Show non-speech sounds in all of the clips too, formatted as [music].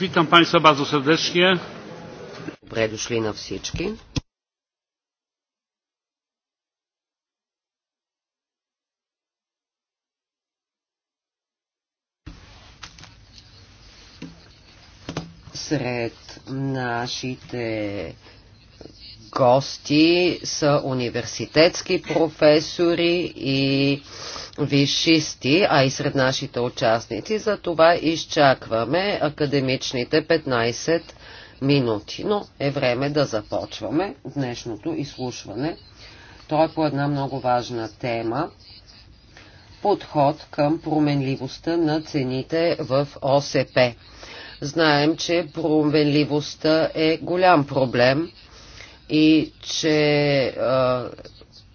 Witam Państwa bardzo serdecznie. Добре дошли на всички. Сред нашите гости са университетски професори и висшисти, а и сред нашите участници. За това изчакваме академичните 15 минути. Но е време да започваме днешното изслушване. То е по една много важна тема подход към променливостта на цените в ОСП. Знаем, че променливостта е голям проблем – и че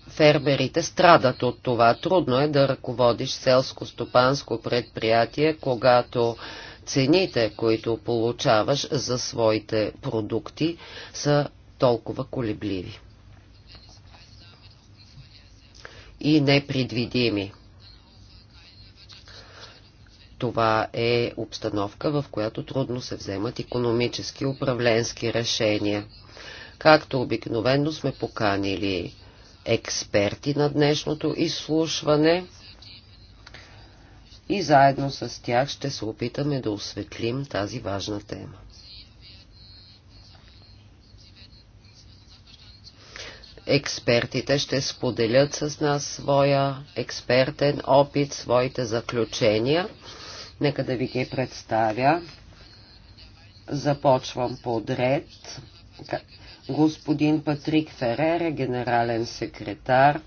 фермерите страдат от това. Трудно е да ръководиш селско-стопанско предприятие, когато цените, които получаваш за своите продукти, са толкова колебливи и непредвидими. Това е обстановка, в която трудно се вземат економически управленски решения. Както обикновено сме поканили експерти на днешното изслушване и заедно с тях ще се опитаме да осветлим тази важна тема. Експертите ще споделят с нас своя експертен опит, своите заключения. Нека да ви ги представя. Започвам подред господин Патрик Ферере, генерален секретар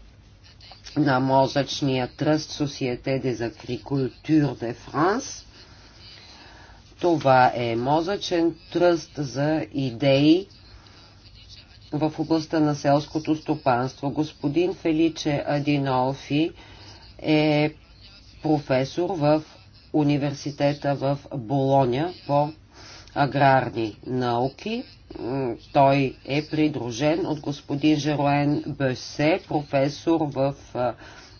на мозъчния тръст Société des Agriculture de France. Това е мозъчен тръст за идеи в областта на селското стопанство. Господин Феличе Адинолфи е професор в университета в Болоня по аграрни науки. Той е придружен от господин Жероен Бесе, професор в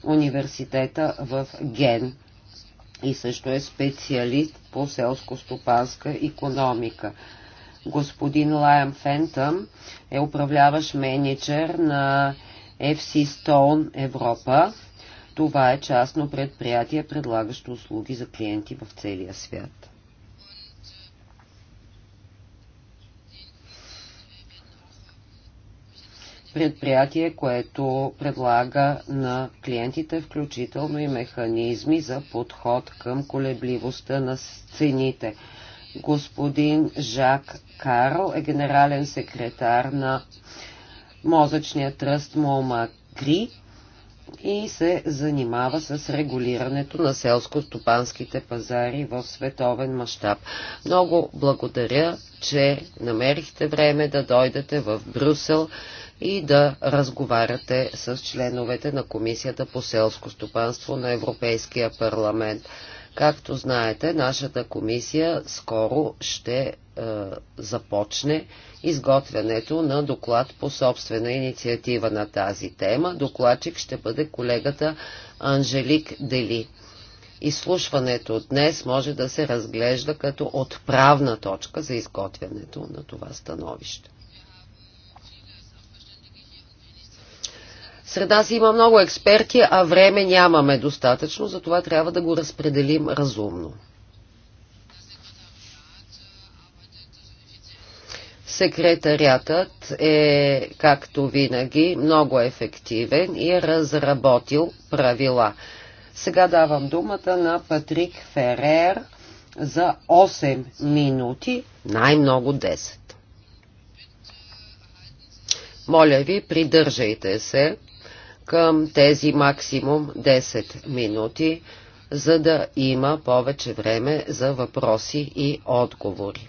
университета в Ген и също е специалист по селско-стопанска економика. Господин Лайам Фентъм е управляващ менеджер на FC Stone Европа. Това е частно предприятие, предлагащо услуги за клиенти в целия свят. предприятие, което предлага на клиентите включително и механизми за подход към колебливостта на цените. Господин Жак Карл е генерален секретар на мозъчния тръст Кри и се занимава с регулирането на селско-стопанските пазари в световен мащаб. Много благодаря, че намерихте време да дойдете в Брюсел и да разговаряте с членовете на Комисията по селско стопанство на Европейския парламент. Както знаете, нашата комисия скоро ще е, започне изготвянето на доклад по собствена инициатива на тази тема. Докладчик ще бъде колегата Анжелик Дели. Изслушването днес може да се разглежда като отправна точка за изготвянето на това становище. Сред нас има много експерти, а време нямаме достатъчно, затова трябва да го разпределим разумно. Секретариатът е, както винаги, много ефективен и е разработил правила. Сега давам думата на Патрик Ферер за 8 минути, най-много 10. Моля ви, придържайте се към тези максимум 10 минути, за да има повече време за въпроси и отговори.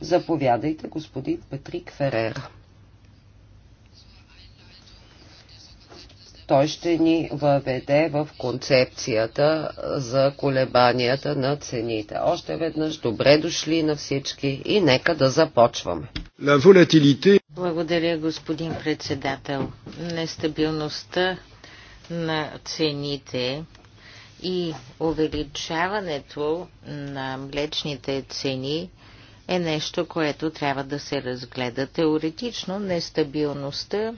Заповядайте, господин Петрик Ферера. Той ще ни въведе в концепцията за колебанията на цените. Още веднъж добре дошли на всички и нека да започваме. La volatilité благодаря, господин председател. Нестабилността на цените и увеличаването на млечните цени е нещо, което трябва да се разгледа. Теоретично нестабилността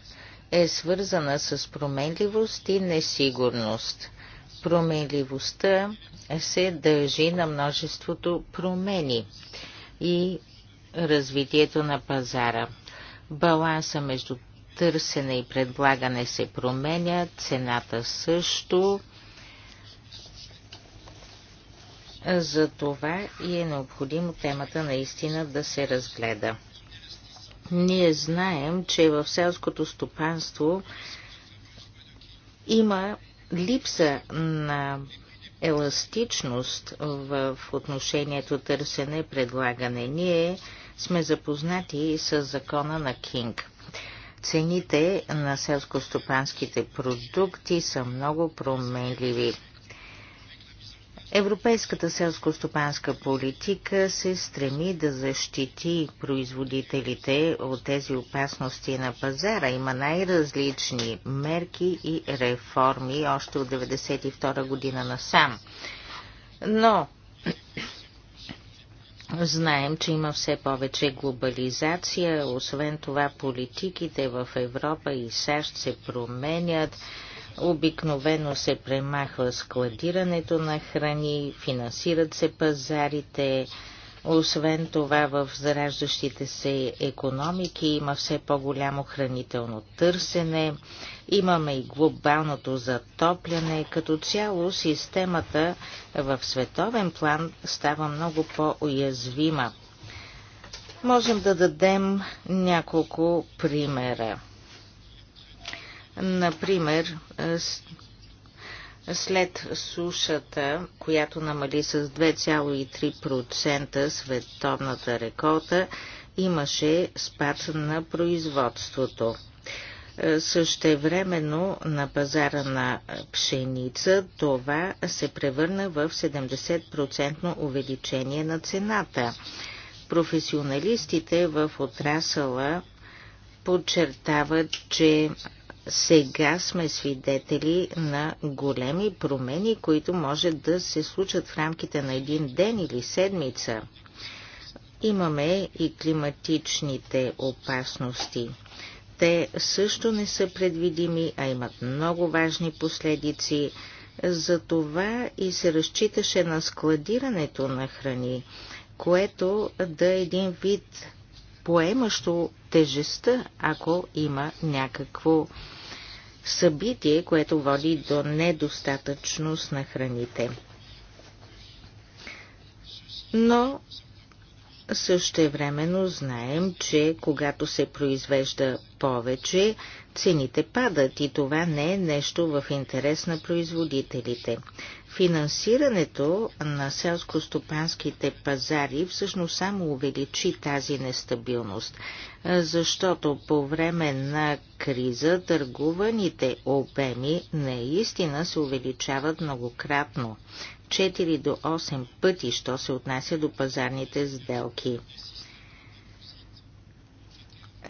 е свързана с променливост и несигурност. Променливостта се дължи на множеството промени и развитието на пазара. Баланса между търсене и предлагане се променя, цената също. За това и е необходимо темата наистина да се разгледа. Ние знаем, че в селското стопанство има липса на еластичност в отношението търсене-предлагане. Ние сме запознати с закона на Кинг. Цените на селскостопанските продукти са много променливи. Европейската селско-стопанска политика се стреми да защити производителите от тези опасности на пазара. Има най-различни мерки и реформи още от 1992 година насам. Но Знаем, че има все повече глобализация, освен това политиките в Европа и САЩ се променят. Обикновено се премахва складирането на храни, финансират се пазарите, освен това, в зараждащите се економики има все по-голямо хранително търсене, имаме и глобалното затопляне. Като цяло системата в световен план става много по-уязвима. Можем да дадем няколко примера. Например, след сушата, която намали с 2,3% световната реколта, имаше спад на производството. Е, същевременно на пазара на пшеница това се превърна в 70% увеличение на цената. Професионалистите в отрасъла подчертават, че сега сме свидетели на големи промени, които може да се случат в рамките на един ден или седмица. Имаме и климатичните опасности. Те също не са предвидими, а имат много важни последици. За това и се разчиташе на складирането на храни, което да е един вид поемащо тежестта, ако има някакво събитие, което води до недостатъчност на храните. Но Същевременно знаем, че когато се произвежда повече, цените падат и това не е нещо в интерес на производителите. Финансирането на селско-стопанските пазари всъщност само увеличи тази нестабилност защото по време на криза търгуваните обеми наистина се увеличават многократно. 4 до 8 пъти, що се отнася до пазарните сделки.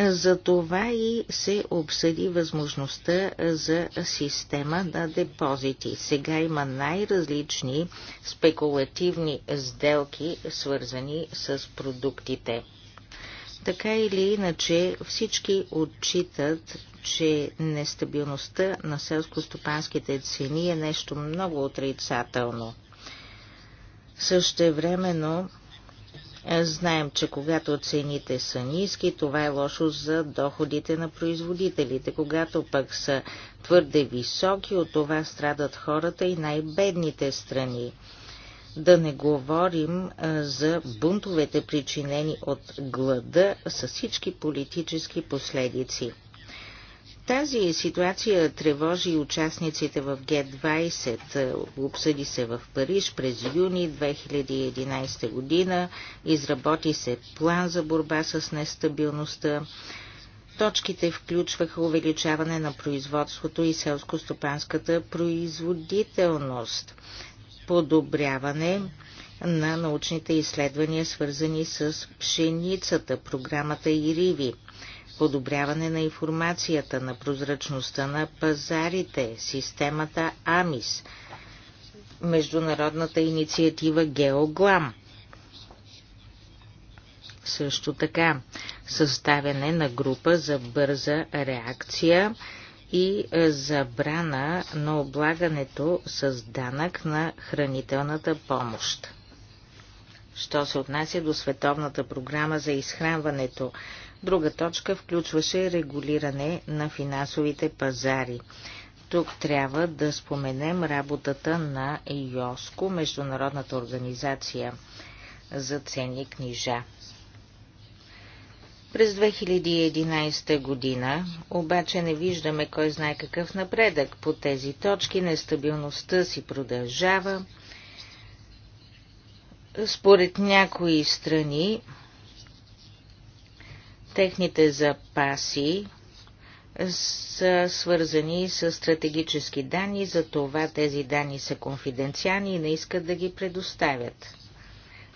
За това и се обсъди възможността за система на депозити. Сега има най-различни спекулативни сделки, свързани с продуктите. Така или иначе, всички отчитат, че нестабилността на селско-стопанските цени е нещо много отрицателно. Същевременно, е, знаем, че когато цените са ниски, това е лошо за доходите на производителите. Когато пък са твърде високи, от това страдат хората и най-бедните страни. Да не говорим за бунтовете, причинени от глада с всички политически последици. Тази ситуация тревожи участниците в Г-20. Обсъди се в Париж през юни 2011 година. Изработи се план за борба с нестабилността. Точките включваха увеличаване на производството и селско-стопанската производителност подобряване на научните изследвания, свързани с пшеницата, програмата ИРИВИ, подобряване на информацията, на прозрачността на пазарите, системата АМИС, международната инициатива Геоглам. Също така, съставяне на група за бърза реакция – и е, забрана на облагането с данък на хранителната помощ. Що се отнася до Световната програма за изхранването, друга точка включваше регулиране на финансовите пазари. Тук трябва да споменем работата на ЙОСКО, Международната организация за ценни книжа. През 2011 година обаче не виждаме кой знае какъв напредък по тези точки. Нестабилността си продължава. Според някои страни, техните запаси са свързани с стратегически данни, за това тези данни са конфиденциални и не искат да ги предоставят.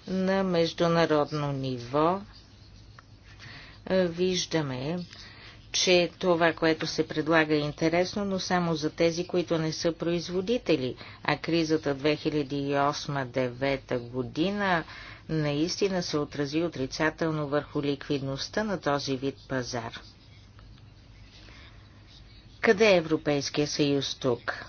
На международно ниво е, виждаме, че това, което се предлага е интересно, но само за тези, които не са производители. А кризата 2008-2009 година наистина се отрази отрицателно върху ликвидността на този вид пазар. Къде е Европейския съюз тук?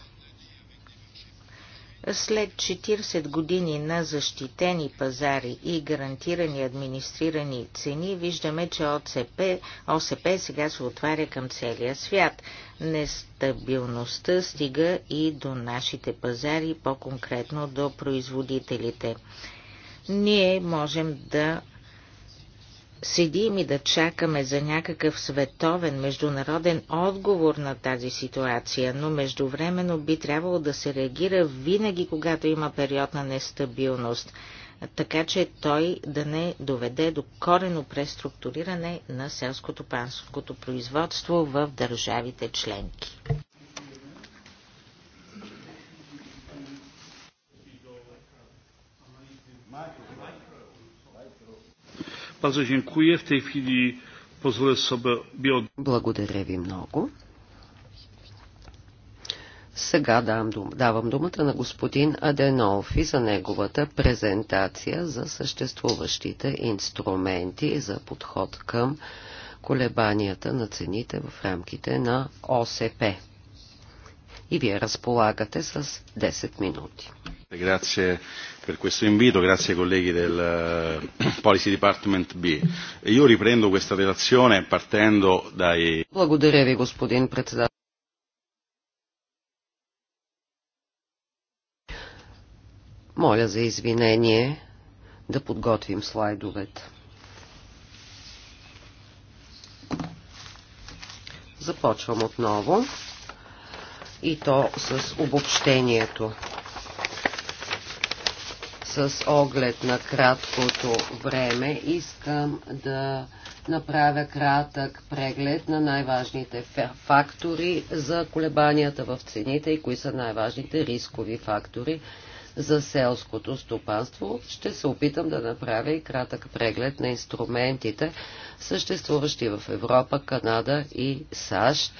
След 40 години на защитени пазари и гарантирани администрирани цени, виждаме, че ОЦП, ОСП сега се отваря към целия свят. Нестабилността стига и до нашите пазари, по-конкретно до производителите. Ние можем да седим и да чакаме за някакъв световен международен отговор на тази ситуация, но междувременно би трябвало да се реагира винаги, когато има период на нестабилност, така че той да не доведе до корено преструктуриране на селското панското производство в държавите членки. Bardzo dziękuję. W tej chwili pozwolę sobie... Благодаря ви много. Сега давам, дум, давам думата на господин Аденофи за неговата презентация за съществуващите инструменти за подход към колебанията на цените в рамките на ОСП и вие разполагате с 10 минути. Grazie per questo invito, grazie ai colleghi del eh, Policy Department B. Io riprendo questa relazione partendo dai... Благодаря ви, господин председател. Моля за извинение да подготвим слайдовете. Започвам отново и то с обобщението. С оглед на краткото време искам да направя кратък преглед на най-важните фактори за колебанията в цените и кои са най-важните рискови фактори за селското стопанство. Ще се опитам да направя и кратък преглед на инструментите, съществуващи в Европа, Канада и САЩ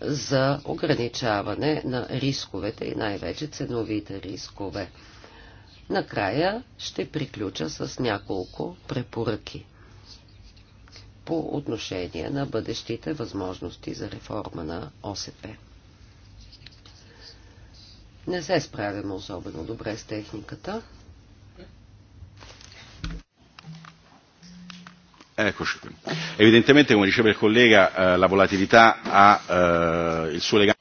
за ограничаване на рисковете и най-вече ценовите рискове. Накрая ще приключа с няколко препоръки по отношение на бъдещите възможности за реформа на ОСП. Не се справяме особено добре с техниката, Eccoci qui. Evidentemente, come diceva il collega, eh, la volatilità ha eh, il suo legame.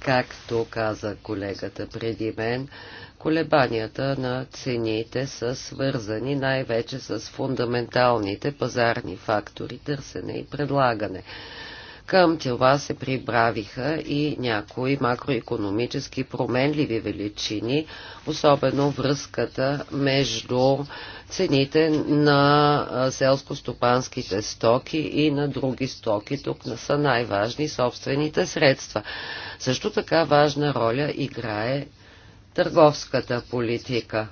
Както каза колегата преди мен, колебанията на цените са свързани най-вече с фундаменталните пазарни фактори търсене и предлагане. Към това се прибравиха и някои макроекономически променливи величини, особено връзката между цените на селско-стопанските стоки и на други стоки. Тук са най-важни собствените средства. Също така важна роля играе търговската политика,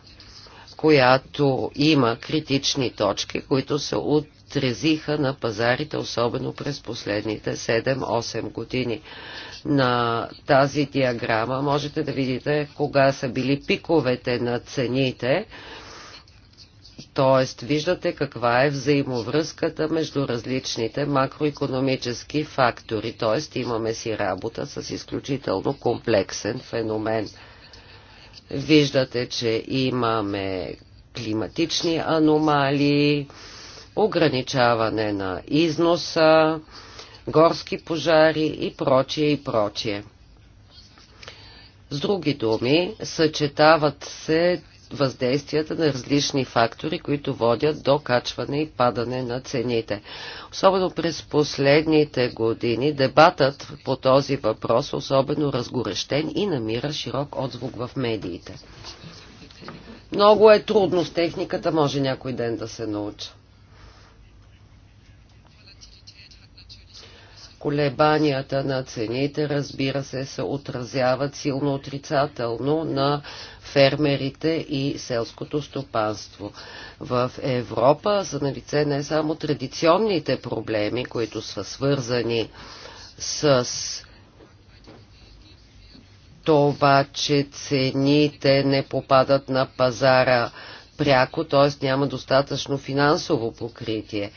която има критични точки, които се от отразиха на пазарите, особено през последните 7-8 години. На тази диаграма можете да видите кога са били пиковете на цените. т.е. виждате каква е взаимовръзката между различните макроекономически фактори. Т.е. имаме си работа с изключително комплексен феномен. Виждате, че имаме климатични аномалии, ограничаване на износа, горски пожари и прочие и прочие. С други думи, съчетават се въздействията на различни фактори, които водят до качване и падане на цените. Особено през последните години дебатът по този въпрос е особено разгорещен и намира широк отзвук в медиите. Много е трудно с техниката, може някой ден да се науча. Колебанията на цените, разбира се, се отразяват силно отрицателно на фермерите и селското стопанство. В Европа са налице не само традиционните проблеми, които са свързани с това, че цените не попадат на пазара пряко, т.е. няма достатъчно финансово покритие.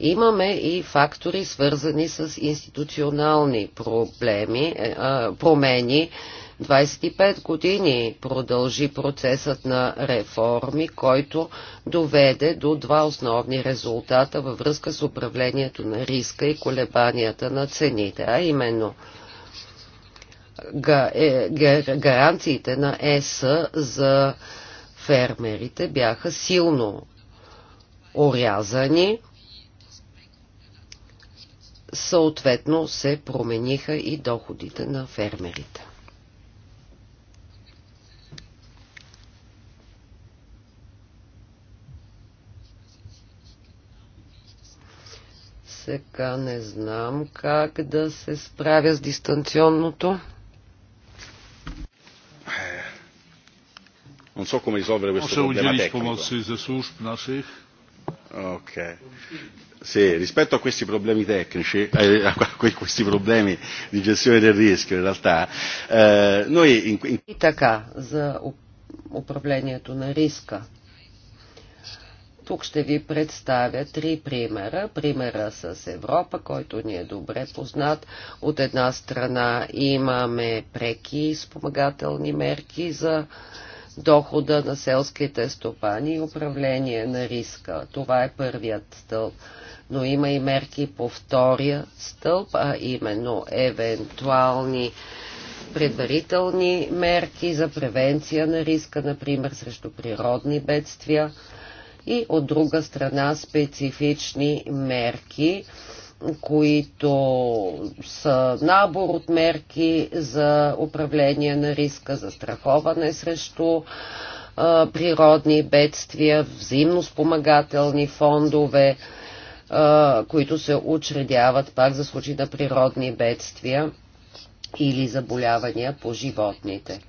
Имаме и фактори, свързани с институционални проблеми, е, промени. 25 години продължи процесът на реформи, който доведе до два основни резултата във връзка с управлението на риска и колебанията на цените, а именно е, гаранциите на ЕС за фермерите бяха силно орязани съответно се промениха и доходите на фермерите. Сега не знам как да се справя с дистанционното. Non so come risolvere questo problema tecnico. Ok. Sì, rispetto a questi problemi tecnici, [laughs] eh, a questi problemi di gestione del rischio in realtà, eh, noi... In... И така, за управлението на риска. Тук ще ви представя три примера. Примера с Европа, който ни е добре познат. От една страна имаме преки спомагателни мерки за дохода на селските стопани и управление на риска. Това е първият стълб. Но има и мерки по втория стълб, а именно евентуални предварителни мерки за превенция на риска, например срещу природни бедствия и от друга страна специфични мерки които са набор от мерки за управление на риска, за страховане срещу а, природни бедствия, взаимно спомагателни фондове, а, които се учредяват пак за случай на природни бедствия или заболявания по животните.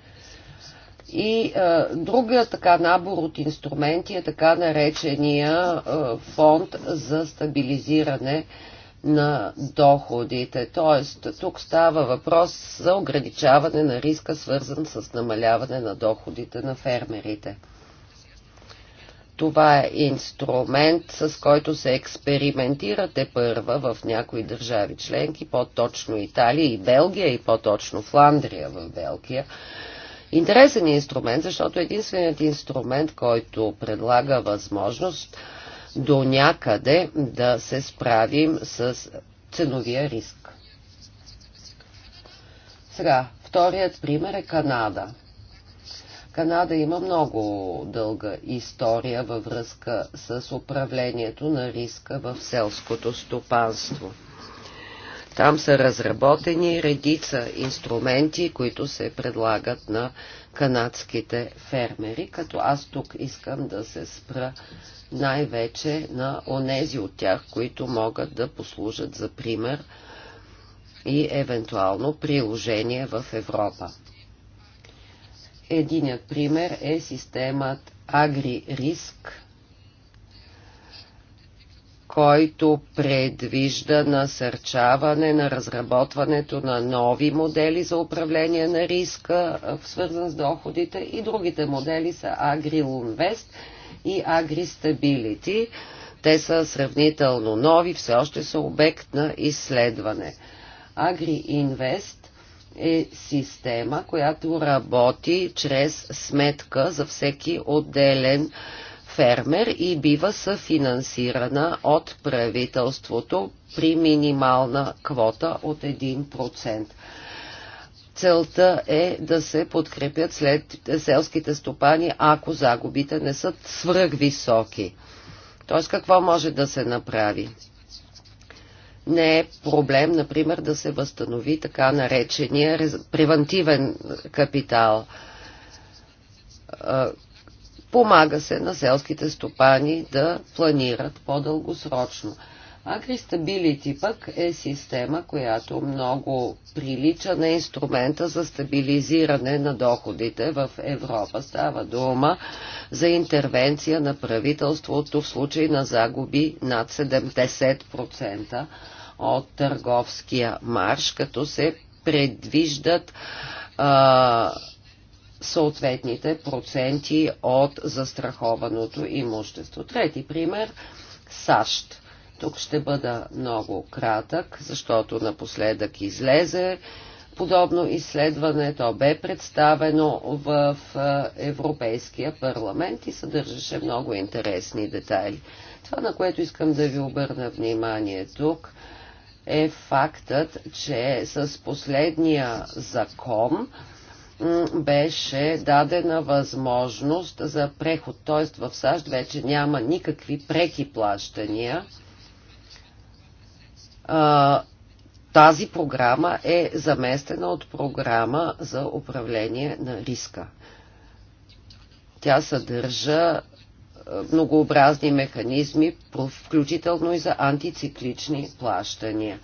И а, другия така набор от инструменти е така наречения а, фонд за стабилизиране а, на доходите. Тоест, тук става въпрос за ограничаване на риска, свързан с намаляване на доходите на фермерите. Това е инструмент, с който се експериментирате първа в някои държави членки, по-точно Италия и Белгия и по-точно Фландрия в Белгия. Интересен инструмент, защото единственият инструмент, който предлага възможност до някъде да се справим с ценовия риск. Сега, вторият пример е Канада. Канада има много дълга история във връзка с управлението на риска в селското стопанство. Там са разработени редица инструменти, които се предлагат на канадските фермери, като аз тук искам да се спра най-вече на онези от тях, които могат да послужат за пример и евентуално приложение в Европа. Единият пример е системат AgriRisk, който предвижда насърчаване на разработването на нови модели за управление на риска, свързан с доходите и другите модели са AgriLunvest – и Агристабилити. Те са сравнително нови, все още са обект на изследване. Агриинвест е система, която работи чрез сметка за всеки отделен фермер и бива съфинансирана от правителството при минимална квота от 1%. Целта е да се подкрепят след селските стопани, ако загубите не са свръхвисоки. Т.е. какво може да се направи? Не е проблем, например, да се възстанови така наречения превентивен капитал. Помага се на селските стопани да планират по-дългосрочно. Агристабилити пък е система, която много прилича на инструмента за стабилизиране на доходите в Европа. Става дума за интервенция на правителството в случай на загуби над 70% от търговския марш, като се предвиждат а, съответните проценти от застрахованото имущество. Трети пример – САЩ. Тук ще бъда много кратък, защото напоследък излезе подобно изследване. То бе представено в Европейския парламент и съдържаше много интересни детайли. Това, на което искам да ви обърна внимание тук, е фактът, че с последния закон беше дадена възможност за преход, т.е. в САЩ вече няма никакви преки плащания тази програма е заместена от програма за управление на риска. Тя съдържа многообразни механизми, включително и за антициклични плащания.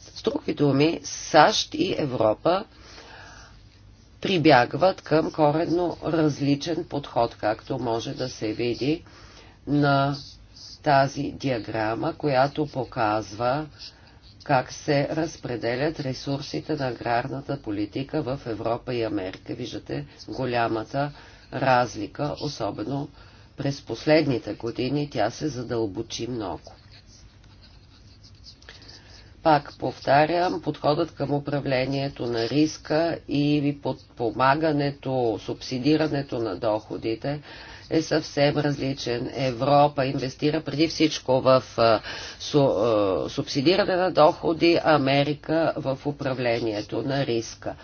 С други думи, САЩ и Европа прибягват към коренно различен подход, както може да се види на тази диаграма, която показва как се разпределят ресурсите на аграрната политика в Европа и Америка. Виждате голямата разлика, особено през последните години тя се задълбочи много. Пак повтарям, подходът към управлението на риска и подпомагането, субсидирането на доходите е съвсем различен. Европа инвестира преди всичко в субсидиране на доходи, Америка в управлението на риска.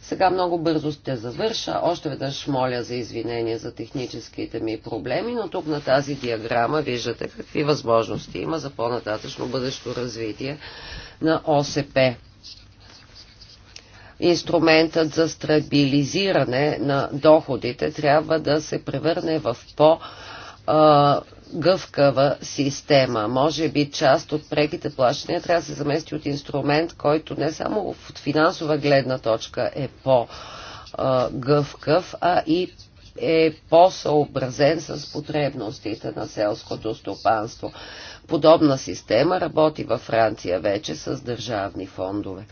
Сега много бързо сте завърша. Още веднъж моля за извинение за техническите ми проблеми, но тук на тази диаграма виждате какви възможности има за по-нататъчно бъдещо развитие на ОСП инструментът за стабилизиране на доходите трябва да се превърне в по- гъвкава система. Може би част от преките плащания трябва да се замести от инструмент, който не само от финансова гледна точка е по-гъвкав, а и е по-съобразен с потребностите на селското стопанство. Подобна система работи във Франция вече с държавни фондове.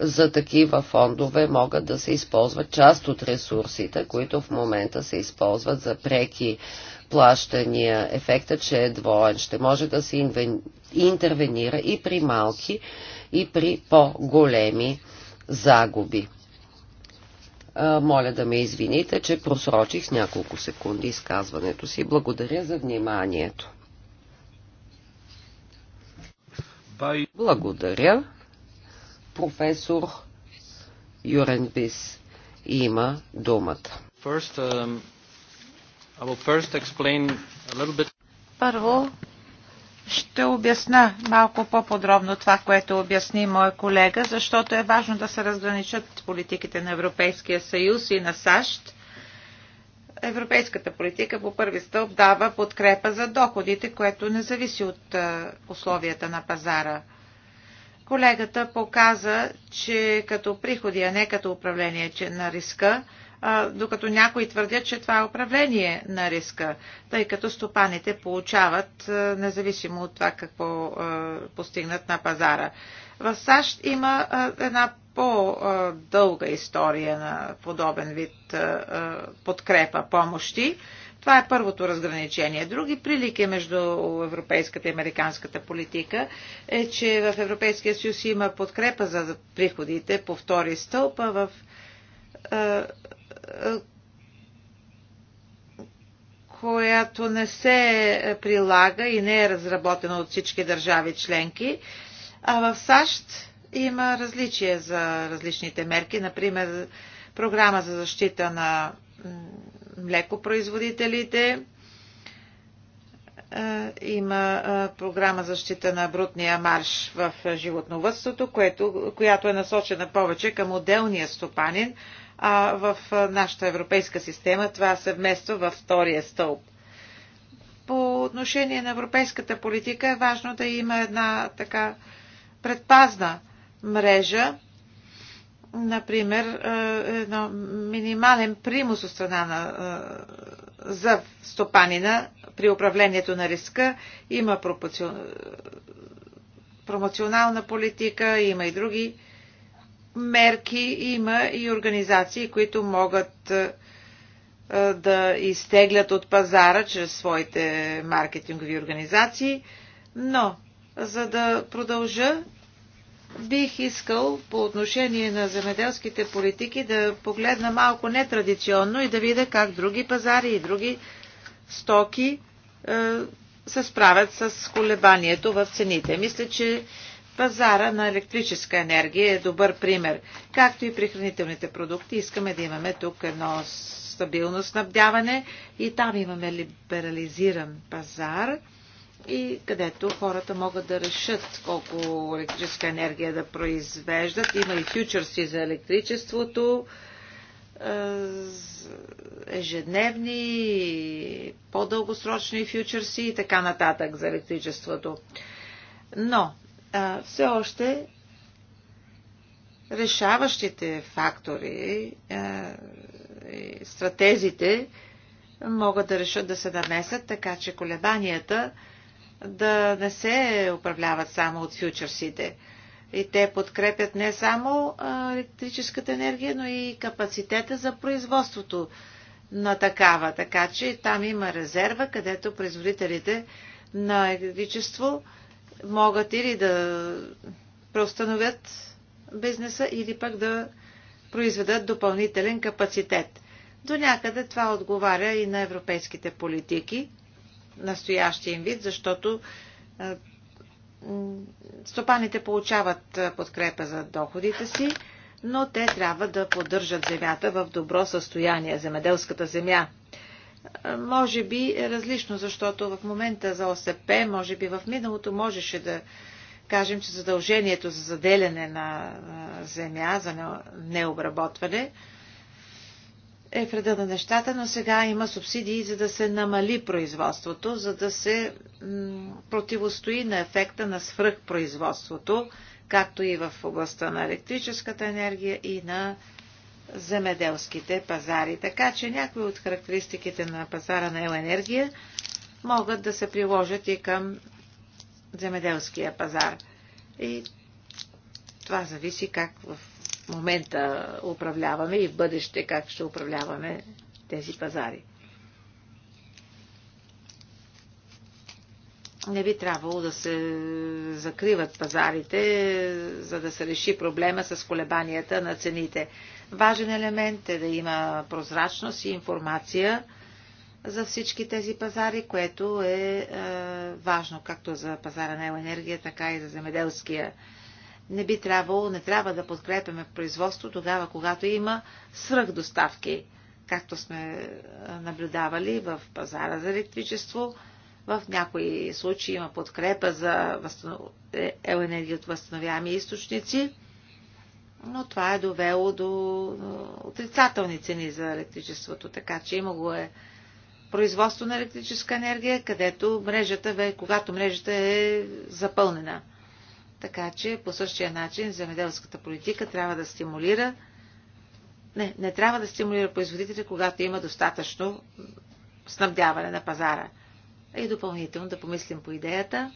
за такива фондове могат да се използват част от ресурсите, които в момента се използват за преки плащания. Ефектът ще е двоен. Ще може да се интервенира и при малки, и при по-големи загуби. моля да ме извините, че просрочих няколко секунди изказването си. Благодаря за вниманието. Благодаря професор Юрен Бис има думата. First, um, I will first explain a little bit... Първо ще обясна малко по-подробно това, което обясни мой колега, защото е важно да се разграничат политиките на Европейския съюз и на САЩ. Европейската политика по първи стълб дава подкрепа за доходите, което не зависи от условията на пазара. Колегата показа, че като приходи, а не като управление на риска, докато някои твърдят, че това е управление на риска, тъй като стопаните получават, независимо от това какво постигнат на пазара. В САЩ има една по-дълга история на подобен вид подкрепа помощи. Това е първото разграничение. Други прилики между европейската и американската политика е, че в Европейския съюз има подкрепа за приходите по втори стълб, а в която не се прилага и не е разработена от всички държави членки. А в САЩ има различия за различните мерки. Например, програма за защита на млекопроизводителите. Е, има е, програма защита на брутния марш в животновътството, което, която е насочена повече към отделния стопанин, а в е, нашата европейска система това се вмества във втория стълб по отношение на европейската политика е важно да има една така предпазна мрежа например, е, едно минимален примус от страна на, е, за стопанина при управлението на риска. Има промоционална политика, има и други мерки, има и организации, които могат е, да изтеглят от пазара чрез своите маркетингови организации. Но, за да продължа Бих искал по отношение на земеделските политики да погледна малко нетрадиционно и да видя как други пазари и други стоки е, се справят с колебанието в цените. Мисля, че пазара на електрическа енергия е добър пример. Както и при хранителните продукти, искаме да имаме тук едно стабилно снабдяване и там имаме либерализиран пазар и където хората могат да решат колко електрическа енергия да произвеждат. Има и фьючерси за електричеството, ежедневни, по-дългосрочни фьючерси и така нататък за електричеството. Но все още решаващите фактори, стратезите могат да решат да се намесят, така че колебанията да не се управляват само от фьючерсите. И те подкрепят не само електрическата енергия, но и капацитета за производството на такава. Така че там има резерва, където производителите на електричество могат или да преустановят бизнеса, или пък да произведат допълнителен капацитет. До някъде това отговаря и на европейските политики настоящия им вид, защото стопаните получават подкрепа за доходите си, но те трябва да поддържат земята в добро състояние, земеделската земя. Може би е различно, защото в момента за ОСП, може би в миналото можеше да кажем, че задължението за заделяне на земя, за необработване, е в реда на нещата, но сега има субсидии, за да се намали производството, за да се противостои на ефекта на свръхпроизводството, както и в областта на електрическата енергия и на земеделските пазари. Така че някои от характеристиките на пазара на енергия могат да се приложат и към земеделския пазар. И това зависи как в момента управляваме и в бъдеще как ще управляваме тези пазари. не би трябвало да се закриват пазарите, за да се реши проблема с колебанията на цените. Важен елемент е да има прозрачност и информация за всички тези пазари, което е, е важно както за пазара на енергия, така и за земеделския не би трябвало, не трябва да подкрепяме производство тогава, когато има свръхдоставки, както сме е, наблюдавали в пазара за електричество. В някои случаи има подкрепа за възстанов... Е, енергия от възстановяеми източници, но това е довело до е, отрицателни цени за електричеството, така че има го е производство на електрическа енергия, където мрежата, когато мрежата е запълнена – така че по същия начин земеделската политика трябва да стимулира. Не, не трябва да стимулира производителите, когато има достатъчно снабдяване на пазара. И допълнително да помислим по идеята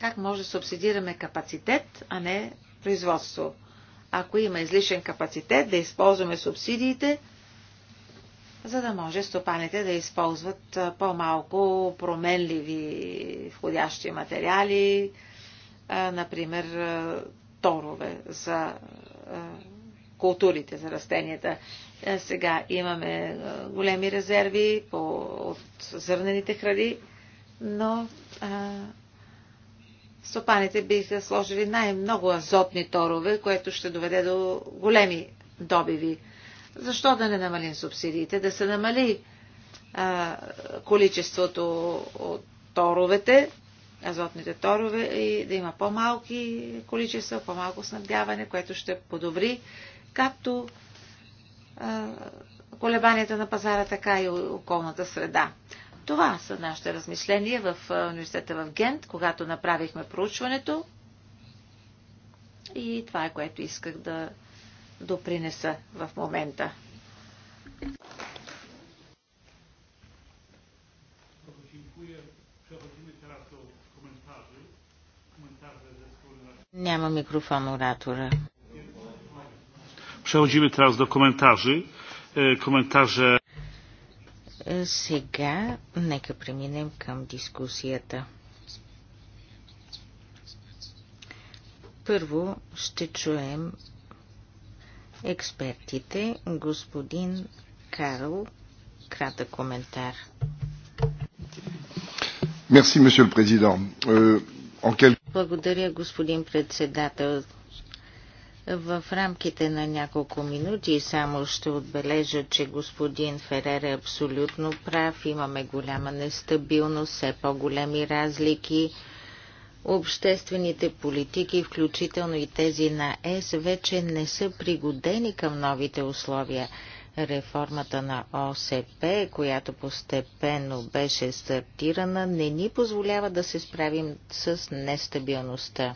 как може да субсидираме капацитет, а не производство. Ако има излишен капацитет, да използваме субсидиите, за да може стопаните да използват по-малко променливи входящи материали, например, торове за културите, за растенията. Сега имаме големи резерви по, от зърнените хради, но а, стопаните биха сложили най-много азотни торове, което ще доведе до големи добиви. Защо да не намалим субсидиите? Да се намали а, количеството от торовете, азотните торове и да има по-малки количества, по-малко снабдяване, което ще подобри както колебанията на пазара, така и околната среда. Това са нашите размишления в университета в Гент, когато направихме проучването. И това е което исках да допринеса в момента. Няма микрофон оратора. Przechodzimy teraz do komentarzy. E, komentarze. Е, сега нека преминем към дискусията. Първо ще чуем експертите. Господин Карл, кратък коментар. Merci, monsieur le président. Euh, en quelques... Благодаря, господин председател. В рамките на няколко минути само ще отбележа, че господин Ферер е абсолютно прав. Имаме голяма нестабилност, все по-големи разлики. Обществените политики, включително и тези на ЕС, вече не са пригодени към новите условия реформата на ОСП, която постепенно беше стартирана, не ни позволява да се справим с нестабилността.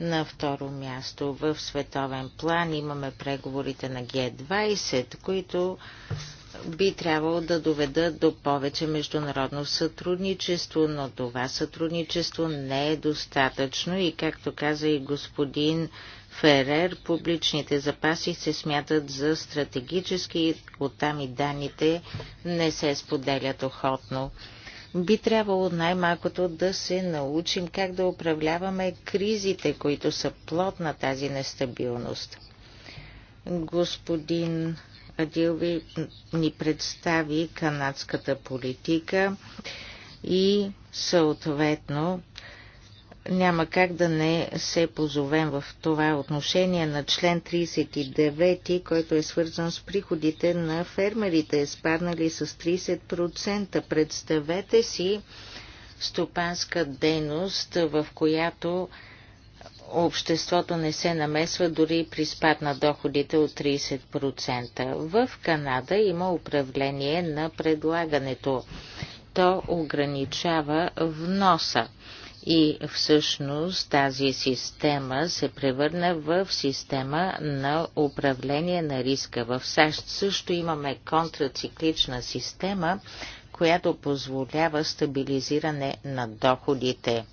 На второ място в световен план имаме преговорите на Г-20, които би трябвало да доведат до повече международно сътрудничество, но това сътрудничество не е достатъчно и, както каза и господин Ферер, публичните запаси се смятат за стратегически, оттам и данните не се споделят охотно. Би трябвало най-малкото да се научим как да управляваме кризите, които са плод на тази нестабилност. Господин Адилви ни представи канадската политика и съответно няма как да не се позовем в това отношение на член 39, който е свързан с приходите на фермерите, спаднали с 30%. Представете си стопанска дейност, в която обществото не се намесва дори при спад на доходите от 30%. В Канада има управление на предлагането. То ограничава вноса и всъщност тази система се превърна в система на управление на риска. В САЩ също имаме контрациклична система, която позволява стабилизиране на доходите.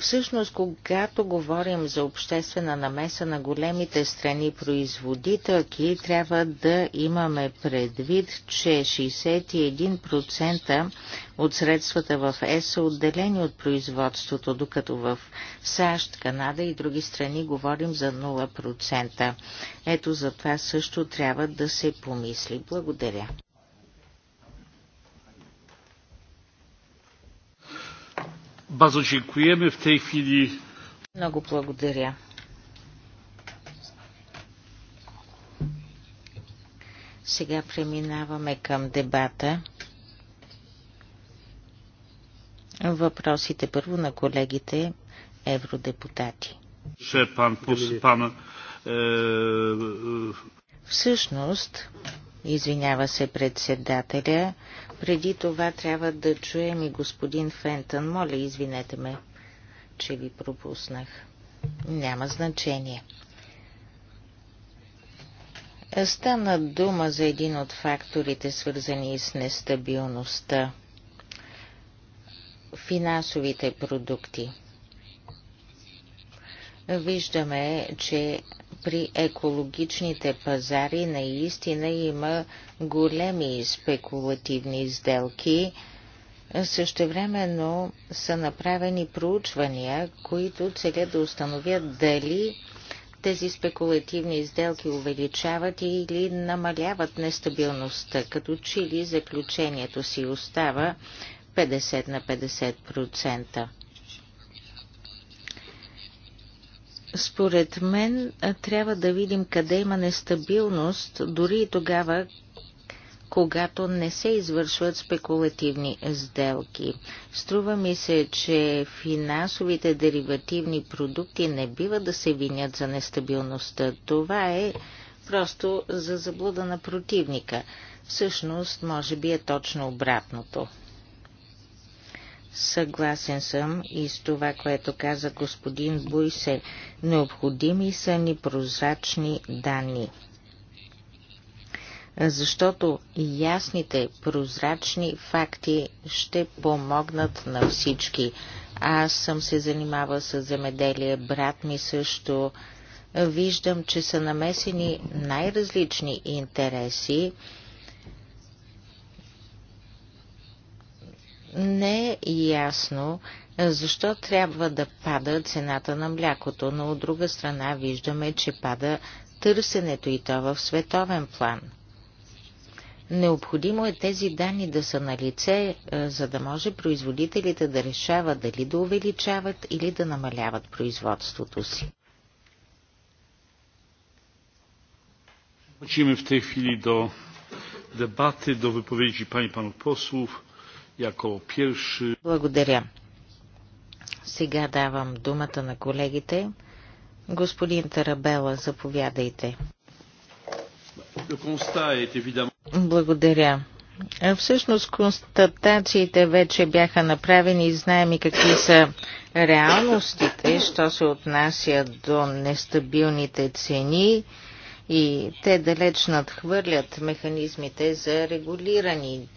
Всъщност, когато говорим за обществена намеса на големите страни производителки, трябва да имаме предвид, че 61% от средствата в ЕС са отделени от производството, докато в САЩ, Канада и други страни говорим за 0%. Ето за това също трябва да се помисли. Благодаря. Bardzo dziękujemy. W tej chwili... Много благодаря. Сега преминаваме към дебата. Въпросите първо на колегите евродепутати. Ще пан, пан, е, е, е... Всъщност, извинява се председателя, преди това трябва да чуем и господин Фентън. Моля, извинете ме, че ви пропуснах. Няма значение. Стана дума за един от факторите, свързани с нестабилността. Финансовите продукти. Виждаме, че при екологичните пазари наистина има големи спекулативни сделки. Същевременно са направени проучвания, които целят да установят дали тези спекулативни сделки увеличават или намаляват нестабилността, като че ли заключението си остава 50 на 50%. Според мен трябва да видим къде има нестабилност, дори и тогава, когато не се извършват спекулативни сделки. Струва ми се, че финансовите деривативни продукти не бива да се винят за нестабилността. Това е просто за заблуда на противника. Всъщност, може би е точно обратното. Съгласен съм и с това, което каза господин Буйсе. Необходими са ни прозрачни данни. Защото ясните, прозрачни факти ще помогнат на всички. Аз съм се занимавал с земеделие, брат ми също. Виждам, че са намесени най-различни интереси Не е ясно защо трябва да пада цената на млякото, но от друга страна виждаме, че пада търсенето и то в световен план. Необходимо е тези данни да са на лице, е, за да може производителите да решават дали да увеличават или да намаляват производството си. Wrócimy в тези хвили до дебати, до виповеди пани и панов послов. Благодаря. Сега давам думата на колегите. Господин Тарабела, заповядайте. Благодаря. Всъщност констатациите вече бяха направени и знаем и какви са реалностите, що се отнася до нестабилните цени и те далеч надхвърлят механизмите за регулирани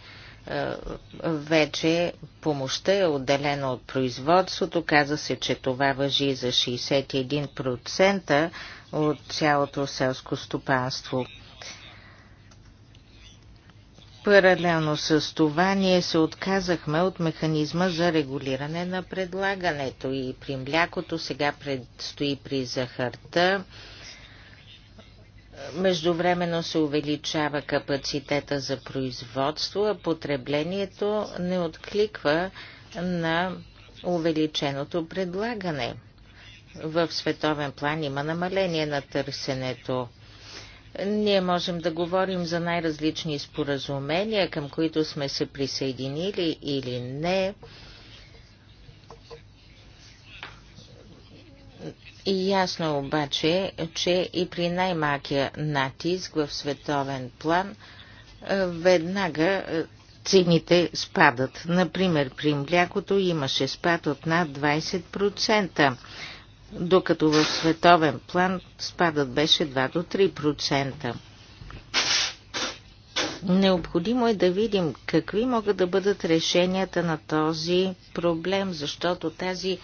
вече помощта е отделена от производството. Каза се, че това въжи за 61% от цялото селско стопанство. Паралелно с това ние се отказахме от механизма за регулиране на предлагането и при млякото сега предстои при захарта Междувременно се увеличава капацитета за производство, а потреблението не откликва на увеличеното предлагане. В световен план има намаление на търсенето. Ние можем да говорим за най-различни споразумения, към които сме се присъединили или не. Ясно обаче, че и при най-малкия натиск в световен план е, веднага е, цените спадат. Например, при млякото имаше спад от над 20%, докато в световен план спадът беше 2 до 3%. Необходимо е да видим какви могат да бъдат решенията на този проблем, защото тази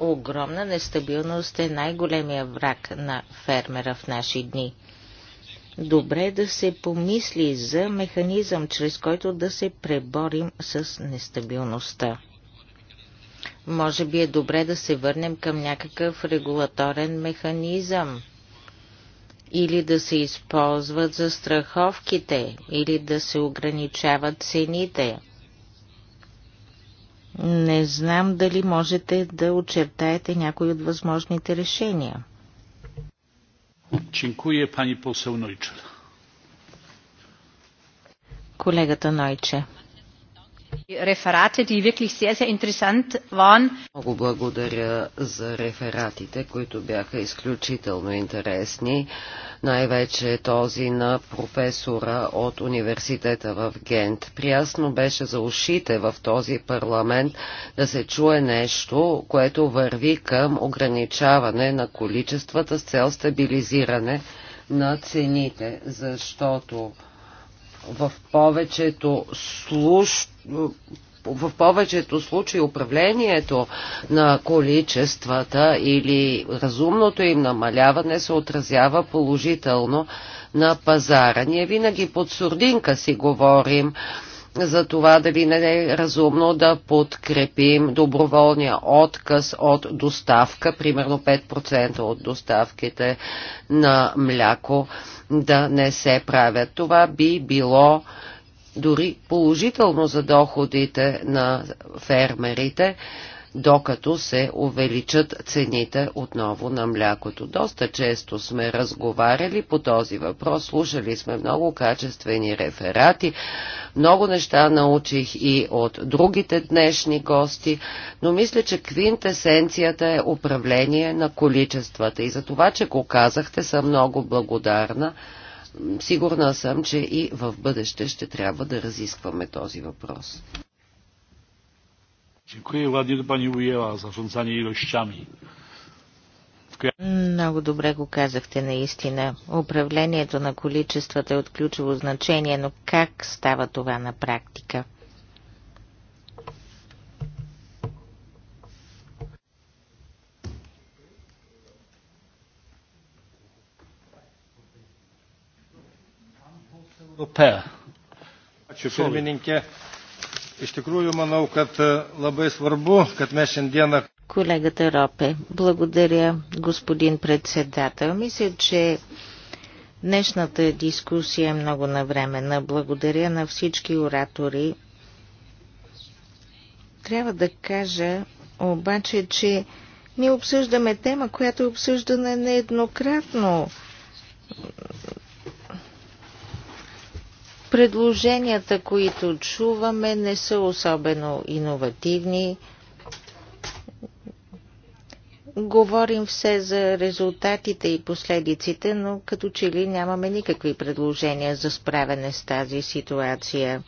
огромна нестабилност е най-големия враг на фермера в наши дни. Добре е да се помисли за механизъм, чрез който да се преборим с нестабилността. Може би е добре да се върнем към някакъв регулаторен механизъм или да се използват за страховките, или да се ограничават цените. Не знам дали можете да очертаете някои от възможните решения. Чинкуе, пани посел Нойче. Колегата Нойче. Рефератите, които wirklich sehr, sehr interessant waren. Много благодаря за рефератите, които бяха изключително интересни. Uh, най-вече този на професора от университета в Гент. Приясно беше за ушите в този парламент да се чуе нещо, което върви към ограничаване на количествата с цел стабилизиране на цените, защото в повечето служб в повечето случаи управлението на количествата или разумното им намаляване се отразява положително на пазара. Ние винаги под сурдинка си говорим за това дали не е разумно да подкрепим доброволния отказ от доставка, примерно 5% от доставките на мляко да не се правят. Това би било дори положително за доходите на фермерите, докато се увеличат цените отново на млякото. Доста често сме разговаряли по този въпрос, слушали сме много качествени реферати, много неща научих и от другите днешни гости, но мисля, че квинтесенцията е управление на количествата и за това, че го казахте, съм много благодарна Сигурна съм, че и в бъдеще ще трябва да разискваме този въпрос. Много добре го казахте наистина. Управлението на количествата е от ключово значение, но как става това на практика? Iš tikrųjų, manau, kad e, labai svarbu, kad mes šiandieną. Колегата Ропе, благодаря, господин председател. Мисля, че днешната дискусия е много навременна. Благодаря на всички оратори. Трябва да кажа обаче, че ние обсъждаме тема, която е обсъждана нееднократно. Предложенията, които чуваме, не са особено иновативни. Говорим все за резултатите и последиците, но като че ли нямаме никакви предложения за справяне с тази ситуация.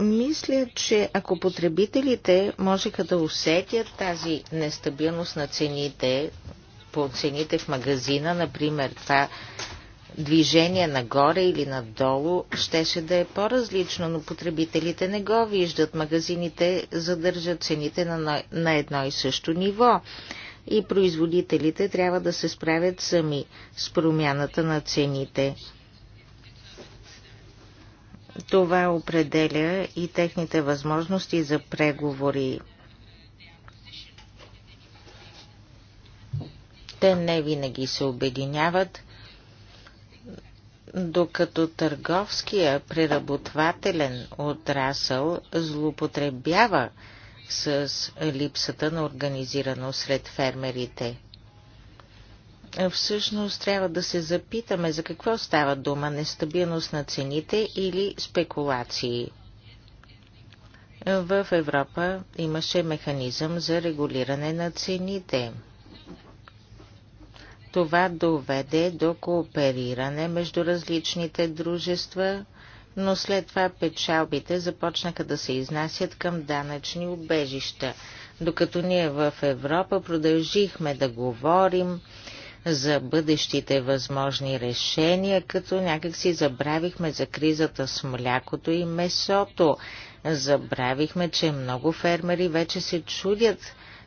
Мисля, че ако потребителите можеха да усетят тази нестабилност на цените, по цените в магазина, например, това движение нагоре или надолу щеше да е по-различно, но потребителите не го виждат. Магазините задържат цените на, на едно и също ниво и производителите трябва да се справят сами с промяната на цените. Това определя и техните възможности за преговори. Те не винаги се обединяват – докато търговския преработвателен отрасъл злоупотребява с липсата на организирано сред фермерите. Всъщност трябва да се запитаме за какво става дума нестабилност на цените или спекулации. В Европа имаше механизъм за регулиране на цените – това доведе до коопериране между различните дружества, но след това печалбите започнаха да се изнасят към данъчни убежища, докато ние в Европа продължихме да говорим за бъдещите възможни решения, като някак си забравихме за кризата с млякото и месото. Забравихме, че много фермери вече се чудят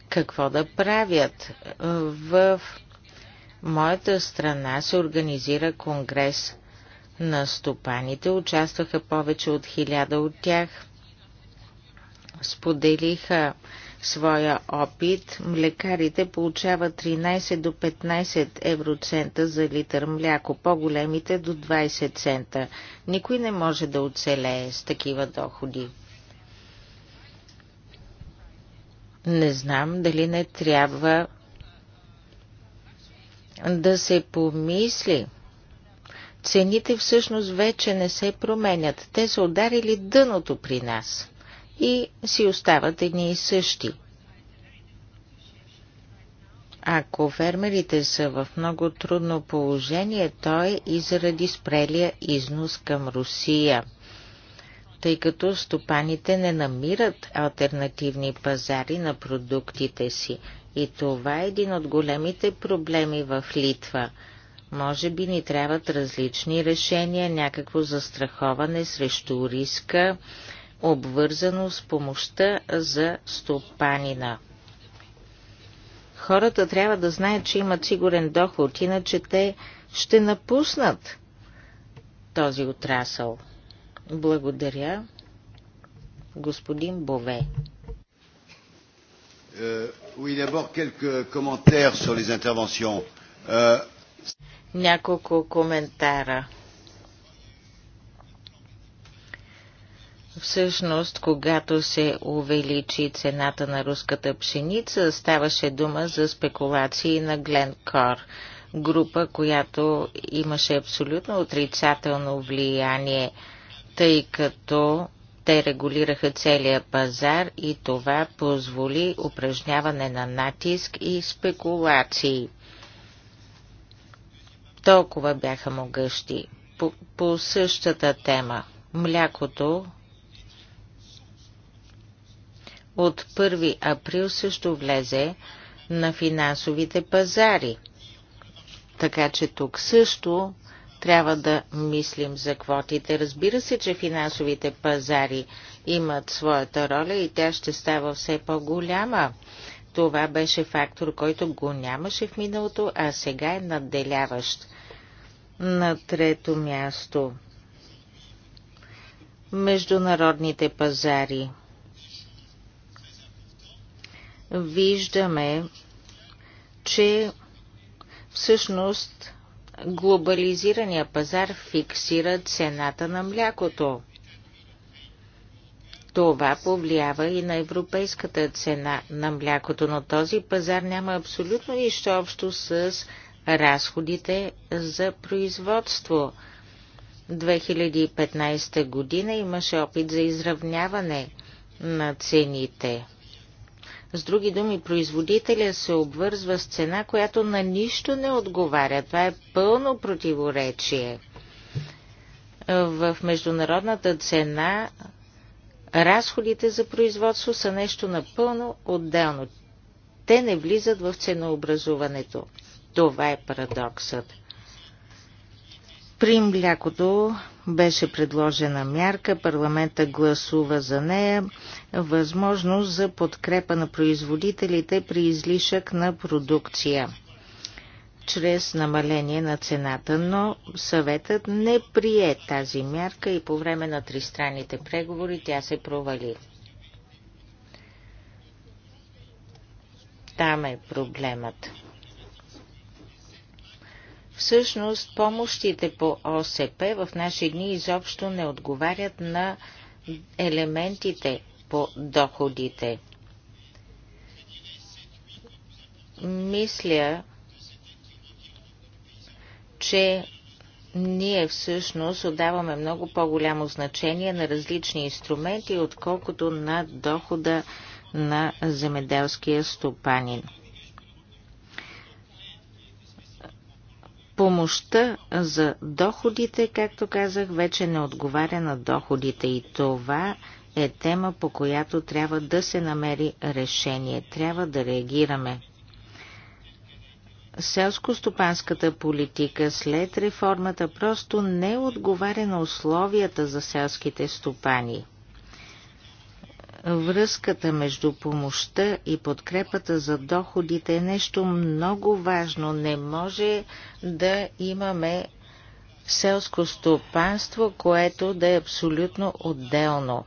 какво да правят. В моята страна се организира конгрес на стопаните. Участваха повече от хиляда от тях. Споделиха своя опит. Млекарите получават 13 до 15 евроцента за литър мляко, по-големите до 20 цента. Никой не може да оцелее с такива доходи. Не знам дали не трябва да се помисли. Цените всъщност вече не се променят. Те са ударили дъното при нас и си остават едни и същи. Ако фермерите са в много трудно положение, то е и заради спрелия износ към Русия, тъй като стопаните не намират альтернативни пазари на продуктите си. И това е един от големите проблеми в Литва. Може би ни трябват различни решения, някакво застраховане срещу риска, обвързано с помощта за стопанина. Хората трябва да знаят, че имат сигурен доход, иначе те ще напуснат този отрасъл. Благодаря, господин Бове. Euh, d'abord quelques commentaires sur les interventions. Euh, Няколко коментара. Всъщност, когато се увеличи цената на руската пшеница, ставаше дума за спекулации на Гленкор, група, която имаше абсолютно отрицателно влияние, тъй като те регулираха целия пазар и това позволи упражняване на натиск и спекулации. Толкова бяха могъщи. По, по същата тема млякото от 1 април също влезе на финансовите пазари. Така че тук също трябва да мислим за квотите. Разбира се, че финансовите пазари имат своята роля и тя ще става все по-голяма. Това беше фактор, който го нямаше в миналото, а сега е надделяващ. На трето място Международните пазари Виждаме, че всъщност Глобализирания пазар фиксира цената на млякото. Това повлиява и на европейската цена на млякото, но този пазар няма абсолютно нищо общо с разходите за производство. 2015 година имаше опит за изравняване на цените. С други думи, производителя се обвързва с цена, която на нищо не отговаря. Това е пълно противоречие. В международната цена разходите за производство са нещо напълно отделно. Те не влизат в ценообразуването. Това е парадоксът. При млякото беше предложена мярка, парламента гласува за нея, възможност за подкрепа на производителите при излишък на продукция чрез намаление на цената, но съветът не прие тази мярка и по време на тристранните преговори тя се провали. Там е проблемът. Всъщност помощите по ОСП в наши дни изобщо не отговарят на елементите по доходите. Мисля, че ние всъщност отдаваме много по-голямо значение на различни инструменти, отколкото на дохода на земеделския стопанин. Помощта за доходите, както казах, вече не отговаря на доходите и това е тема, по която трябва да се намери решение. Трябва да реагираме. Селско-стопанската политика след реформата просто не отговаря на условията за селските стопани. Връзката между помощта и подкрепата за доходите е нещо много важно. Не може да имаме селско стопанство, което да е абсолютно отделно.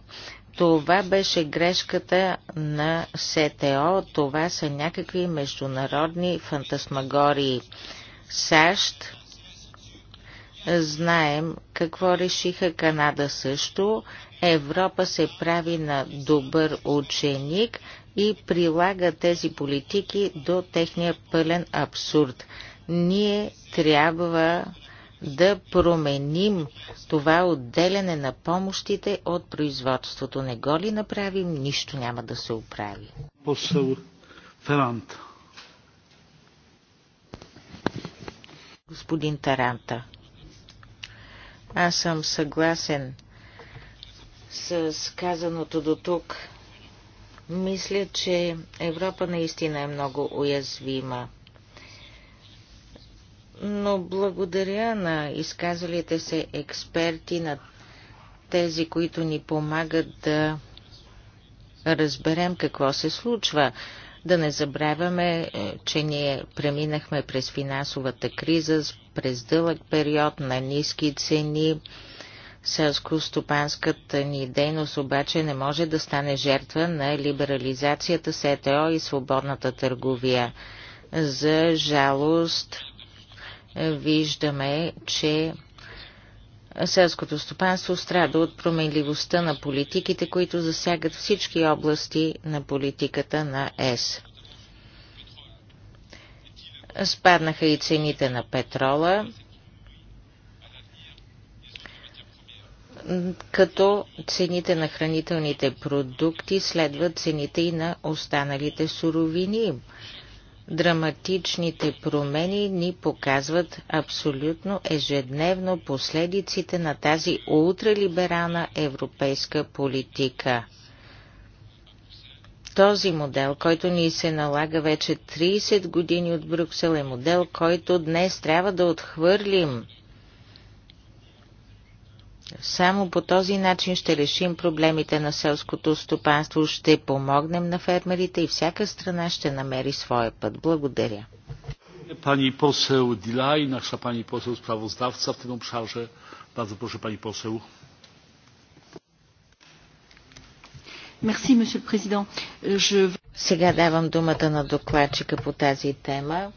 Това беше грешката на СТО. Това са някакви международни фантасмагории. САЩ, знаем какво решиха Канада също, Европа се прави на добър ученик и прилага тези политики до техния пълен абсурд. Ние трябва да променим това отделяне на помощите от производството. Не го ли направим, нищо няма да се оправи. Господин Таранта, аз съм съгласен с казаното до тук. Мисля, че Европа наистина е много уязвима. Но благодаря на изказалите се експерти, на тези, които ни помагат да разберем какво се случва. Да не забравяме, е, че ние преминахме през финансовата криза, през дълъг период на ниски цени, Селско-стопанската ни дейност обаче не може да стане жертва на либерализацията с ЕТО и свободната търговия. За жалост виждаме, че селското стопанство страда от променливостта на политиките, които засягат всички области на политиката на ЕС. Спаднаха и цените на петрола, като цените на хранителните продукти следват цените и на останалите суровини. Драматичните промени ни показват абсолютно ежедневно последиците на тази ултралиберална европейска политика. Този модел, който ни се налага вече 30 години от Брюксел, е модел, който днес трябва да отхвърлим – само по този начин ще решим проблемите на селското стопанство, ще помогнем на фермерите и всяка страна ще намери своя път. Благодаря. Пани посел Дилай, наша пани посел справоздавца в tym обшарже. Bardzo прошу, пани посел. Мерси, monsieur президент. Сега давам думата на докладчика по тази тема.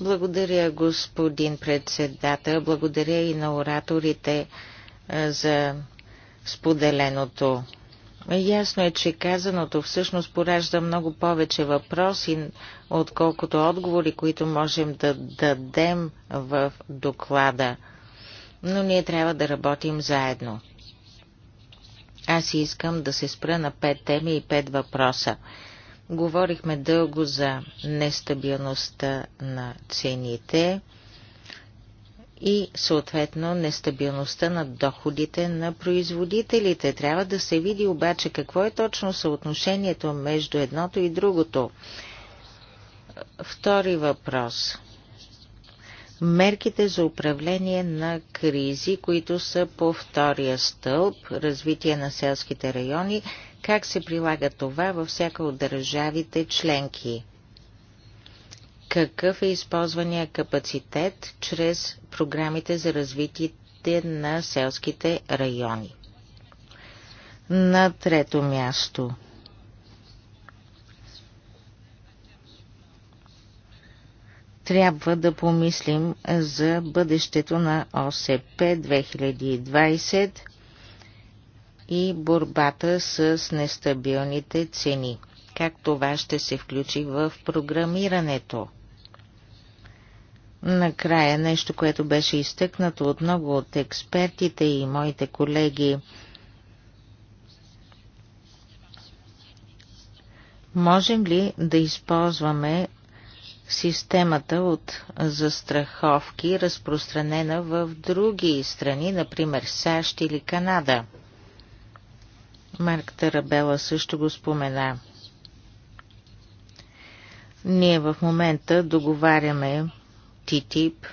Благодаря, господин председател. Благодаря и на ораторите е, за споделеното. Ясно е, че казаното всъщност поражда много повече въпроси, отколкото отговори, които можем да дадем в доклада. Но ние трябва да работим заедно. Аз искам да се спра на пет теми и пет въпроса. Говорихме дълго за нестабилността на цените и съответно нестабилността на доходите на производителите. Трябва да се види обаче какво е точно съотношението между едното и другото. Втори въпрос. Мерките за управление на кризи, които са по втория стълб, развитие на селските райони – как се прилага това във всяка от държавите членки? Какъв е използвания капацитет чрез програмите за развитие на селските райони? На трето място трябва да помислим за бъдещето на ОСП 2020 и борбата с нестабилните цени. Как това ще се включи в програмирането? Накрая нещо, което беше изтъкнато от много от експертите и моите колеги. Можем ли да използваме системата от застраховки, разпространена в други страни, например САЩ или Канада? Марк Тарабела също го спомена. Ние в момента договаряме ТИТИП.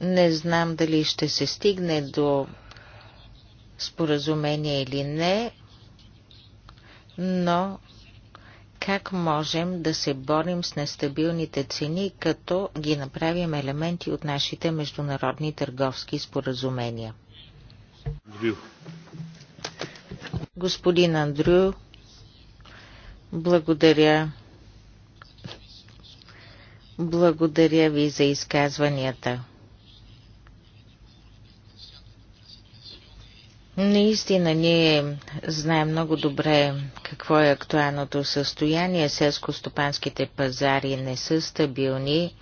Не знам дали ще се стигне до споразумение или не, но как можем да се борим с нестабилните цени, като ги направим елементи от нашите международни търговски споразумения. Господин Андрю, благодаря. Благодаря ви за изказванията. Наистина ние знаем много добре какво е актуалното състояние. Селско-стопанските пазари не са стабилни.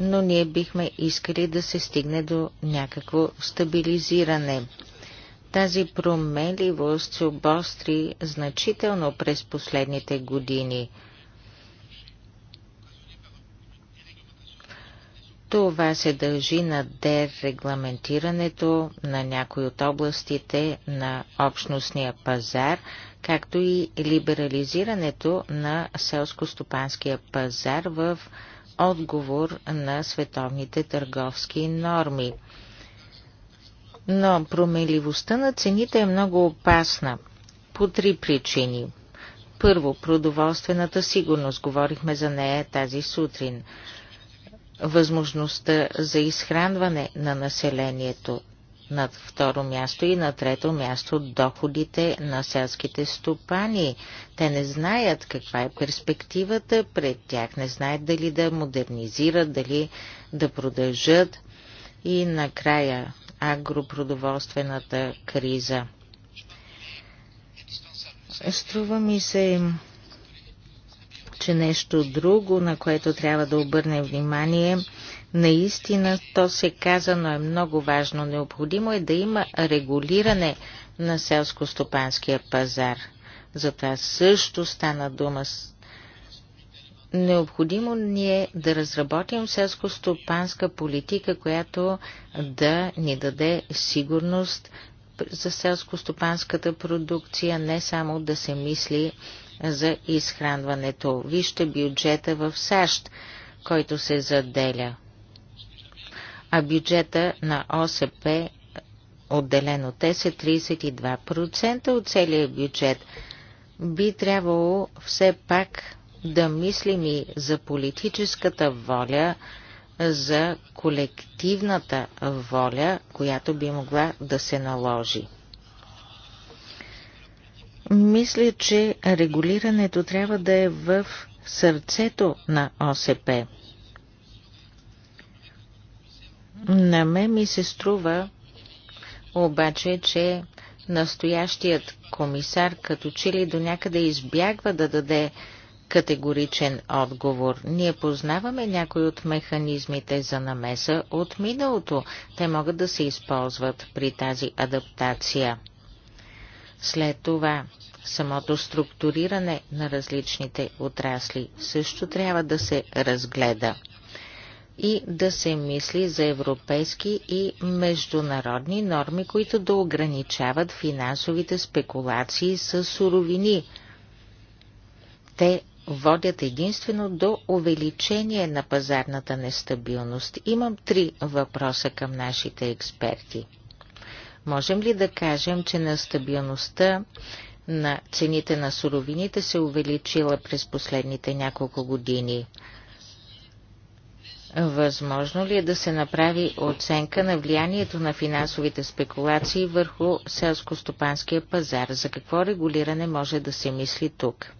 но ние бихме искали да се стигне до някакво стабилизиране. Тази променливост се обостри значително през последните години. Това се дължи на дерегламентирането на някои от областите на общностния пазар, както и либерализирането на селско-стопанския пазар в отговор на световните търговски норми. Но промеливостта на цените е много опасна по три причини. Първо, продоволствената сигурност. Говорихме за нея тази сутрин. Възможността за изхранване на населението на второ място и на трето място доходите на селските стопани. Те не знаят каква е перспективата пред тях, не знаят дали да модернизират, дали да продължат и накрая агропродоволствената криза. Струва ми се, че нещо друго, на което трябва да обърнем внимание – Наистина то се каза, но е много важно. Необходимо е да има регулиране на селско-стопанския пазар. За това също стана дума. Необходимо ни е да разработим селско-стопанска политика, която да ни даде сигурност за селско-стопанската продукция, не само да се мисли за изхранването. Вижте бюджета в САЩ, който се заделя а бюджета на ОСП отделен от те е 32% от целия бюджет. Би трябвало все пак да мислим и за политическата воля, за колективната воля, която би могла да се наложи. Мисля, че регулирането трябва да е в сърцето на ОСП. На мен ми се струва обаче, че настоящият комисар като че ли до някъде избягва да даде категоричен отговор. Ние познаваме някои от механизмите за намеса от миналото. Те могат да се използват при тази адаптация. След това, самото структуриране на различните отрасли също трябва да се разгледа и да се мисли за европейски и международни норми, които да ограничават финансовите спекулации с суровини. Те водят единствено до увеличение на пазарната нестабилност. Имам три въпроса към нашите експерти. Можем ли да кажем, че на стабилността на цените на суровините се увеличила през последните няколко години? Възможно ли е да се направи оценка на влиянието на финансовите спекулации върху селско-стопанския пазар? За какво регулиране може да се мисли тук?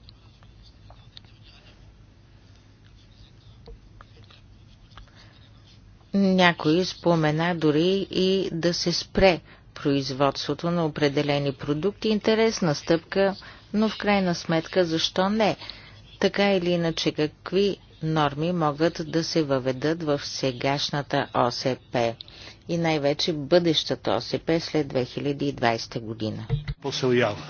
Някой спомена дори и да се спре производството на определени продукти. Интересна стъпка, но в крайна сметка защо не? Така или иначе, какви норми могат да се въведат в сегашната ОСП и най-вече бъдещата ОСП след 2020 година. Посълява.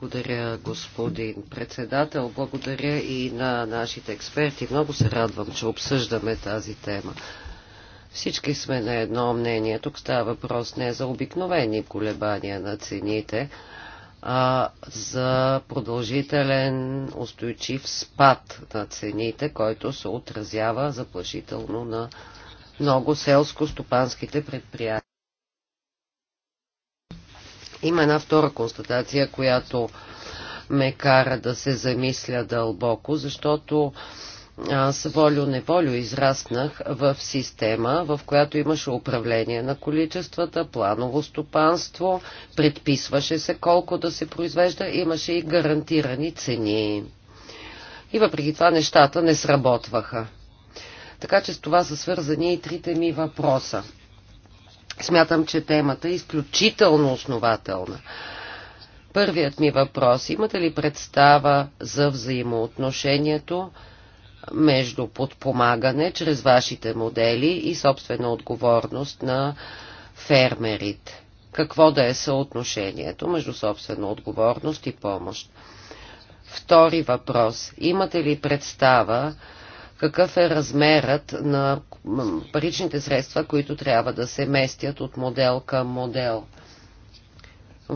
Благодаря, господин председател. Благодаря и на нашите експерти. Много се радвам, че обсъждаме тази тема. Всички сме на едно мнение. Тук става въпрос не за обикновени колебания на цените, а, за продължителен устойчив спад на цените, който се отразява заплашително на много селско-стопанските предприятия. Има една втора констатация, която ме кара да се замисля дълбоко, защото аз волю-неволю израснах в система, в която имаше управление на количествата, планово стопанство, предписваше се колко да се произвежда, имаше и гарантирани цени. И въпреки това нещата не сработваха. Така че с това са свързани и трите ми въпроса. Смятам, че темата е изключително основателна. Първият ми въпрос. Имате ли представа за взаимоотношението между подпомагане чрез вашите модели и собствена отговорност на фермерите. Какво да е съотношението между собствена отговорност и помощ? Втори въпрос. Имате ли представа какъв е размерът на паричните средства, които трябва да се местят от модел към модел?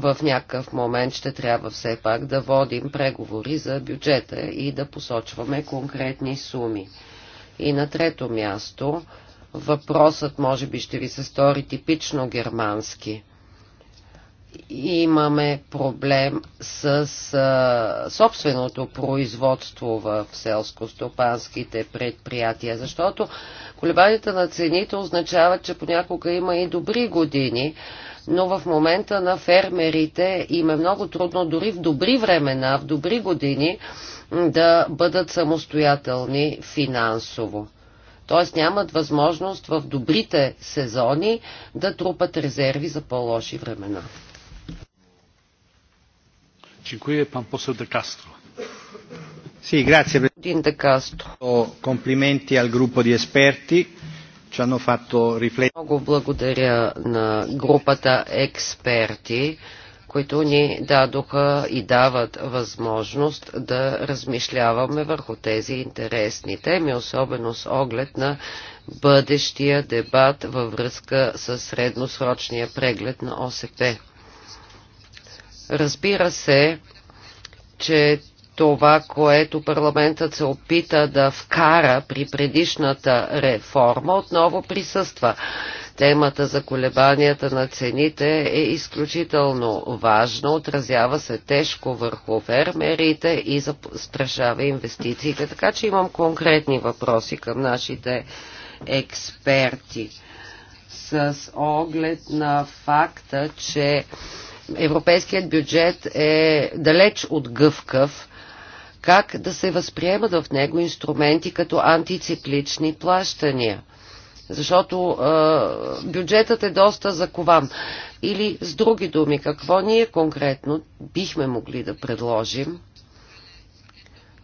в някакъв момент ще трябва все пак да водим преговори за бюджета и да посочваме конкретни суми. И на трето място, въпросът може би ще ви се стори типично германски. Имаме проблем с а, собственото производство в селско-стопанските предприятия, защото колебанията на цените означават, че понякога има и добри години, но в момента на фермерите им е много трудно дори в добри времена, в добри години да бъдат самостоятелни финансово. Т.е. нямат възможност в добрите сезони да трупат резерви за по-лоши времена. Dziękuję pan poseł De Castro. Си, грация. Де Кастро. Комплименти ал група ди експерти. Много благодаря на групата експерти, които ни дадоха и дават възможност да размишляваме върху тези интересни теми, особено с оглед на бъдещия дебат във връзка с средносрочния преглед на ОСП. Разбира се, че това, което парламентът се опита да вкара при предишната реформа, отново присъства. Темата за колебанията на цените е изключително важна, отразява се тежко върху фермерите и застрашава инвестициите. Така че имам конкретни въпроси към нашите експерти с оглед на факта, че европейският бюджет е далеч от гъвкав как да се възприемат в него инструменти като антициклични плащания. Защото е, бюджетът е доста закован. Или с други думи, какво ние конкретно бихме могли да предложим,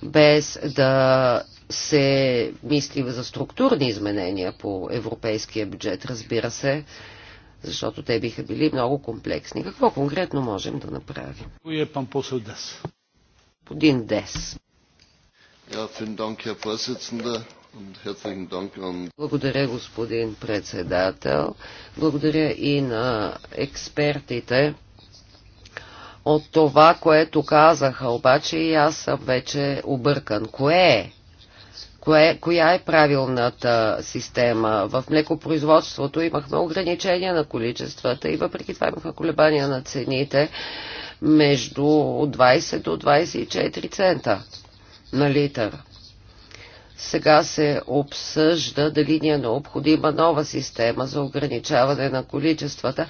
без да се мисли за структурни изменения по европейския бюджет, разбира се, защото те биха били много комплексни. Какво конкретно можем да направим? Кой е пан посъл Господин Дес. Благодаря, господин председател. Благодаря и на експертите. От това, което казаха, обаче и аз съм вече объркан. Кое е? Кое, коя е правилната система? В млекопроизводството имахме ограничения на количествата и въпреки това имахме колебания на цените между 20 до 24 цента на литър. Сега се обсъжда дали ни е необходима нова система за ограничаване на количествата.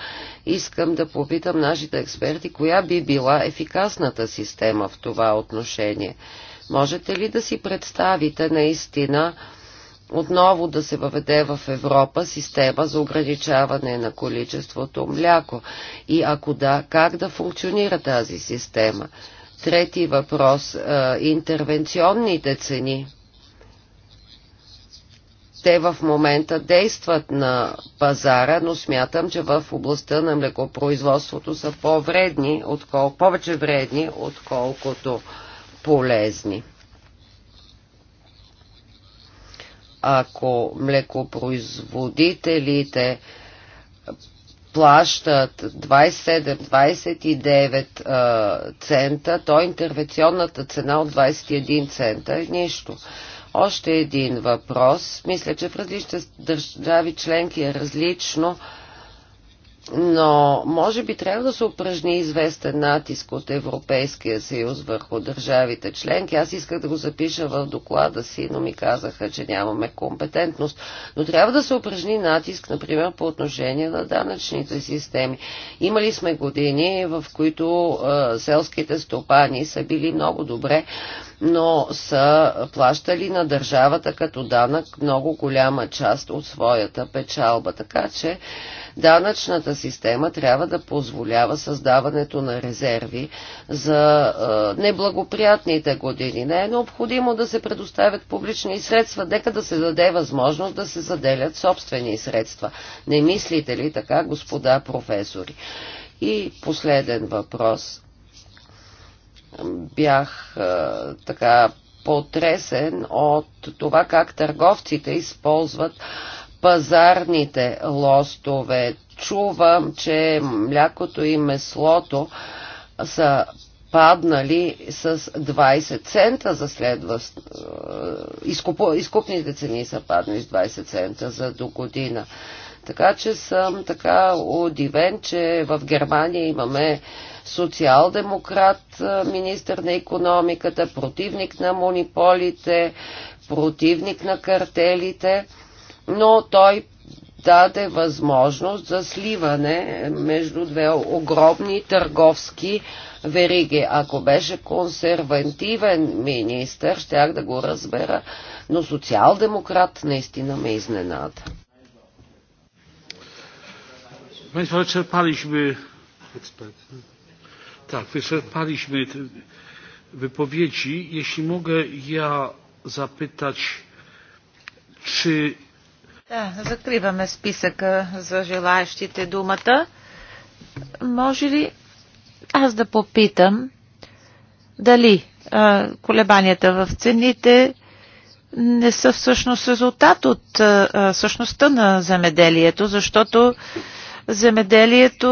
Искам да попитам нашите експерти, коя би била ефикасната система в това отношение. Можете ли да си представите наистина отново да се въведе в Европа система за ограничаване на количеството мляко? И ако да, как да функционира тази система? Трети въпрос – интервенционните цени. Те в момента действат на пазара, но смятам, че в областта на млекопроизводството са по-вредни, повече вредни, отколкото полезни. Ако млекопроизводителите плащат 27-29 цента, то интервенционната цена от 21 цента е нищо. Още един въпрос. Мисля, че в различни държави членки е различно но може би трябва да се упражни известен натиск от Европейския съюз върху държавите членки. Аз исках да го запиша в доклада си, но ми казаха, че нямаме компетентност. Но трябва да се упражни натиск, например, по отношение на данъчните системи. Имали сме години, в които е, селските стопани са били много добре но са плащали на държавата като данък много голяма част от своята печалба. Така че данъчната система трябва да позволява създаването на резерви за неблагоприятните години. Не е необходимо да се предоставят публични средства, дека да се даде възможност да се заделят собствени средства. Не мислите ли така, господа професори? И последен въпрос – бях така потресен от това как търговците използват пазарните лостове. Чувам, че млякото и меслото са паднали с 20 цента за следващ... Изкуп... Изкупните цени са паднали с 20 цента за до година. Така че съм така удивен, че в Германия имаме социал-демократ, министър на економиката, противник на монополите, противник на картелите, но той даде възможност за сливане между две огромни търговски вериги. Ако беше консервативен министър, щях да го разбера, но социал-демократ наистина ме изненада. Państwo, wyczerpaliśmy tak, wyczerpaliśmy wypowiedzi. Jeśli mogę ja zapytać, czy... Да, закриваме списъка за желаящите думата. Може ли аз да попитам дали а, колебанията в цените не са всъщност резултат от а, същността на земеделието, защото Земеделието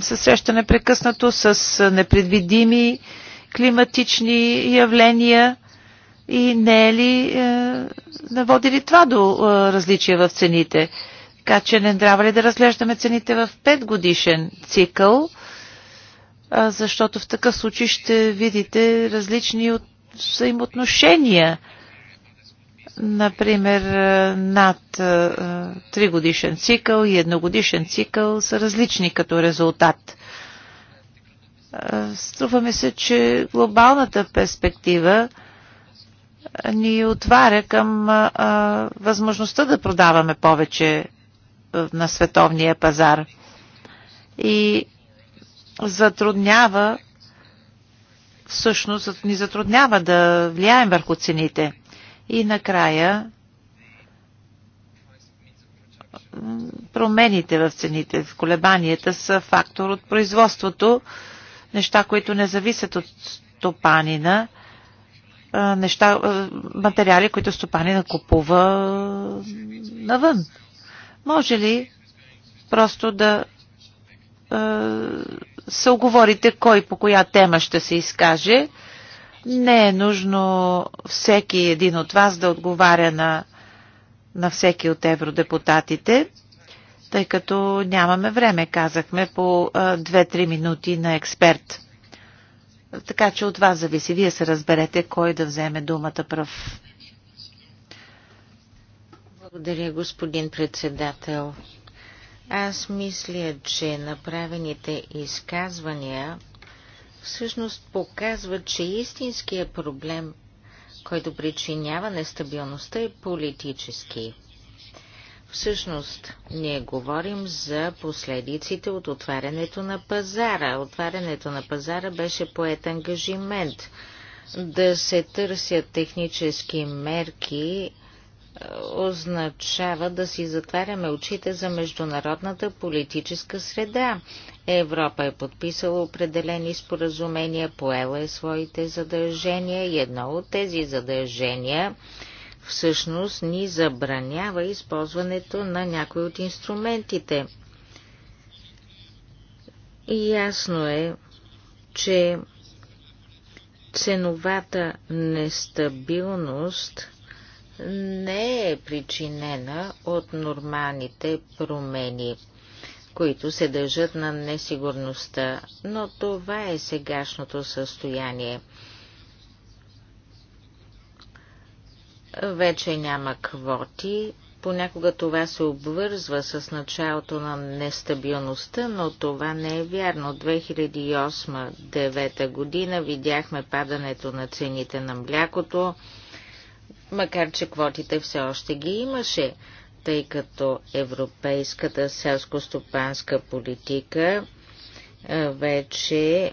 се среща непрекъснато с непредвидими климатични явления и не е ли наводи ли това до различия в цените? Така че не трябва ли да разглеждаме цените в 5 годишен цикъл, защото в такъв случай ще видите различни от взаимоотношения Например, е, над 3 е, годишен цикъл и едногодишен цикъл са различни като резултат. Е, струва ми се, че глобалната перспектива ни отваря към възможността да продаваме повече на световния пазар и затруднява всъщност ни затруднява да влияем върху цените. И накрая промените в цените, в колебанията са фактор от производството, неща, които не зависят от стопанина, неща, материали, които стопанина купува навън. Може ли просто да се оговорите кой по коя тема ще се изкаже? Не е нужно всеки един от вас да отговаря на, на всеки от евродепутатите, тъй като нямаме време, казахме, по 2-3 минути на експерт. Така че от вас зависи. Вие се разберете кой да вземе думата пръв. Благодаря, господин председател. Аз мисля, че направените изказвания всъщност показва, че истинския проблем, който причинява нестабилността, е политически. Всъщност, ние говорим за последиците от отварянето на пазара. Отварянето на пазара беше поет ангажимент да се търсят технически мерки означава да си затваряме очите за международната политическа среда. Европа е подписала определени споразумения, поела е своите задължения и едно от тези задължения всъщност ни забранява използването на някои от инструментите. И ясно е, че ценовата нестабилност не е причинена от нормалните промени – които се държат на несигурността, но това е сегашното състояние. Вече няма квоти, понякога това се обвързва с началото на нестабилността, но това не е вярно. 2008-2009 година видяхме падането на цените на млякото, макар че квотите все още ги имаше тъй като европейската селско-стопанска политика вече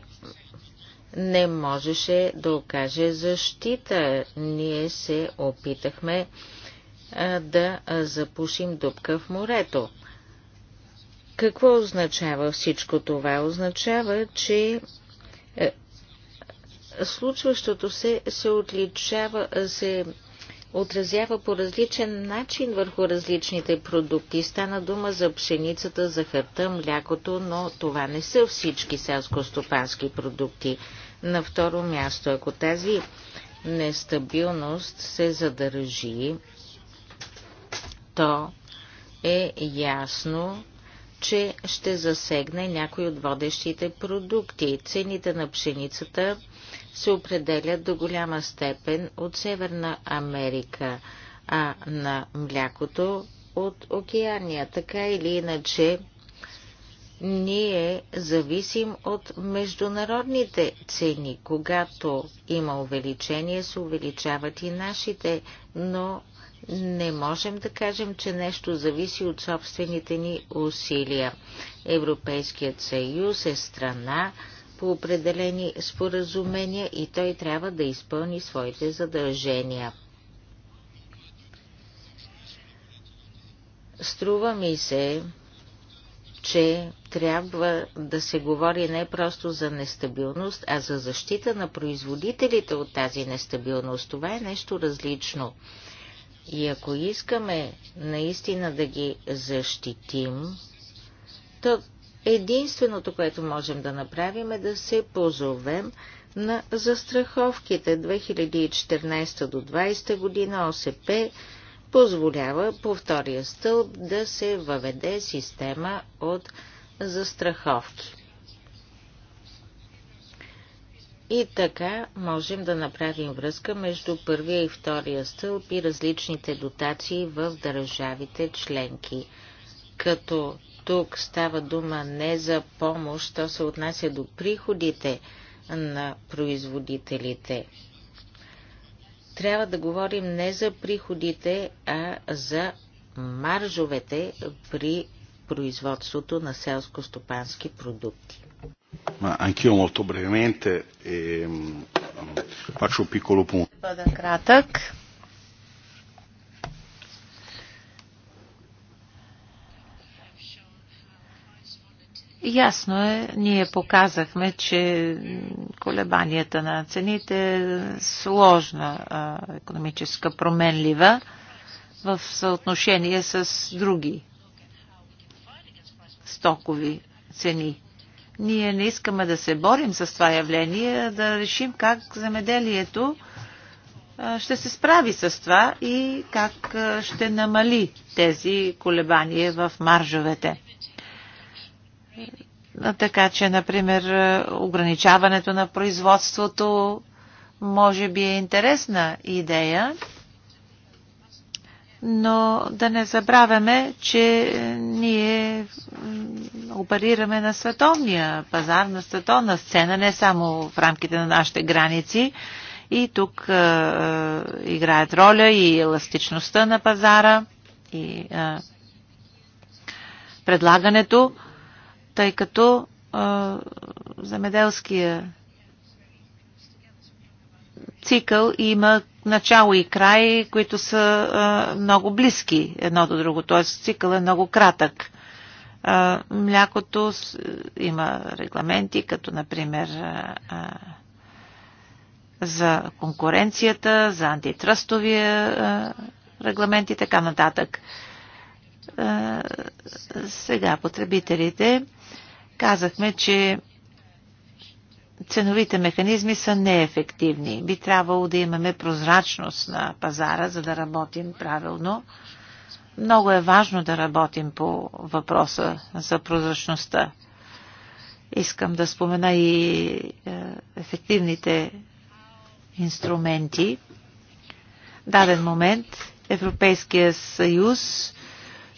не можеше да окаже защита. Ние се опитахме да запушим дупка в морето. Какво означава всичко това? Означава, че случващото се се отличава, се отразява по различен начин върху различните продукти. Стана дума за пшеницата, за хърта, млякото, но това не са всички селско-стопански продукти. На второ място, ако тази нестабилност се задържи, то е ясно, че ще засегне някои от водещите продукти. Цените на пшеницата – се определят до голяма степен от Северна Америка, а на млякото от океания. Така или иначе, ние зависим от международните цени. Когато има увеличение, се увеличават и нашите, но не можем да кажем, че нещо зависи от собствените ни усилия. Европейският съюз е страна, по определени споразумения и той трябва да изпълни своите задължения. Струва ми се, че трябва да се говори не просто за нестабилност, а за защита на производителите от тази нестабилност. Това е нещо различно. И ако искаме наистина да ги защитим, то Единственото, което можем да направим е да се позовем на застраховките 2014 до 2020 година ОСП позволява по втория стълб да се въведе система от застраховки. И така можем да направим връзка между първия и втория стълб и различните дотации в държавите членки, като тук става дума не за помощ, то се отнася до приходите на производителите. Трябва да говорим не за приходите, а за маржовете при производството на селско-стопански продукти. Ma anch'io molto brevemente ehm, faccio un piccolo punto. Kratak. Ясно е, ние показахме, че колебанията на цените е сложна економическа променлива в съотношение с други стокови цени. Ние не искаме да се борим с това явление, да решим как земеделието ще се справи с това и как ще намали тези колебания в маржовете. Така че, например, ограничаването на производството може би е интересна идея, но да не забравяме, че ние оперираме на световния пазар, на световна сцена, не само в рамките на нашите граници. И тук е, играят роля и еластичността на пазара, и е, предлагането. Е, тъй като а, земеделския цикъл има начало и край, които са а, много близки едно до друго, т.е. цикъл е много кратък. А, млякото с, има регламенти, като например а, за конкуренцията, за антитръстовия регламент и така нататък. А, сега потребителите казахме, че ценовите механизми са неефективни. Би трябвало да имаме прозрачност на пазара, за да работим правилно. Много е важно да работим по въпроса за прозрачността. Искам да спомена и е, ефективните инструменти. даден момент Европейския съюз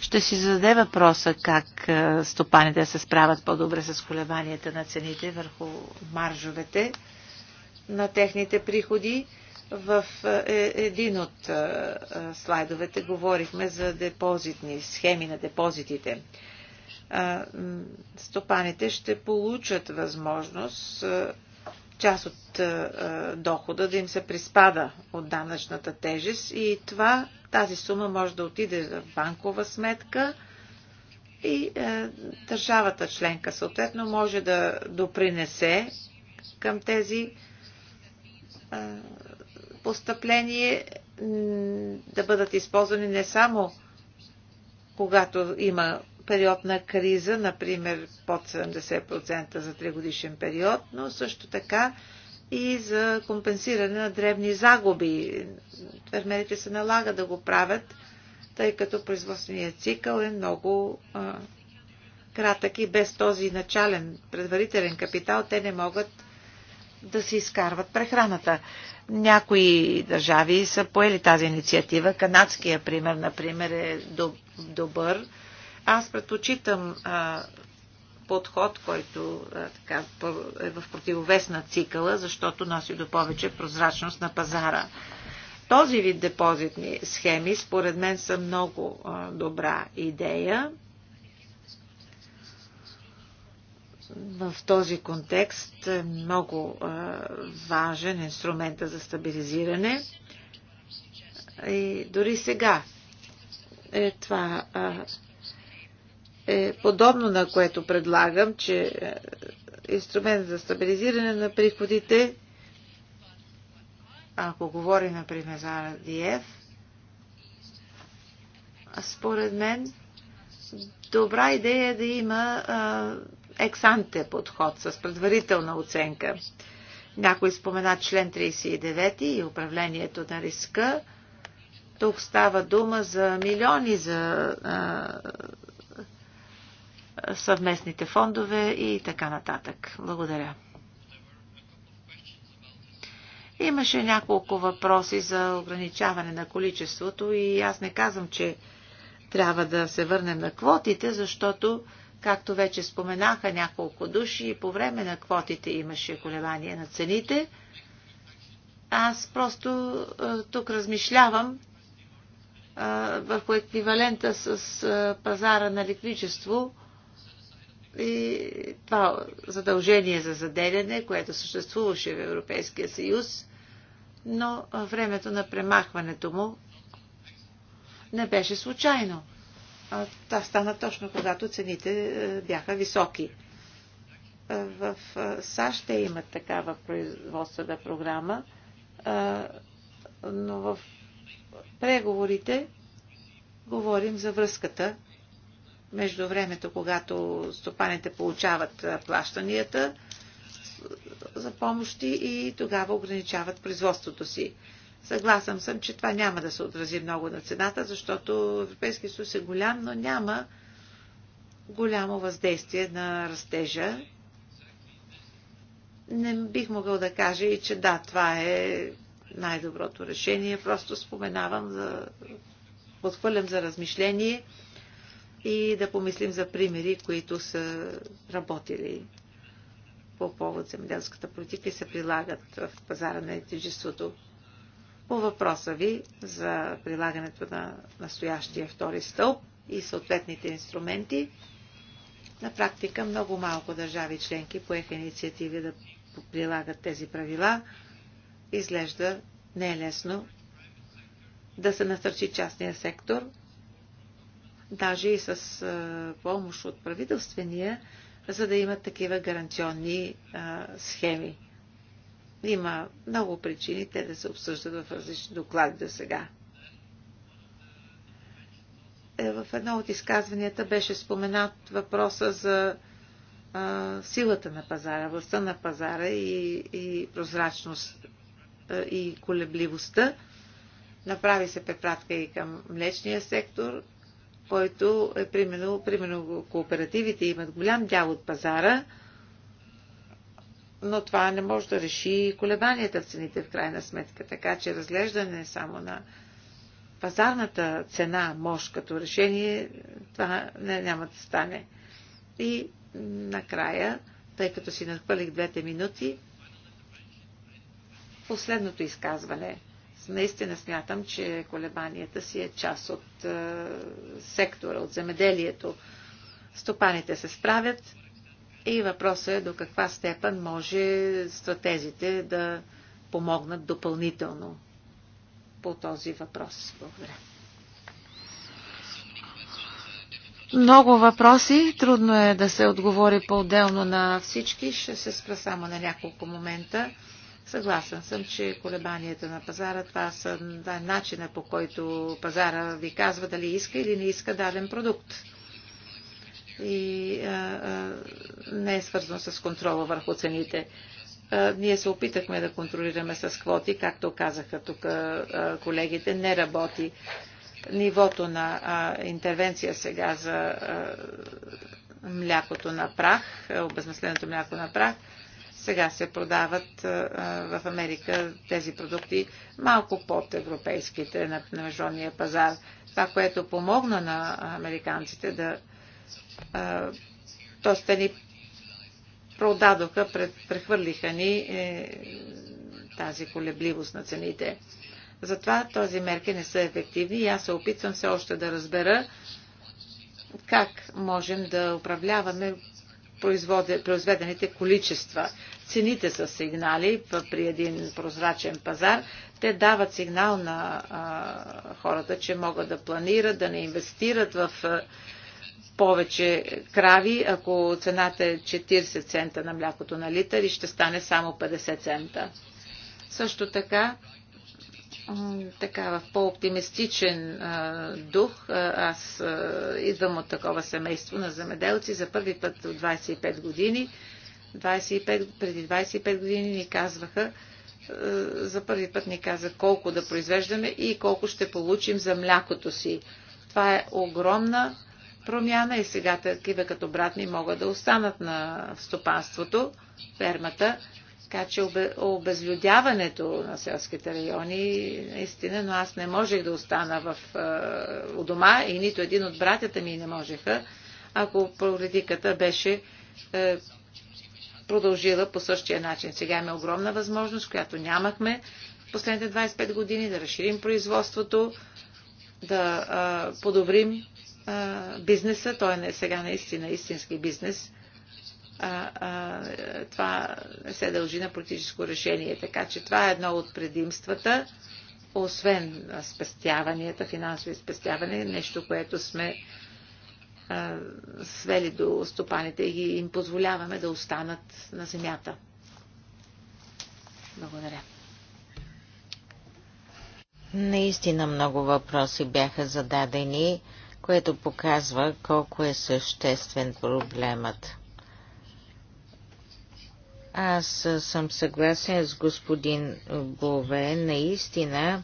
ще си зададе въпроса как е, стопаните се справят по-добре с колебанията на цените върху маржовете на техните приходи. В е, един от е, слайдовете говорихме за депозитни схеми на депозитите. Стопаните ще получат възможност част от е, е, дохода да им се приспада от данъчната тежест и това, тази сума може да отиде в банкова сметка и е, държавата членка съответно може да допринесе към тези е, постъпления да бъдат използвани не само когато има период на криза, например под 70% за 3 годишен период, но също така и за компенсиране на древни загуби. Фермерите се налага да го правят, тъй като производственият цикъл е много а, кратък и без този начален предварителен капитал те не могат да си изкарват прехраната. Някои държави са поели тази инициатива. Канадския пример, например, е добър. Аз предпочитам а, подход, който а, така, е в противовес на цикъла, защото носи до повече прозрачност на пазара. Този вид депозитни схеми, според мен, са много а, добра идея. В този контекст е много а, важен инструмента за стабилизиране. И дори сега е това. А, е подобно на което предлагам, че е, инструмент за стабилизиране на приходите, ако говорим, например, за RDF, според мен добра идея е да има ексанте подход с предварителна оценка. Някой спомена член 39 и управлението на риска. Тук става дума за милиони за а, съвместните фондове и така нататък. Благодаря. Имаше няколко въпроси за ограничаване на количеството и аз не казвам, че трябва да се върнем на квотите, защото, както вече споменаха няколко души, и по време на квотите имаше колебание на цените. Аз просто тук размишлявам върху еквивалента с пазара на ликвичество – и това задължение за заделяне, което съществуваше в Европейския съюз, но времето на премахването му не беше случайно. Та стана точно когато цените е, бяха високи. Е, в е, САЩ те имат такава производствена програма, но в преговорите говорим за връзката между времето, когато стопаните получават плащанията за помощи и тогава ограничават производството си. Съгласен съм, че това няма да се отрази много на цената, защото Европейския съюз е голям, но няма голямо въздействие на растежа. Не бих могъл да кажа и, че да, това е най-доброто решение. Просто споменавам за... Подхвърлям за размишление и да помислим за примери, които са работили по повод земеделската политика и се прилагат в пазара на етичеството. По въпроса ви за прилагането на настоящия втори стълб и съответните инструменти, на практика много малко държави членки поеха инициативи да прилагат тези правила. Изглежда не е лесно да се насърчи частния сектор – даже и с помощ от правителствения, за да имат такива гаранционни а, схеми. Има много причини те да се обсъждат в различни доклади до сега. Е, в едно от изказванията беше споменат въпроса за а, силата на пазара, властта на пазара и, и прозрачност а, и колебливостта. Направи се препратка и към млечния сектор, който е примерно, примерно кооперативите имат голям дял от пазара, но това не може да реши колебанията в цените в крайна сметка. Така че разглеждане само на пазарната цена мощ като решение, това не, няма да стане. И накрая, тъй като си надхвърлих двете минути, последното изказване наистина смятам, че колебанията си е част от е, сектора, от земеделието. Стопаните се справят и въпросът е до каква степен може стратезите да помогнат допълнително по този въпрос. Благодаря. Много въпроси. Трудно е да се отговори по-отделно на всички. Ще се спра само на няколко момента. Съгласен съм, че колебанията на пазара, това са да, е начина по който пазара ви казва дали иска или не иска даден продукт. И а, а, не е свързано с контрола върху цените. А, ние се опитахме да контролираме с квоти, както казаха тук а, колегите, не работи. Нивото на а, интервенция сега за а, млякото на прах, обезмисленото мляко на прах, сега се продават в Америка тези продукти малко под европейските на международния пазар. Това, което помогна на американците да. Тоест, те ни продадоха, прехвърлиха ни е, тази колебливост на цените. Затова този мерки не са ефективни и аз се опитвам все още да разбера как можем да управляваме произведените количества. Цените са сигнали при един прозрачен пазар. Те дават сигнал на а, хората, че могат да планират, да не инвестират в а, повече крави, ако цената е 40 цента на млякото на литър и ще стане само 50 цента. Също така така в по-оптимистичен дух. Аз идвам от такова семейство на земеделци за първи път от 25 години. 25, преди 25 години ни казваха, за първи път ни каза колко да произвеждаме и колко ще получим за млякото си. Това е огромна промяна и сега такива като брат ми могат да останат на стопанството, фермата така че обезлюдяването на селските райони, наистина, но аз не можех да остана в, у дома и нито един от братята ми не можеха, ако политиката беше продължила по същия начин. Сега имаме огромна възможност, която нямахме в последните 25 години, да разширим производството, да подобрим бизнеса. Той е сега наистина истински бизнес а, а, това не се дължи на политическо решение. Така че това е едно от предимствата, освен спестяванията, финансови спестявания, нещо, което сме а, свели до стопаните и им позволяваме да останат на земята. Благодаря. Наистина много въпроси бяха зададени, което показва колко е съществен проблемът. Аз съм съгласен с господин Бове. Наистина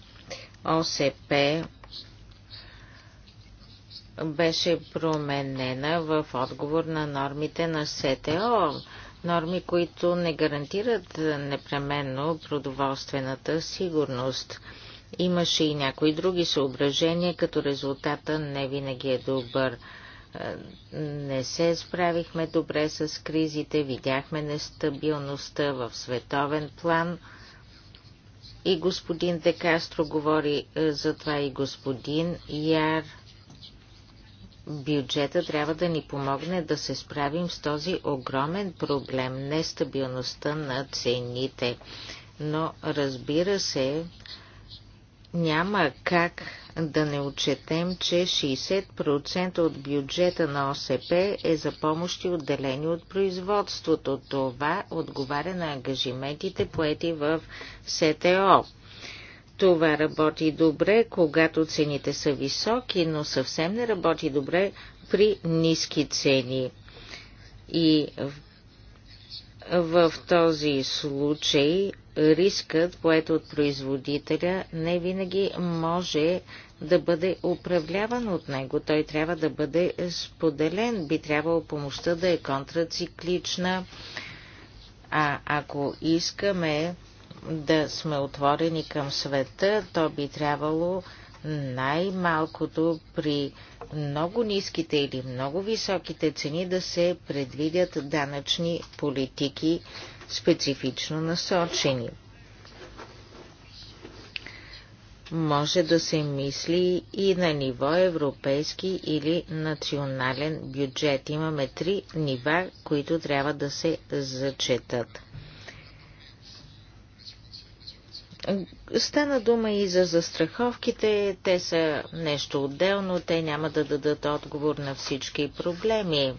ОСП беше променена в отговор на нормите на СТО. Норми, които не гарантират непременно продоволствената сигурност. Имаше и някои други съображения, като резултата не винаги е добър не се справихме добре с кризите, видяхме нестабилността в световен план. И господин Декастро говори е, за това и господин Яр. Бюджета трябва да ни помогне да се справим с този огромен проблем – нестабилността на цените. Но разбира се, няма как да не отчетем, че 60% от бюджета на ОСП е за помощи отделени от производството. Това отговаря на ангажиментите поети в СТО. Това работи добре, когато цените са високи, но съвсем не работи добре при ниски цени. И в, в този случай рискът, поет от производителя, не винаги може да бъде управляван от него. Той трябва да бъде споделен. Би трябвало помощта да е контрациклична. А ако искаме да сме отворени към света, то би трябвало най-малкото при много ниските или много високите цени да се предвидят данъчни политики, специфично насочени. Може да се мисли и на ниво европейски или национален бюджет. Имаме три нива, които трябва да се зачетат. Стана дума и за застраховките. Те са нещо отделно. Те няма да дадат отговор на всички проблеми.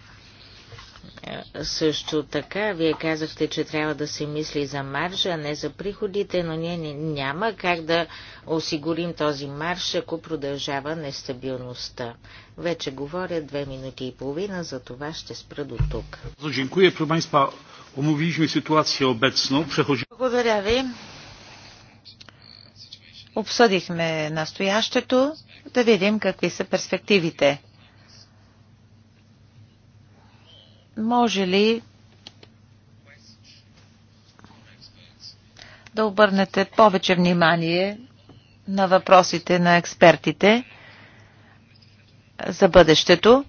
Също така, вие казахте, че трябва да се мисли за маржа, а не за приходите, но ние няма как да осигурим този марш, ако продължава нестабилността. Вече говоря две минути и половина, за това ще спра до тук. Благодаря ви. Обсъдихме настоящето, да видим какви са перспективите. Може ли да обърнете повече внимание на въпросите на експертите за бъдещето?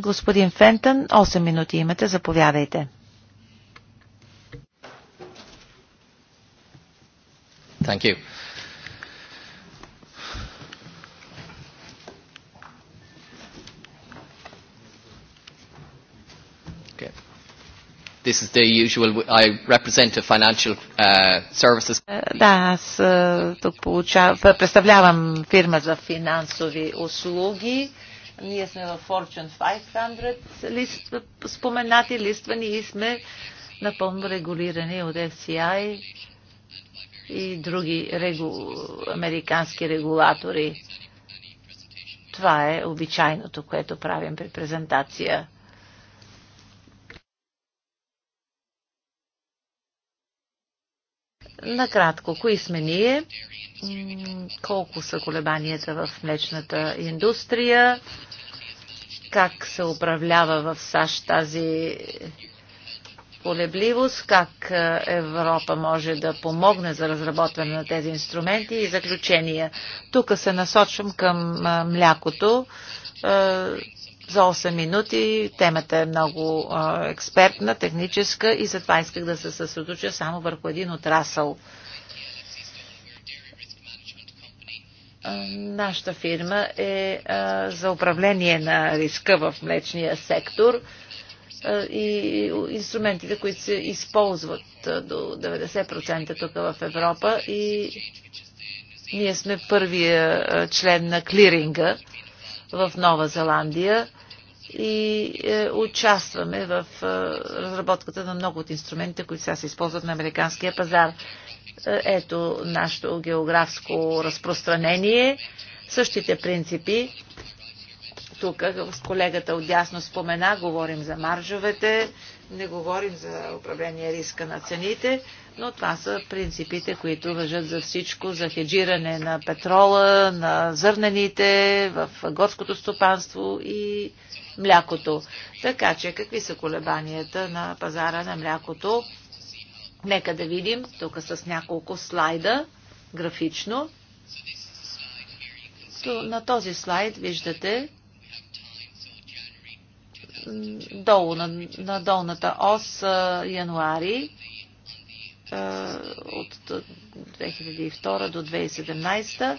Господин Фентън, 8 минути имате, заповядайте. Thank you. This is the usual, I represent a financial uh, services. Е, да, аз е, тук получав, представлявам фирма за финансови услуги. Ние сме в Fortune 500 лист, споменати, листвани и сме напълно регулирани от FCI и други регу... американски регулатори. Това е обичайното, което правим при презентация. Накратко, кои сме ние? Колко са колебанията в млечната индустрия? Как се управлява в САЩ тази колебливост? Как е, Европа може да помогне за разработване на тези инструменти? И заключения. Тук се насочвам към млякото за 8 минути. Темата е много експертна, техническа и затова исках да се съсредоточа само върху един отрасъл. Нашата фирма е за управление на риска в млечния сектор и инструментите, които се използват до 90% тук в Европа и ние сме първия член на клиринга в Нова Зеландия и е, участваме в е, разработката на много от инструментите, които сега се използват на американския пазар. Е, ето нашето географско разпространение. Същите принципи. Тук с колегата от дясно спомена, говорим за маржовете, не говорим за управление риска на цените но това са принципите, които въжат за всичко, за хеджиране на петрола, на зърнените, в горското стопанство и млякото. Така че какви са колебанията на пазара на млякото? Нека да видим тук с няколко слайда графично. На този слайд виждате долу на, на долната ос януари от 2002 до 2017.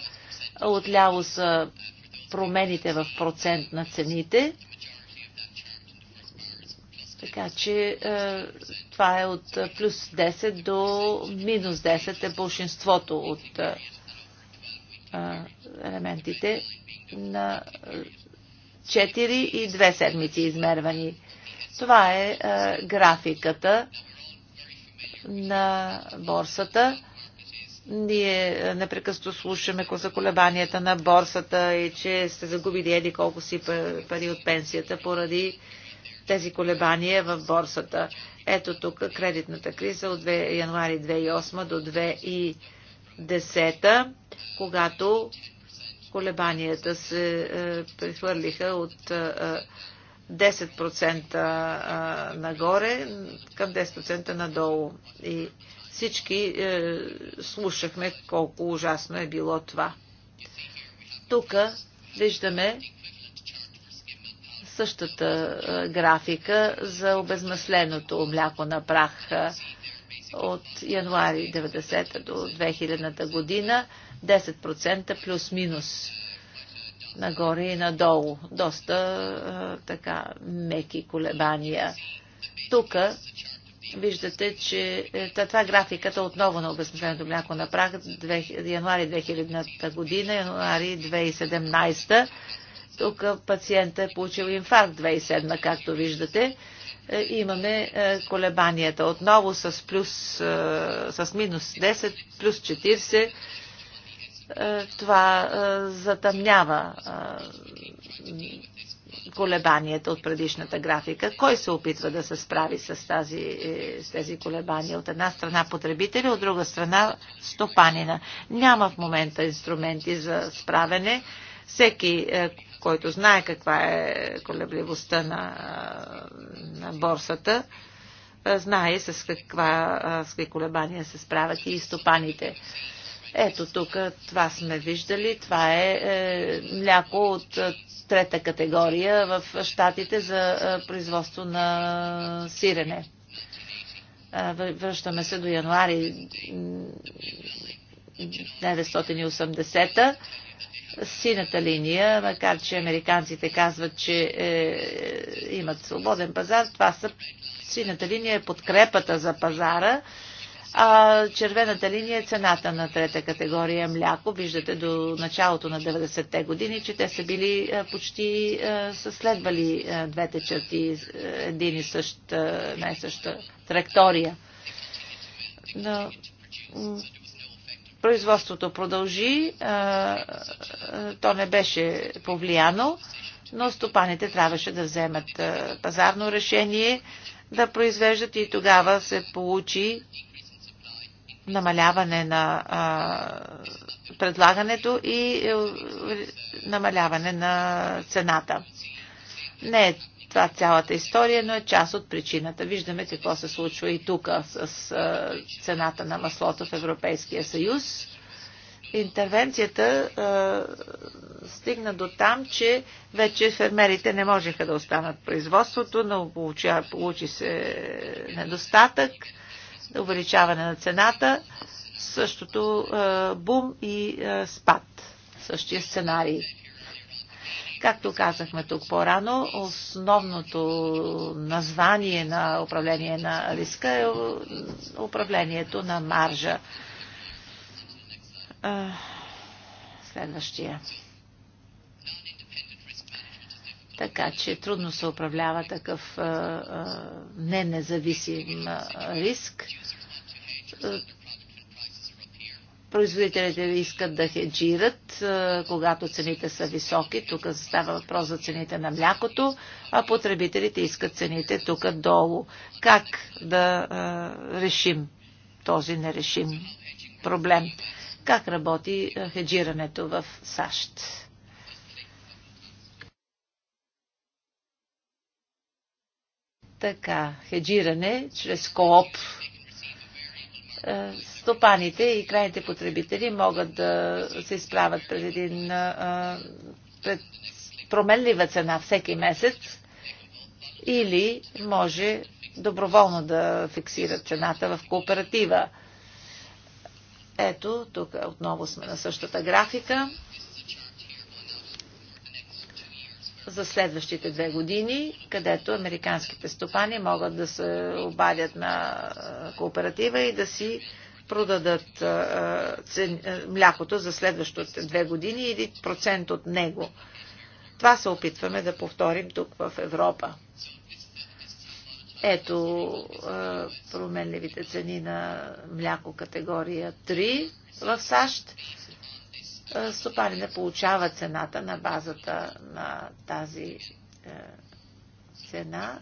Отляво са промените в процент на цените. Така че това е от плюс 10 до минус 10 е большинството от елементите на 4 и 2 седмици измервани. Това е графиката на борсата. Ние е, непрекъсто слушаме за колебанията на борсата и че сте загубили еди колко си пари от пенсията поради тези колебания в борсата. Ето тук кредитната криза от 2, януари 2008 до 2010, когато колебанията се е, прехвърлиха от е, 10% нагоре към 10% надолу. И всички е, слушахме колко ужасно е било това. Тук виждаме същата е, графика за обезмасленото мляко на прах е, от януари 90 до 2000 година 10% плюс-минус нагоре и надолу. Доста а, така меки колебания. Тук виждате, че е, това е графиката отново на обезмисленото мляко на прах януари 2000 година, януари 2017. Тук пациента е получил инфаркт 2007, както виждате. Е, имаме е, колебанията отново с, плюс, с минус 10, плюс 40, е, това е, затъмнява е, колебанията от предишната графика. Кой се опитва да се справи с, тази, с тези колебания? От една страна потребители, от друга страна стопанина. Няма в момента инструменти за справене. Всеки, който знае каква е колебливостта на, на борсата, знае с, каква, с какви колебания се справят и стопаните. Ето тук това сме виждали. Това е, е мляко от трета категория в щатите за е, производство на сирене. Е, връщаме се до януари 1980-та. Сината линия, макар че американците казват, че е, имат свободен пазар, това са сината линия е подкрепата за пазара. Е, а, червената линия е цената на трета категория мляко. Виждате до началото на 90-те години, че те са били почти са следвали двете черти, един и същ, най-съща траектория. Но, производството продължи, то не беше повлияно, но стопаните трябваше да вземат пазарно решение да произвеждат и тогава се получи намаляване на а, предлагането и е, намаляване на цената. Не е това цялата история, но е част от причината. Виждаме какво се случва и тук с а, цената на маслото в Европейския съюз. Интервенцията а, стигна до там, че вече фермерите не можеха да останат производството, но получи се недостатък увеличаване на цената, същото е, бум и е, спад, същия сценарий. Както казахме тук по-рано, основното название на управление на риска е, е управлението на маржа. Следващия. Така че трудно се управлява такъв не независим риск. Е, производителите искат да хеджират, е, когато цените са високи. Тук става въпрос за цените на млякото, а потребителите искат цените тук долу. Как да е, решим този нерешим проблем? Как работи хеджирането в САЩ? Така, хеджиране чрез кооп е, стопаните и крайните потребители могат да се изправят пред един е, пред променлива цена всеки месец или може доброволно да фиксират цената в кооператива. Ето, тук отново сме на същата графика. за следващите две години, където американските стопани могат да се обадят на кооператива и да си продадат млякото за следващите две години или процент от него. Това се опитваме да повторим тук в Европа. Ето променливите цени на мляко категория 3 в САЩ е, стопанина получава цената на базата на тази е, цена.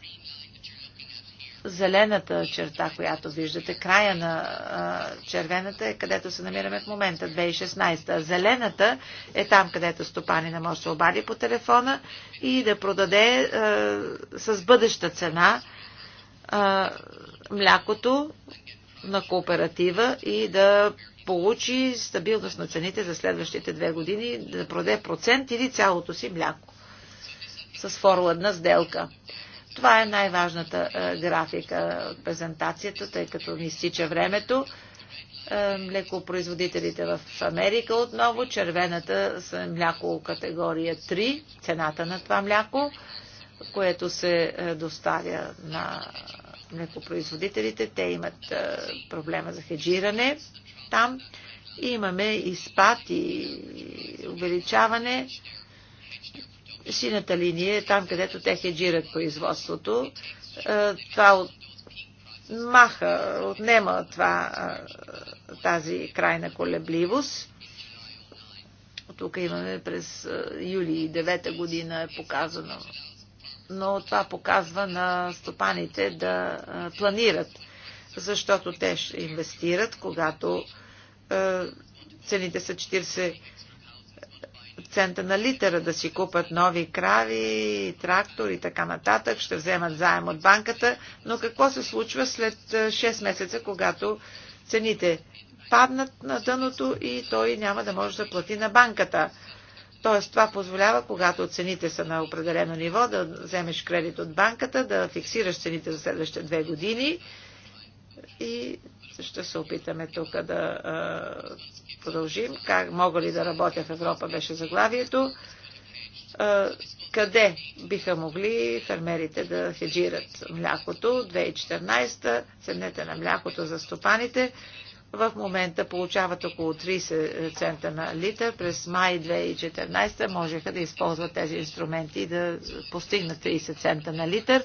Зелената черта, която виждате, края на е, червената е където се намираме в момента, 2016. Зелената е там, където стопанина може да се обади по телефона и да продаде с бъдеща цена млякото на кооператива и да получи стабилност на цените за следващите две години, да продаде процент или цялото си мляко с форвардна сделка. Това е най-важната е, графика от презентацията, тъй като ни стича времето. Е, млекопроизводителите в Америка отново, червената са мляко категория 3, цената на това мляко, което се е, доставя на млекопроизводителите. Те имат проблема за хеджиране там имаме и спад и увеличаване. Сината линия е там, където те хеджират производството. Е, това от... маха, отнема това, е, тази крайна колебливост. Тук имаме през е, юли 9 година е показано. Но това показва на стопаните да планират, защото те ще инвестират, когато е, цените са 40 цента на литъра да си купат нови крави, трактор и така нататък, ще вземат заем от банката, но какво се случва след 6 е, месеца, когато цените паднат на дъното и той няма да може да плати на банката. Тоест това позволява, когато цените са на определено ниво, да вземеш кредит от банката, да фиксираш цените за следващите две години и ще се опитаме тук да а, продължим. Как мога ли да работя в Европа беше заглавието. А, къде биха могли фермерите да хеджират млякото? 2014 цените на млякото за стопаните в момента получават около 30 цента на литър. През май 2014 можеха да използват тези инструменти и да постигнат 30 цента на литър,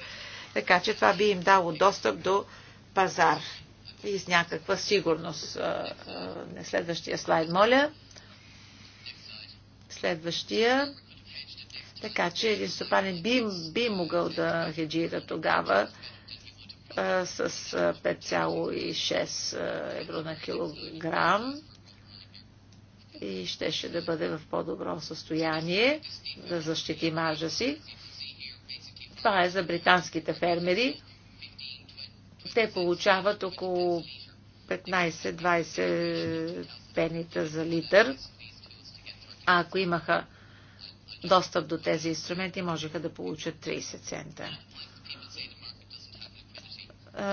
така че това би им дало достъп до пазар и с някаква сигурност. На следващия слайд, моля. Следващия. Така че един стопанин би, би могъл да хеджира тогава а, с 5,6 евро на килограм и щеше да бъде в по-добро състояние да защити маржа си. Това е за британските фермери. Те получават около 15-20 пенита за литър. А ако имаха достъп до тези инструменти, можеха да получат 30 цента. Е,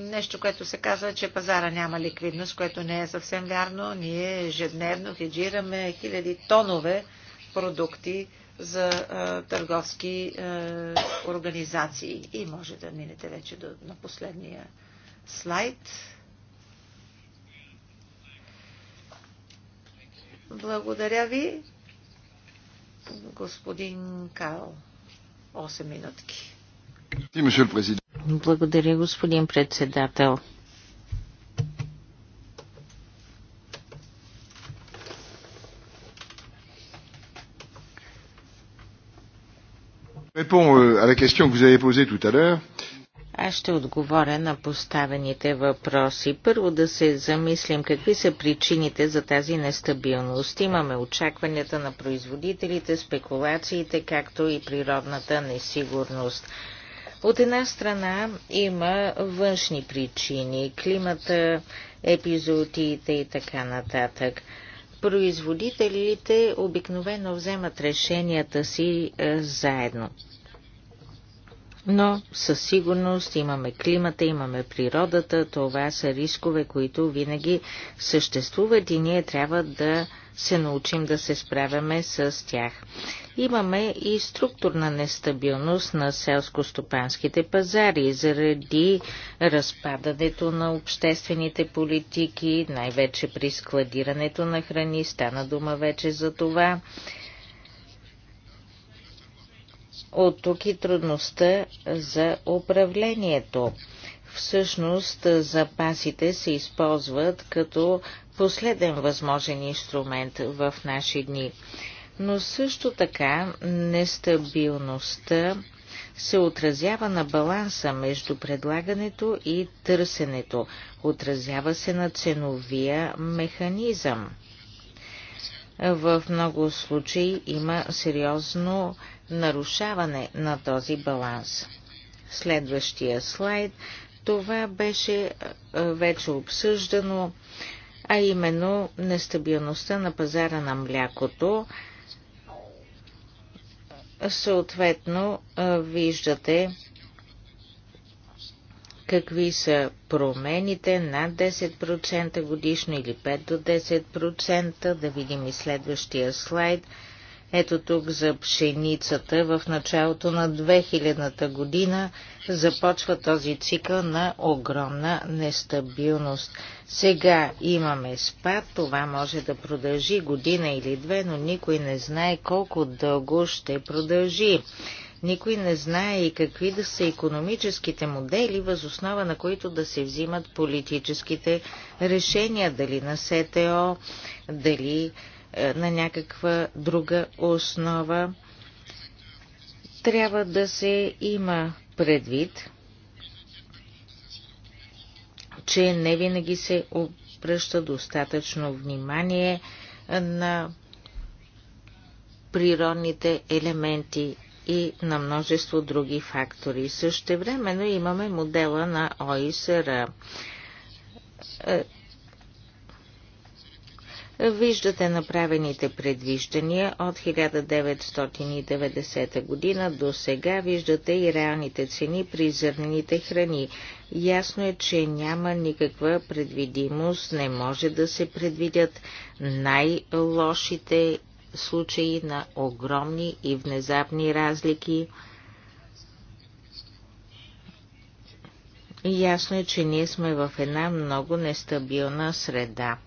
нещо, което се казва, че пазара няма ликвидност, което не е съвсем вярно. Ние ежедневно хеджираме хиляди тонове продукти, за а, е, търговски а, е, организации. И може да минете вече до, на последния слайд. Благодаря ви, господин Карл. 8 минутки. Благодаря, господин председател. Euh, Аз ще отговоря на поставените въпроси. Първо да се замислим какви са причините за тази нестабилност. Имаме очакванията на производителите, спекулациите, както и природната несигурност. От една страна има външни причини, климата, епизодиите и така нататък производителите обикновено вземат решенията си е, заедно. Но със сигурност имаме климата, имаме природата, това са рискове, които винаги съществуват и ние трябва да се научим да се справяме с тях. Имаме и структурна нестабилност на селско-стопанските пазари заради разпадането на обществените политики, най-вече при складирането на храни, стана дума вече за това. От тук и трудността за управлението. Всъщност запасите се използват като последен възможен инструмент в наши дни. Но също така нестабилността се отразява на баланса между предлагането и търсенето, отразява се на ценовия механизъм. В много случаи има сериозно нарушаване на този баланс. Следващия слайд това беше вече обсъждано, а именно нестабилността на пазара на млякото. Съответно, виждате какви са промените над 10% годишно или 5 до 10%. Да видим и следващия слайд – ето тук за пшеницата в началото на 2000-та година започва този цикъл на огромна нестабилност. Сега имаме спад, това може да продължи година или две, но никой не знае колко дълго ще продължи. Никой не знае и какви да са економическите модели, възоснова на които да се взимат политическите решения, дали на СТО, дали е, на някаква друга основа. Трябва да се има предвид, че не винаги се обръща достатъчно внимание на природните елементи и на множество други фактори. времено имаме модела на ОИСР. Е, Виждате направените предвиждания от 1990 година до сега. Виждате и реалните цени при зърнените храни. Ясно е, че няма никаква предвидимост, не може да се предвидят най-лошите случаи на огромни и внезапни разлики. Ясно е, че ние сме в една много нестабилна среда.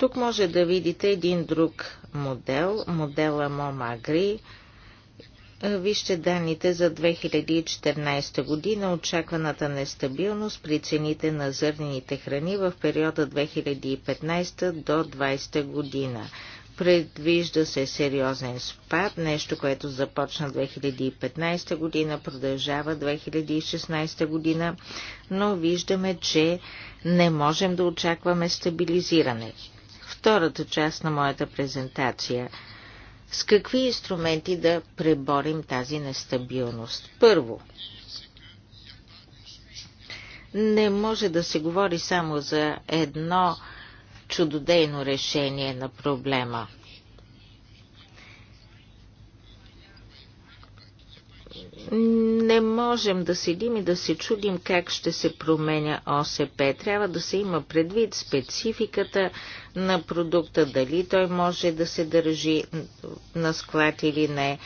Тук може да видите един друг модел, модела Момагри. Вижте данните за 2014 година, очакваната нестабилност при цените на зърнените храни в периода 2015 до 2020 година. Предвижда се сериозен спад, нещо, което започна 2015 година, продължава 2016 година, но виждаме, че не можем да очакваме стабилизиране втората част на моята презентация. С какви инструменти да преборим тази нестабилност? Първо, не може да се говори само за едно чудодейно решение на проблема – не можем да седим и да се чудим как ще се променя ОСП. Трябва да се има предвид спецификата на продукта, дали той може да се държи на склад или не.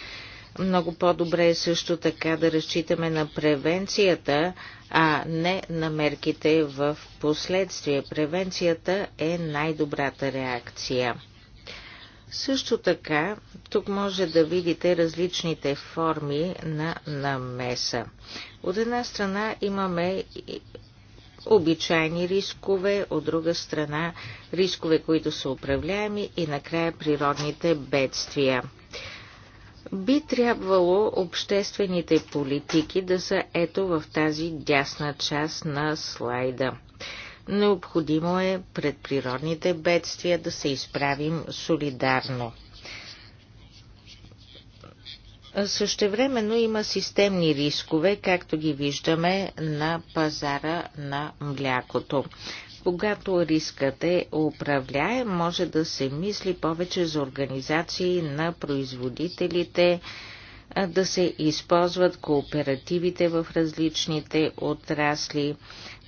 Много по-добре е също така да разчитаме на превенцията, а не на мерките в последствие. Превенцията е най-добрата реакция. Също така, тук може да видите различните форми на намеса. От една страна имаме обичайни рискове, от друга страна рискове, които са управляеми и накрая природните бедствия. Би трябвало обществените политики да са ето в тази дясна част на слайда. Необходимо е пред природните бедствия да се изправим солидарно. Същевременно има системни рискове, както ги виждаме на пазара на млякото. Когато рискът е управляем, може да се мисли повече за организации на производителите, да се използват кооперативите в различните отрасли,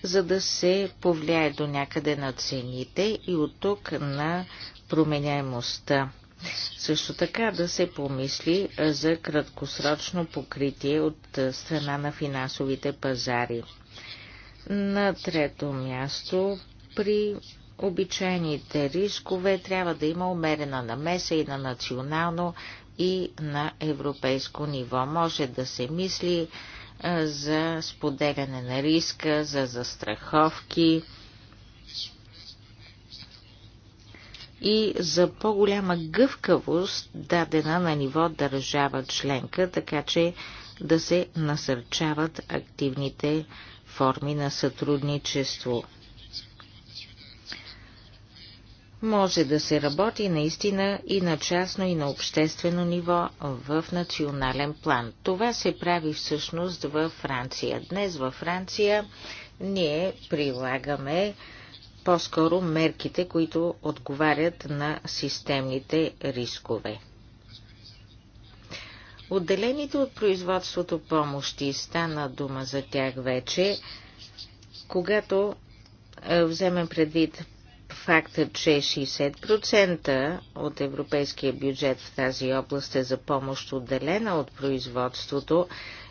за да се повлияе до някъде на цените и от тук на променяемостта. Също така да се помисли за краткосрочно покритие от страна на финансовите пазари. На трето място, при обичайните рискове трябва да има умерена намеса и на национално и на европейско ниво. Може да се мисли за споделяне на риска, за застраховки и за по-голяма гъвкавост, дадена на ниво държава членка, така че да се насърчават активните форми на сътрудничество може да се работи наистина и на частно и на обществено ниво в национален план. Това се прави всъщност във Франция. Днес във Франция ние прилагаме по-скоро мерките, които отговарят на системните рискове. Отделените от производството помощи стана дума за тях вече, когато е, вземем предвид факта, че 60% от европейския бюджет в тази област е за помощ отделена от производството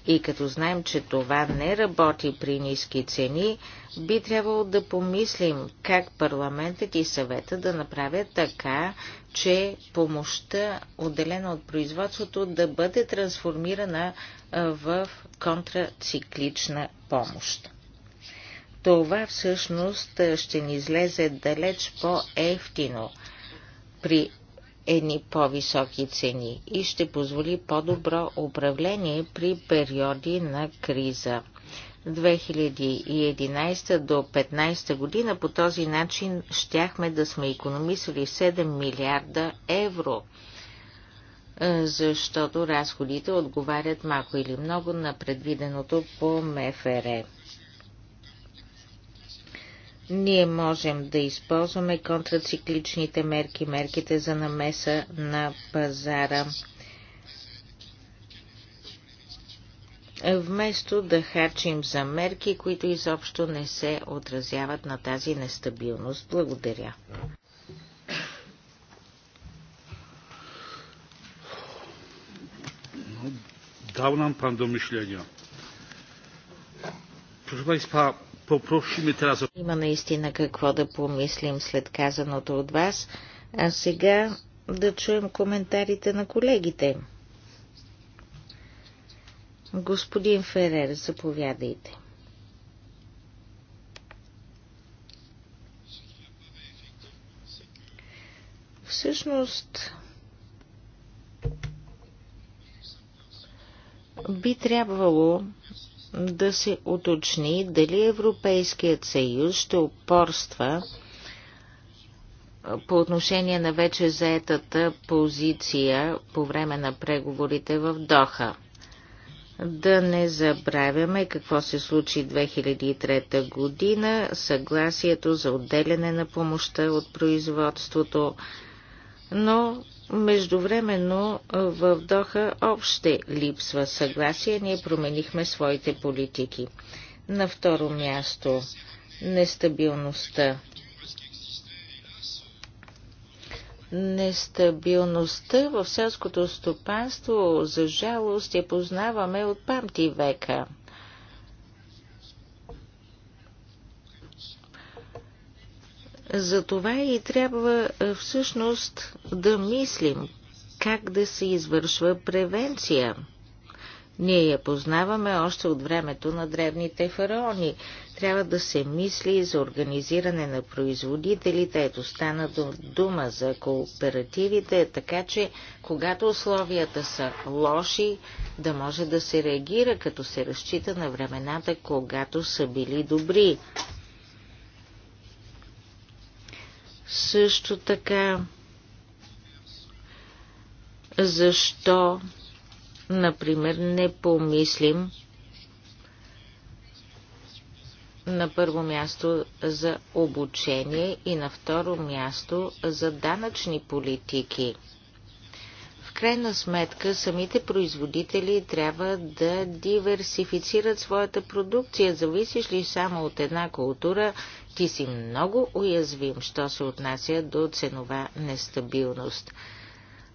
и като знаем, че това не работи при ниски цени, би трябвало да помислим как парламентът и съвета да направят така, че помощта отделена от производството да бъде трансформирана в контрациклична помощ това всъщност ще ни излезе далеч по-ефтино при едни по-високи цени и ще позволи по-добро управление при периоди на криза. 2011 до 2015 година по този начин щяхме да сме економисали 7 милиарда евро, защото разходите отговарят малко или много на предвиденото по МФР. Ние можем да използваме контрацикличните мерки, мерките за намеса на пазара. Вместо да харчим за мерки, които изобщо не се отразяват на тази нестабилност. Благодаря. Дал нам пан до мишления. Proszę Państwa, има наистина какво да помислим след казаното от вас, а сега да чуем коментарите на колегите. Господин Ферер, заповядайте. Всъщност, би трябвало да се уточни дали Европейският съюз ще упорства по отношение на вече заетата позиция по време на преговорите в Доха. Да не забравяме какво се случи 2003 година, съгласието за отделяне на помощта от производството, но Междувременно в Доха още липсва съгласие, ние променихме своите политики. На второ място нестабилността. Нестабилността в селското стопанство, за жалост, я познаваме от памти века – Затова и трябва е, всъщност да мислим как да се извършва превенция. Ние я познаваме още от времето на древните фараони. Трябва да се мисли за организиране на производителите. Ето стана дума за кооперативите, така че когато условията са лоши, да може да се реагира, като се разчита на времената, когато са били добри. Също така, защо, например, не помислим на първо място за обучение и на второ място за данъчни политики – крайна сметка самите производители трябва да диверсифицират своята продукция. Зависиш ли само от една култура, ти си много уязвим, що се отнася до ценова нестабилност.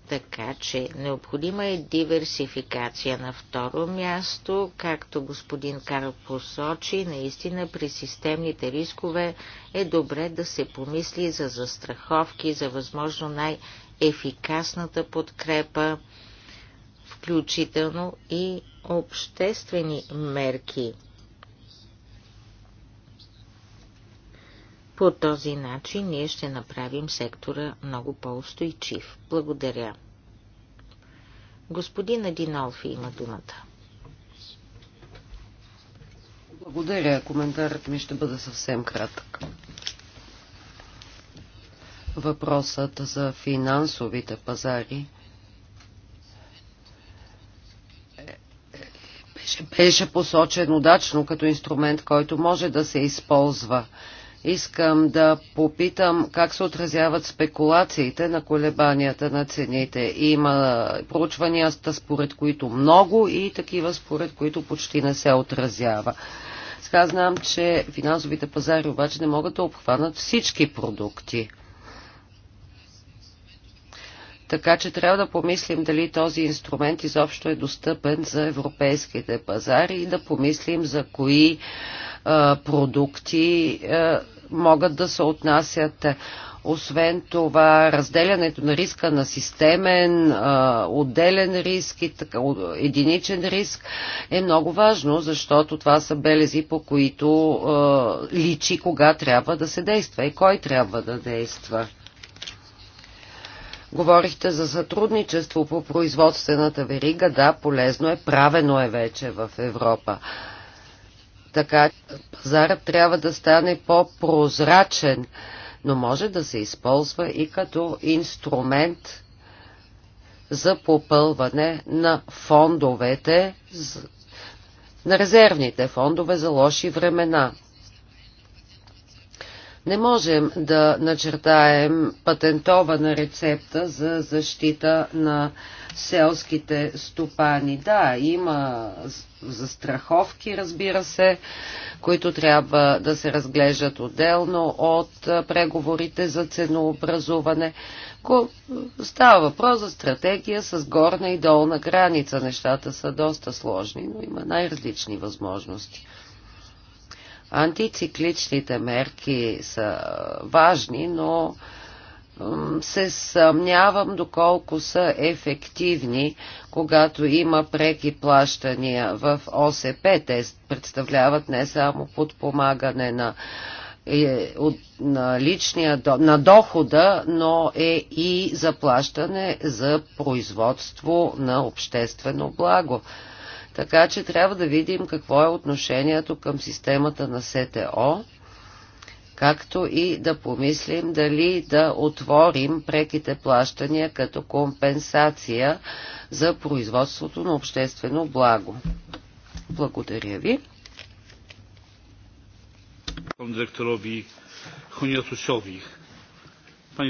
Така че необходима е диверсификация на второ място, както господин Карл посочи, наистина при системните рискове е добре да се помисли за застраховки, за възможно най- ефикасната подкрепа, включително и обществени мерки. По този начин ние ще направим сектора много по-устойчив. Благодаря. Господин Адинолфи има думата. Благодаря. Коментарът ми ще бъде съвсем кратък. Въпросът за финансовите пазари беше, беше посочен удачно като инструмент, който може да се използва. Искам да попитам как се отразяват спекулациите на колебанията на цените. Има проучванията, според които много и такива, според които почти не се отразява. Сега знам, че финансовите пазари обаче не могат да обхванат всички продукти. Така че трябва да помислим дали този инструмент изобщо е достъпен за европейските пазари и да помислим за кои а, продукти а, могат да се отнасят. Освен това, разделянето на риска на системен, отделен риск и така, единичен риск е много важно, защото това са белези, по които личи кога трябва да се действа и кой трябва да действа. Говорихте за сътрудничество по производствената верига. Да, полезно е, правено е вече в Европа. Така, пазарът трябва да стане по-прозрачен, но може да се използва и като инструмент за попълване на фондовете, на резервните фондове за лоши времена. Не можем да начертаем патентована рецепта за защита на селските стопани. Да, има застраховки, разбира се, които трябва да се разглеждат отделно от преговорите за ценообразуване. Става въпрос за стратегия с горна и долна граница. Нещата са доста сложни, но има най-различни възможности. Антицикличните мерки са важни, но се съмнявам доколко са ефективни, когато има преки плащания в ОСП. Те представляват не само подпомагане на, е, от, на, личния, на дохода, но е и заплащане за производство на обществено благо. Така че трябва да видим какво е отношението към системата на СТО, както и да помислим дали да отворим преките плащания като компенсация за производството на обществено благо. Благодаря ви. Директорови Хониатусови. Oh,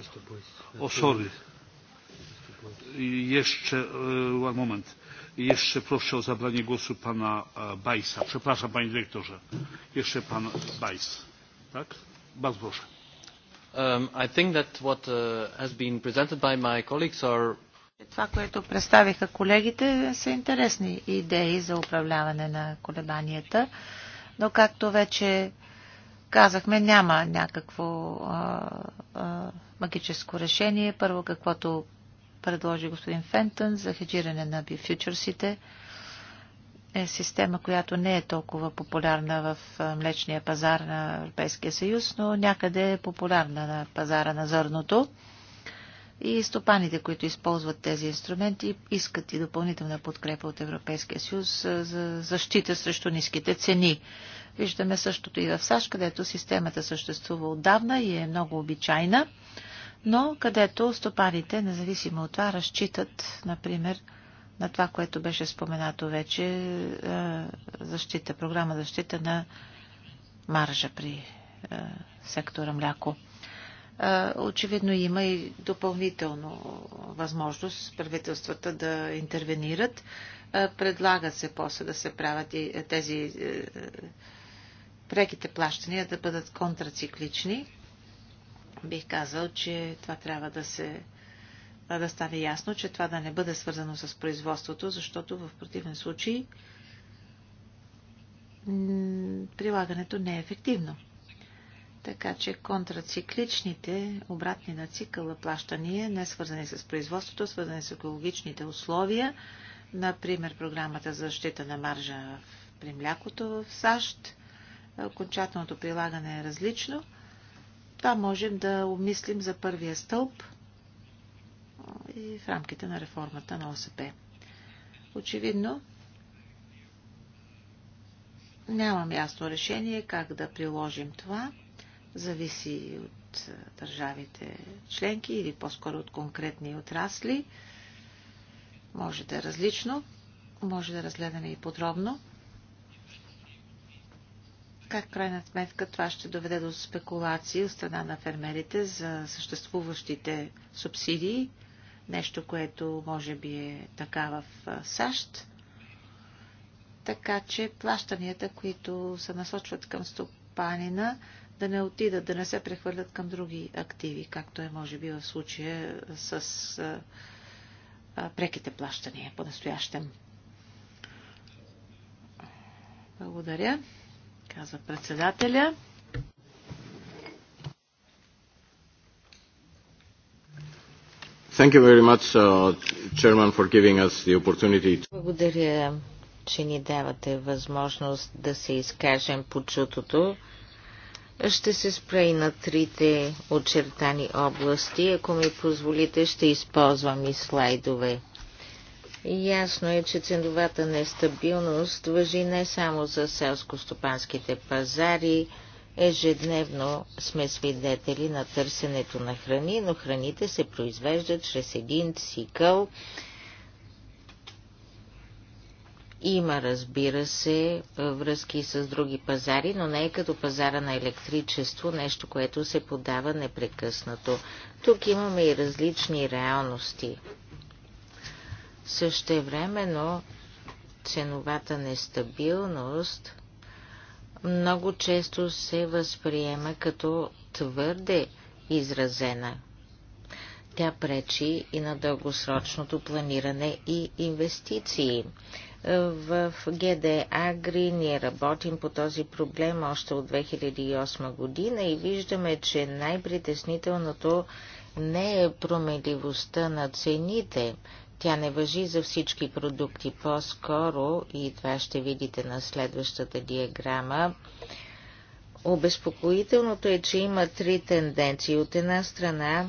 Mr. Boyce. Oh, sorry. Jeszcze, one moment. Jeszcze proszę o zabranie głosu pana Bajsa. Przepraszam, panie dyrektorze. Jeszcze pan Bajs. Tak? Bardzo proszę. Um, I think that what uh, has been presented by my colleagues are това, което представиха колегите, са интересни идеи за управляване на колебанията, но както вече казахме, няма някакво а, а, магическо решение. Първо, каквото предложи господин Фентън за хеджиране на бифьючерсите, е система, която не е толкова популярна в млечния пазар на Европейския съюз, но някъде е популярна на пазара на зърното. И стопаните, които използват тези инструменти, искат и допълнителна подкрепа от Европейския съюз за защита срещу ниските цени. Виждаме същото и в САЩ, където системата съществува отдавна и е много обичайна но където стопаните, независимо от това, разчитат, например, на това, което беше споменато вече, е, защита, програма защита на маржа при е, сектора мляко. Е, очевидно има и допълнително възможност правителствата да интервенират. Предлагат се после да се правят и тези преките плащания да бъдат контрациклични бих казал, че това трябва да се да стане ясно, че това да не бъде свързано с производството, защото в противен случай прилагането не е ефективно. Така че контрацикличните, обратни на цикъла плащания, не свързани с производството, свързани с екологичните условия, например програмата за защита на маржа при млякото в САЩ, окончателното прилагане е различно, това можем да обмислим за първия стълб и в рамките на реформата на ОСП. Очевидно, нямам ясно решение как да приложим това. Зависи от държавите членки или по-скоро от конкретни отрасли. Може да е различно, може да е разгледаме и подробно как крайна сметка това ще доведе до спекулации от страна на фермерите за съществуващите субсидии, нещо, което може би е така в САЩ. Така че плащанията, които се насочват към стопанина, да не отидат, да не се прехвърлят към други активи, както е може би в случая с преките плащания по-настоящем. Благодаря каза председателя. Thank you very much, uh, Chairman, for giving us the opportunity. To... Благодаря, че ни давате възможност да се изкажем по чутото. Ще се спре и на трите очертани области. Ако ми позволите, ще използвам и слайдове. Ясно е, че ценовата нестабилност въжи не само за селско-стопанските пазари. Ежедневно сме свидетели на търсенето на храни, но храните се произвеждат чрез един цикъл. Има, разбира се, връзки с други пазари, но не е като пазара на електричество, нещо, което се подава непрекъснато. Тук имаме и различни реалности. Същевременно ценовата нестабилност много често се възприема като твърде изразена. Тя пречи и на дългосрочното планиране и инвестиции. В ГД Агри ние работим по този проблем още от 2008 година и виждаме, че най-притеснителното не е променливостта на цените, тя не въжи за всички продукти. По-скоро, и това ще видите на следващата диаграма, обезпокоителното е, че има три тенденции. От една страна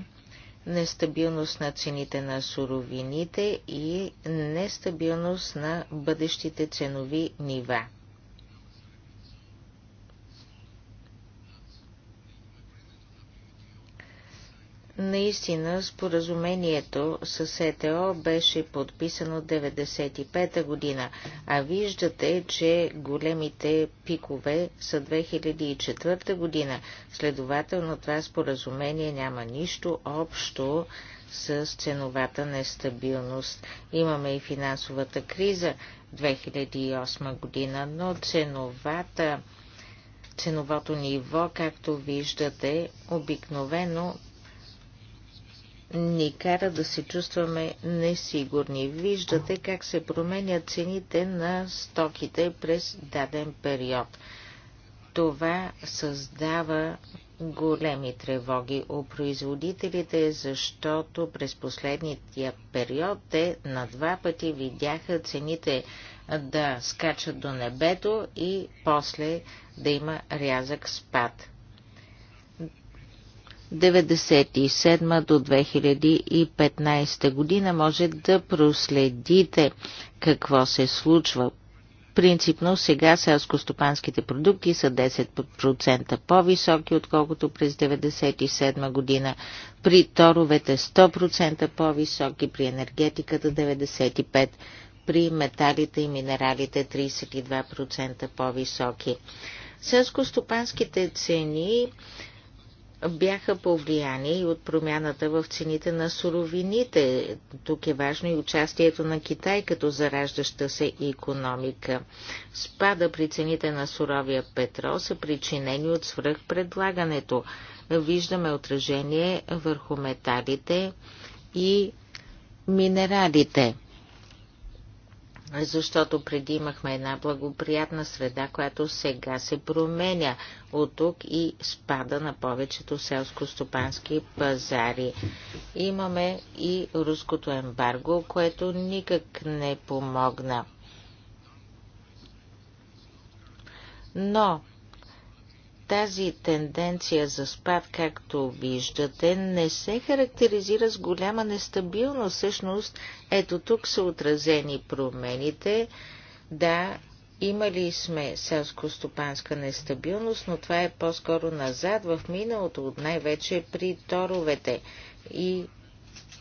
нестабилност на цените на суровините и нестабилност на бъдещите ценови нива. Наистина, споразумението с СТО беше подписано 95-та година, а виждате, че големите пикове са 2004 година. Следователно, това споразумение няма нищо общо с ценовата нестабилност. Имаме и финансовата криза 2008 година, но ценовата Ценовото ниво, както виждате, обикновено ни кара да се чувстваме несигурни. Виждате как се променят цените на стоките през даден период. Това създава големи тревоги у производителите, защото през последния период те на два пъти видяха цените да скачат до небето и после да има рязък спад. 1997 до 2015 година може да проследите какво се случва. Принципно сега селскостопанските продукти са 10% по-високи, отколкото през 1997 година, при торовете 100% по-високи, при енергетиката 95%, при металите и минералите 32% по-високи. Селскостопанските цени бяха повлияни и от промяната в цените на суровините. Тук е важно и участието на Китай като зараждаща се економика. Спада при цените на суровия петрол са причинени от свръхпредлагането. Виждаме отражение върху металите и минералите защото преди имахме една благоприятна среда, която сега се променя от тук и спада на повечето селско-стопански пазари. Имаме и руското ембарго, което никак не помогна. Но тази тенденция за спад, както виждате, не се характеризира с голяма нестабилност. Всъщност, ето тук са отразени промените. Да, имали сме селско-стопанска нестабилност, но това е по-скоро назад в миналото, от най-вече при торовете и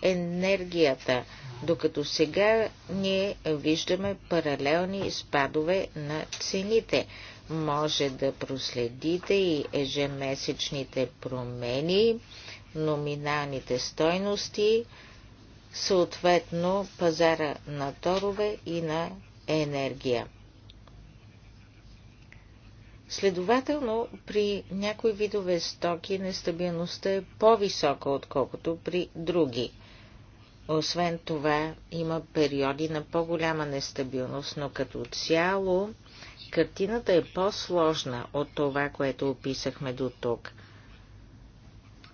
енергията, докато сега ние виждаме паралелни спадове на цените. Може да проследите и ежемесечните промени, номиналните стойности, съответно пазара на торове и на енергия. Следователно, при някои видове стоки нестабилността е по-висока, отколкото при други. Освен това, има периоди на по-голяма нестабилност, но като цяло Картината е по-сложна от това, което описахме до тук.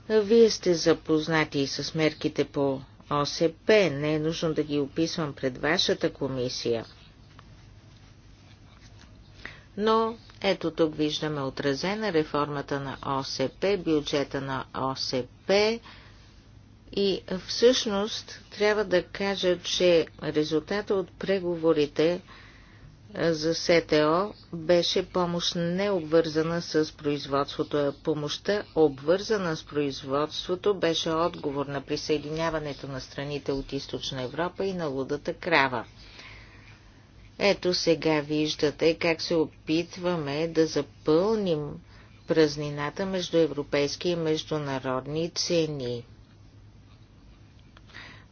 Вие сте запознати и с мерките по ОСП, не е нужно да ги описвам пред вашата комисия. Но ето тук виждаме отразена реформата на ОСП, бюджета на ОСП и всъщност трябва да кажа, че резултата от преговорите за СТО беше помощ не обвързана с производството, помощта обвързана с производството беше отговор на присъединяването на страните от Източна Европа и на лудата крава. Ето сега виждате как се опитваме да запълним празнината между европейски и международни цени.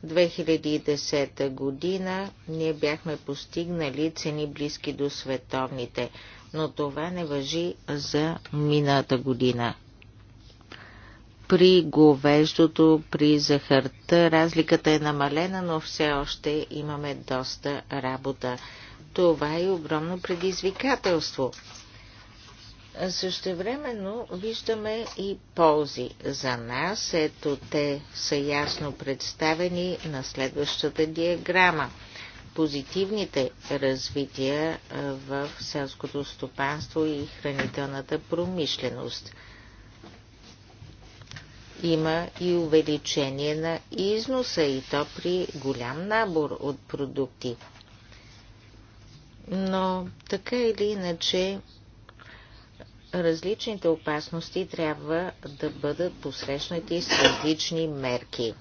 2010 година ние бяхме постигнали цени близки до световните, но това не въжи за мината година. При говеждото, при захарта разликата е намалена, но все още имаме доста работа. Това е огромно предизвикателство. Същевременно виждаме и ползи за нас. Ето те са ясно представени на следващата диаграма. Позитивните развития в селското стопанство и хранителната промишленост. Има и увеличение на износа и то при голям набор от продукти. Но така или иначе различните опасности трябва да бъдат посрещнати с различни мерки.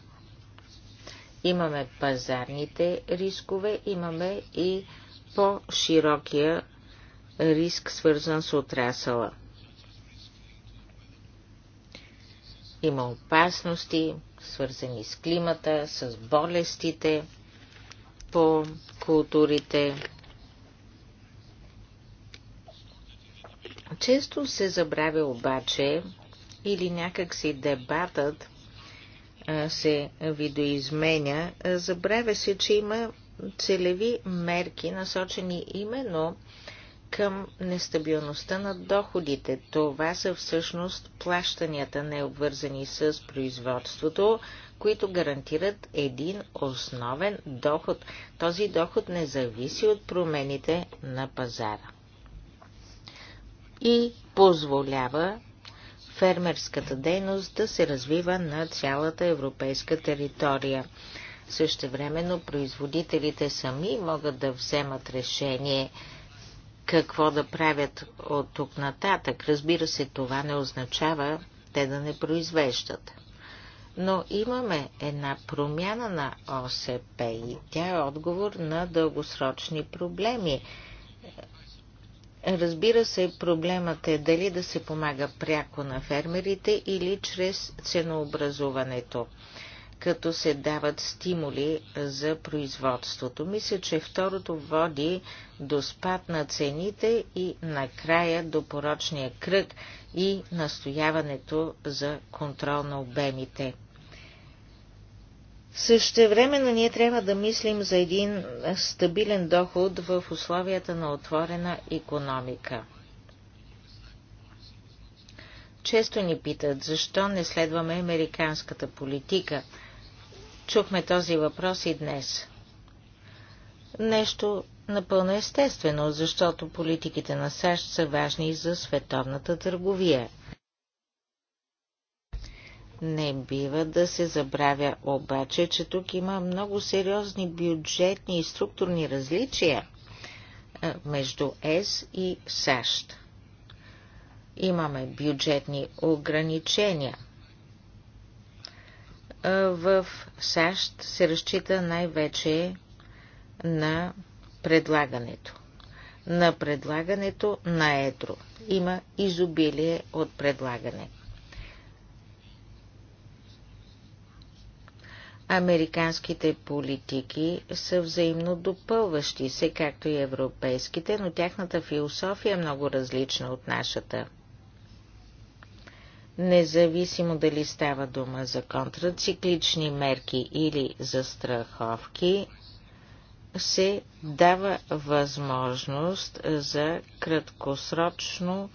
Имаме пазарните рискове, имаме и по-широкия риск, свързан с отрасъла. Има опасности, свързани с климата, с болестите по културите. Често се забравя обаче или някак си дебатът се видоизменя, забравя се, че има целеви мерки, насочени именно към нестабилността на доходите. Това са всъщност плащанията, не обвързани с производството, които гарантират един основен доход. Този доход не зависи от промените на пазара и позволява фермерската дейност да се развива на цялата европейска територия. Същевременно производителите сами могат да вземат решение какво да правят от тук нататък. Разбира се, това не означава те да не произвеждат. Но имаме една промяна на ОСП и тя е отговор на дългосрочни проблеми. Разбира се, проблемът е дали да се помага пряко на фермерите или чрез ценообразуването, като се дават стимули за производството. Мисля, че второто води до спад на цените и накрая до порочния кръг и настояването за контрол на обемите. Същевременно ние трябва да мислим за един стабилен доход в условията на отворена економика. Често ни питат, защо не следваме американската политика. Чухме този въпрос и днес. Нещо напълно естествено, защото политиките на САЩ са важни и за световната търговия – не бива да се забравя обаче, че тук има много сериозни бюджетни и структурни различия между ЕС и САЩ. Имаме бюджетни ограничения. В САЩ се разчита най-вече на предлагането. На предлагането на едро. Има изобилие от предлагането. Американските политики са взаимно допълващи се, както и европейските, но тяхната философия е много различна от нашата. Независимо дали става дума за контрациклични мерки или за страховки, се дава възможност за краткосрочно,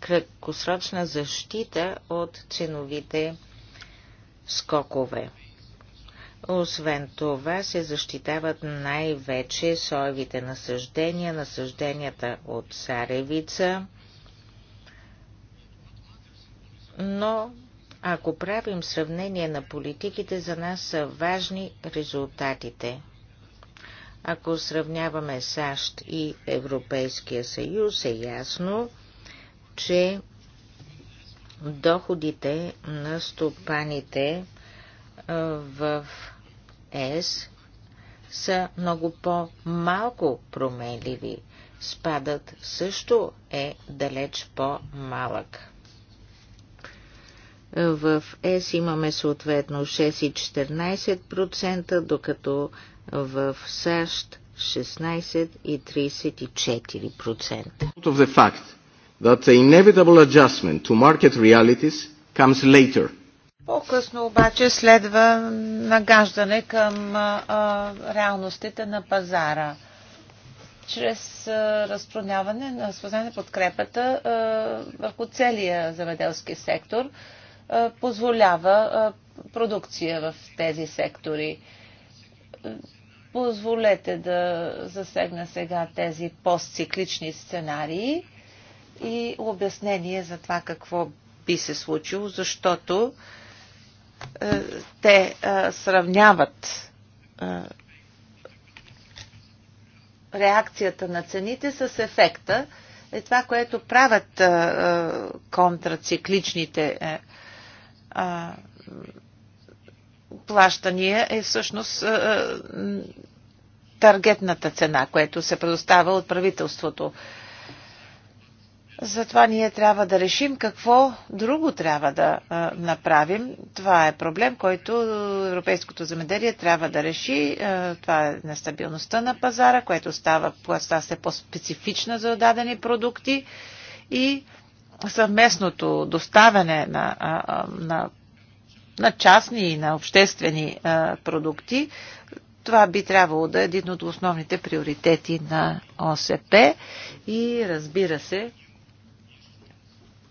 краткосрочна защита от ценовите скокове. Освен това се защитават най-вече соевите насъждения, насъжденията от царевица, но ако правим сравнение на политиките, за нас са важни резултатите. Ако сравняваме САЩ и Европейския съюз, е ясно, че доходите на стопаните в ЕС са много по-малко променливи. Спадът също е далеч по-малък. В ЕС имаме съответно 6,14%, докато в САЩ 16 34%. Of the fact that the inevitable adjustment to market realities comes later – по-късно обаче следва нагаждане към а, реалностите на пазара. Чрез а, разпространяване на на подкрепата а, върху целия заведелски сектор а, позволява а, продукция в тези сектори. Позволете да засегна сега тези постциклични сценарии и обяснение за това какво би се случило, защото а, е, те е, сравняват е, реакцията на цените с ефекта. Е това, което правят контрацикличните плащания е всъщност таргетната цена, което се предоставя от правителството. Затова ние трябва да решим какво друго трябва да а, направим. Това е проблем, който европейското земеделие трябва да реши. А, това е нестабилността на пазара, което става пласта се по-специфична за дадени продукти и съвместното доставяне на, а, на, на частни и на обществени а, продукти. Това би трябвало да е един от основните приоритети на ОСП и разбира се,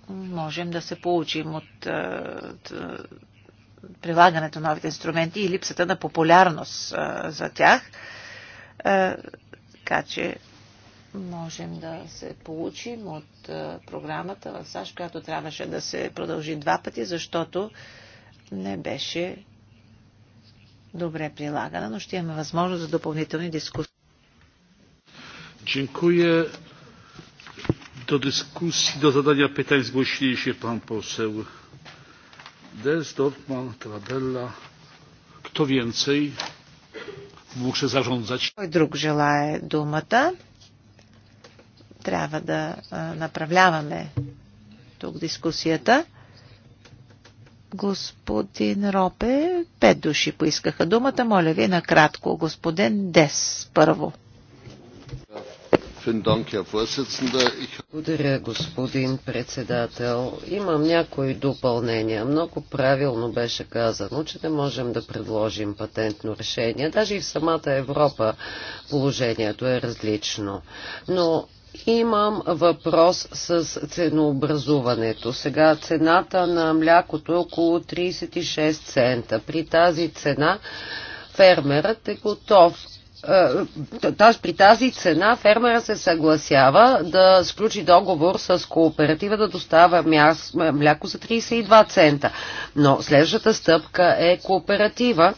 можем да се получим от, от е, е, прилагането на новите инструменти и липсата на популярност е, за тях. така че можем да се получим от програмата в САЩ, която трябваше да се продължи два пъти, защото не беше добре прилагана, но ще имаме възможност за допълнителни дискусии. Dziękuję. Do dyskusji, do zadania pytań zgłosili się pan poseł Des, Dortmann, Trabella. Kto więcej muszę zarządzać? Кой друг думата? Трябва да направляваме тук дискусията. Господин Ропе, пет души поискаха думата. Моля ви, накратко, господин Дес, първо. Благодаря, господин председател. Имам някои допълнения. Много правилно беше казано, че не можем да предложим патентно решение. Даже и в самата Европа положението е различно. Но Имам въпрос с ценообразуването. Сега цената на млякото е около 36 цента. При тази цена фермерът е готов е, при тази цена фермера се съгласява да сключи договор с кооператива да достава мляко за 32 цента. Но следващата стъпка е кооператива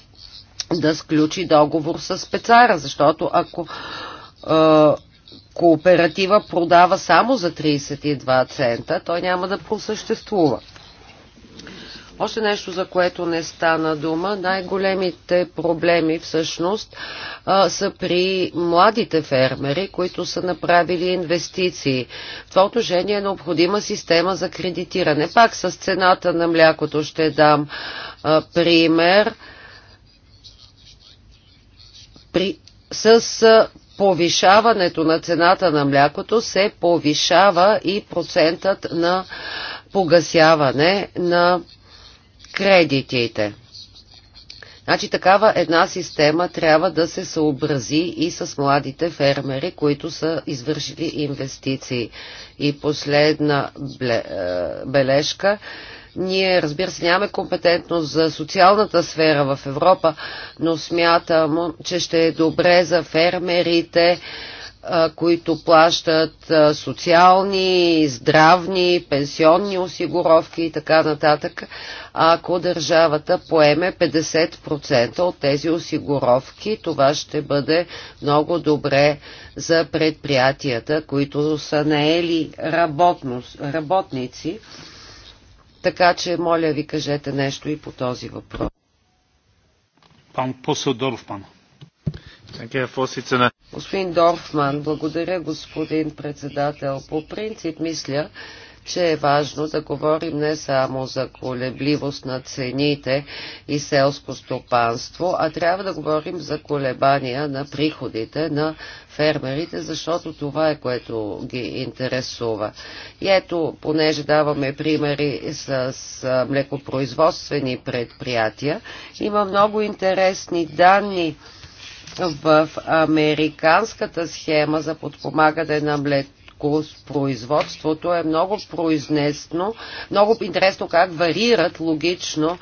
да сключи договор с пецара, защото ако е, кооператива продава само за 32 цента, той няма да просъществува. Още нещо, за което не стана дума. Най-големите проблеми всъщност а, са при младите фермери, които са направили инвестиции. В това отношение е необходима система за кредитиране. Пак с цената на млякото ще дам а, пример. При, с а, повишаването на цената на млякото се повишава и процентът на погасяване на кредитите. Значи такава една система трябва да се съобрази и с младите фермери, които са извършили инвестиции. И последна е, бележка. Ние, разбира се, нямаме компетентност за социалната сфера в Европа, но смятам, че ще е добре за фермерите които плащат социални, здравни, пенсионни осигуровки и така нататък, ако държавата поеме 50% от тези осигуровки, това ще бъде много добре за предприятията, които са наели работници. Така че, моля ви, кажете нещо и по този въпрос. Пан Посодоров, пана. Господин Дорфман, благодаря господин председател. По принцип мисля, че е важно да говорим не само за колебливост на цените и селско стопанство, а трябва да говорим за колебания на приходите на фермерите, защото това е което ги интересува. И ето, понеже даваме примери с млекопроизводствени предприятия, има много интересни данни в американската схема за подпомагане на млеко производството е много произнесно, много интересно как варират логично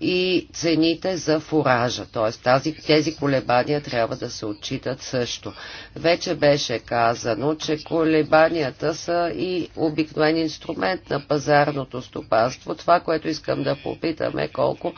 и цените за фуража. Т.е. Тази, тези колебания трябва да се отчитат също. Вече беше казано, че колебанията са и обикновен инструмент на пазарното стопанство. Това, което искам да попитаме, колко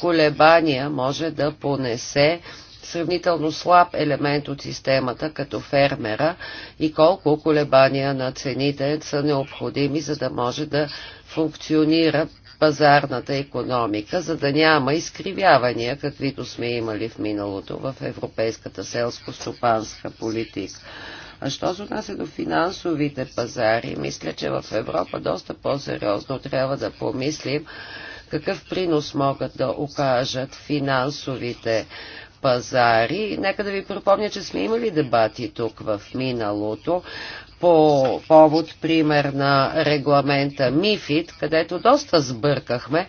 колебания може да понесе сравнително слаб елемент от системата, като фермера, и колко колебания на цените са необходими, за да може да функционира пазарната економика, за да няма изкривявания, каквито сме имали в миналото в европейската селско-стопанска политика. А що се отнася до финансовите пазари, мисля, че в Европа доста по-сериозно трябва да помислим какъв принос могат да окажат финансовите пазари. Нека да ви припомня, че сме имали дебати тук в миналото по повод, пример, на регламента МИФИД, където доста сбъркахме,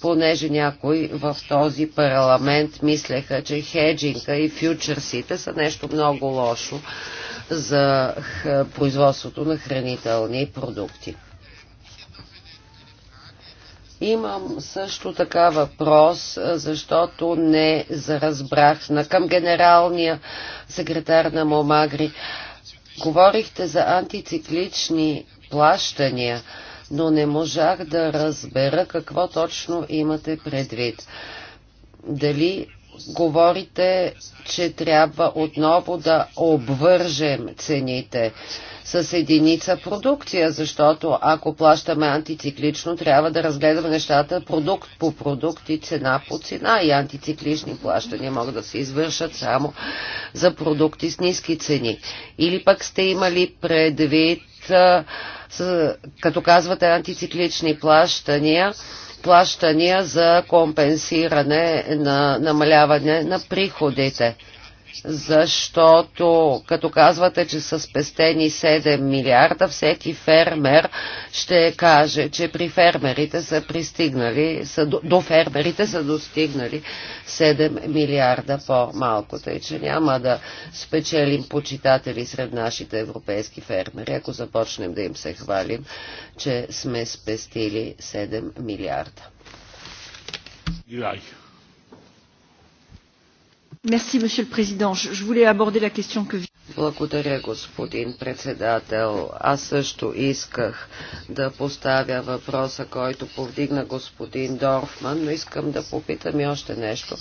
понеже някои в този парламент мислеха, че хеджинга и фьючерсите са нещо много лошо за производството на хранителни продукти. Имам също така въпрос, защото не заразбрах на към генералния секретар на Момагри. Говорихте за антициклични плащания, но не можах да разбера какво точно имате предвид. Дали говорите, че трябва отново да обвържем цените с единица продукция, защото ако плащаме антициклично, трябва да разгледаме нещата продукт по продукт и цена по цена. И антициклични плащания могат да се извършат само за продукти с ниски цени. Или пък сте имали предвид, като казвате антициклични плащания, плащания за компенсиране на намаляване на приходите защото като казвате, че са спестени 7 милиарда, всеки фермер ще каже, че при фермерите са пристигнали, са, до фермерите са достигнали 7 милиарда по-малко, тъй че няма да спечелим почитатели сред нашите европейски фермери, ако започнем да им се хвалим, че сме спестили 7 милиарда. Yeah. Благодаря, господин председател. Аз също исках да поставя въпроса, който повдигна господин Дорфман, но искам да попитам и още нещо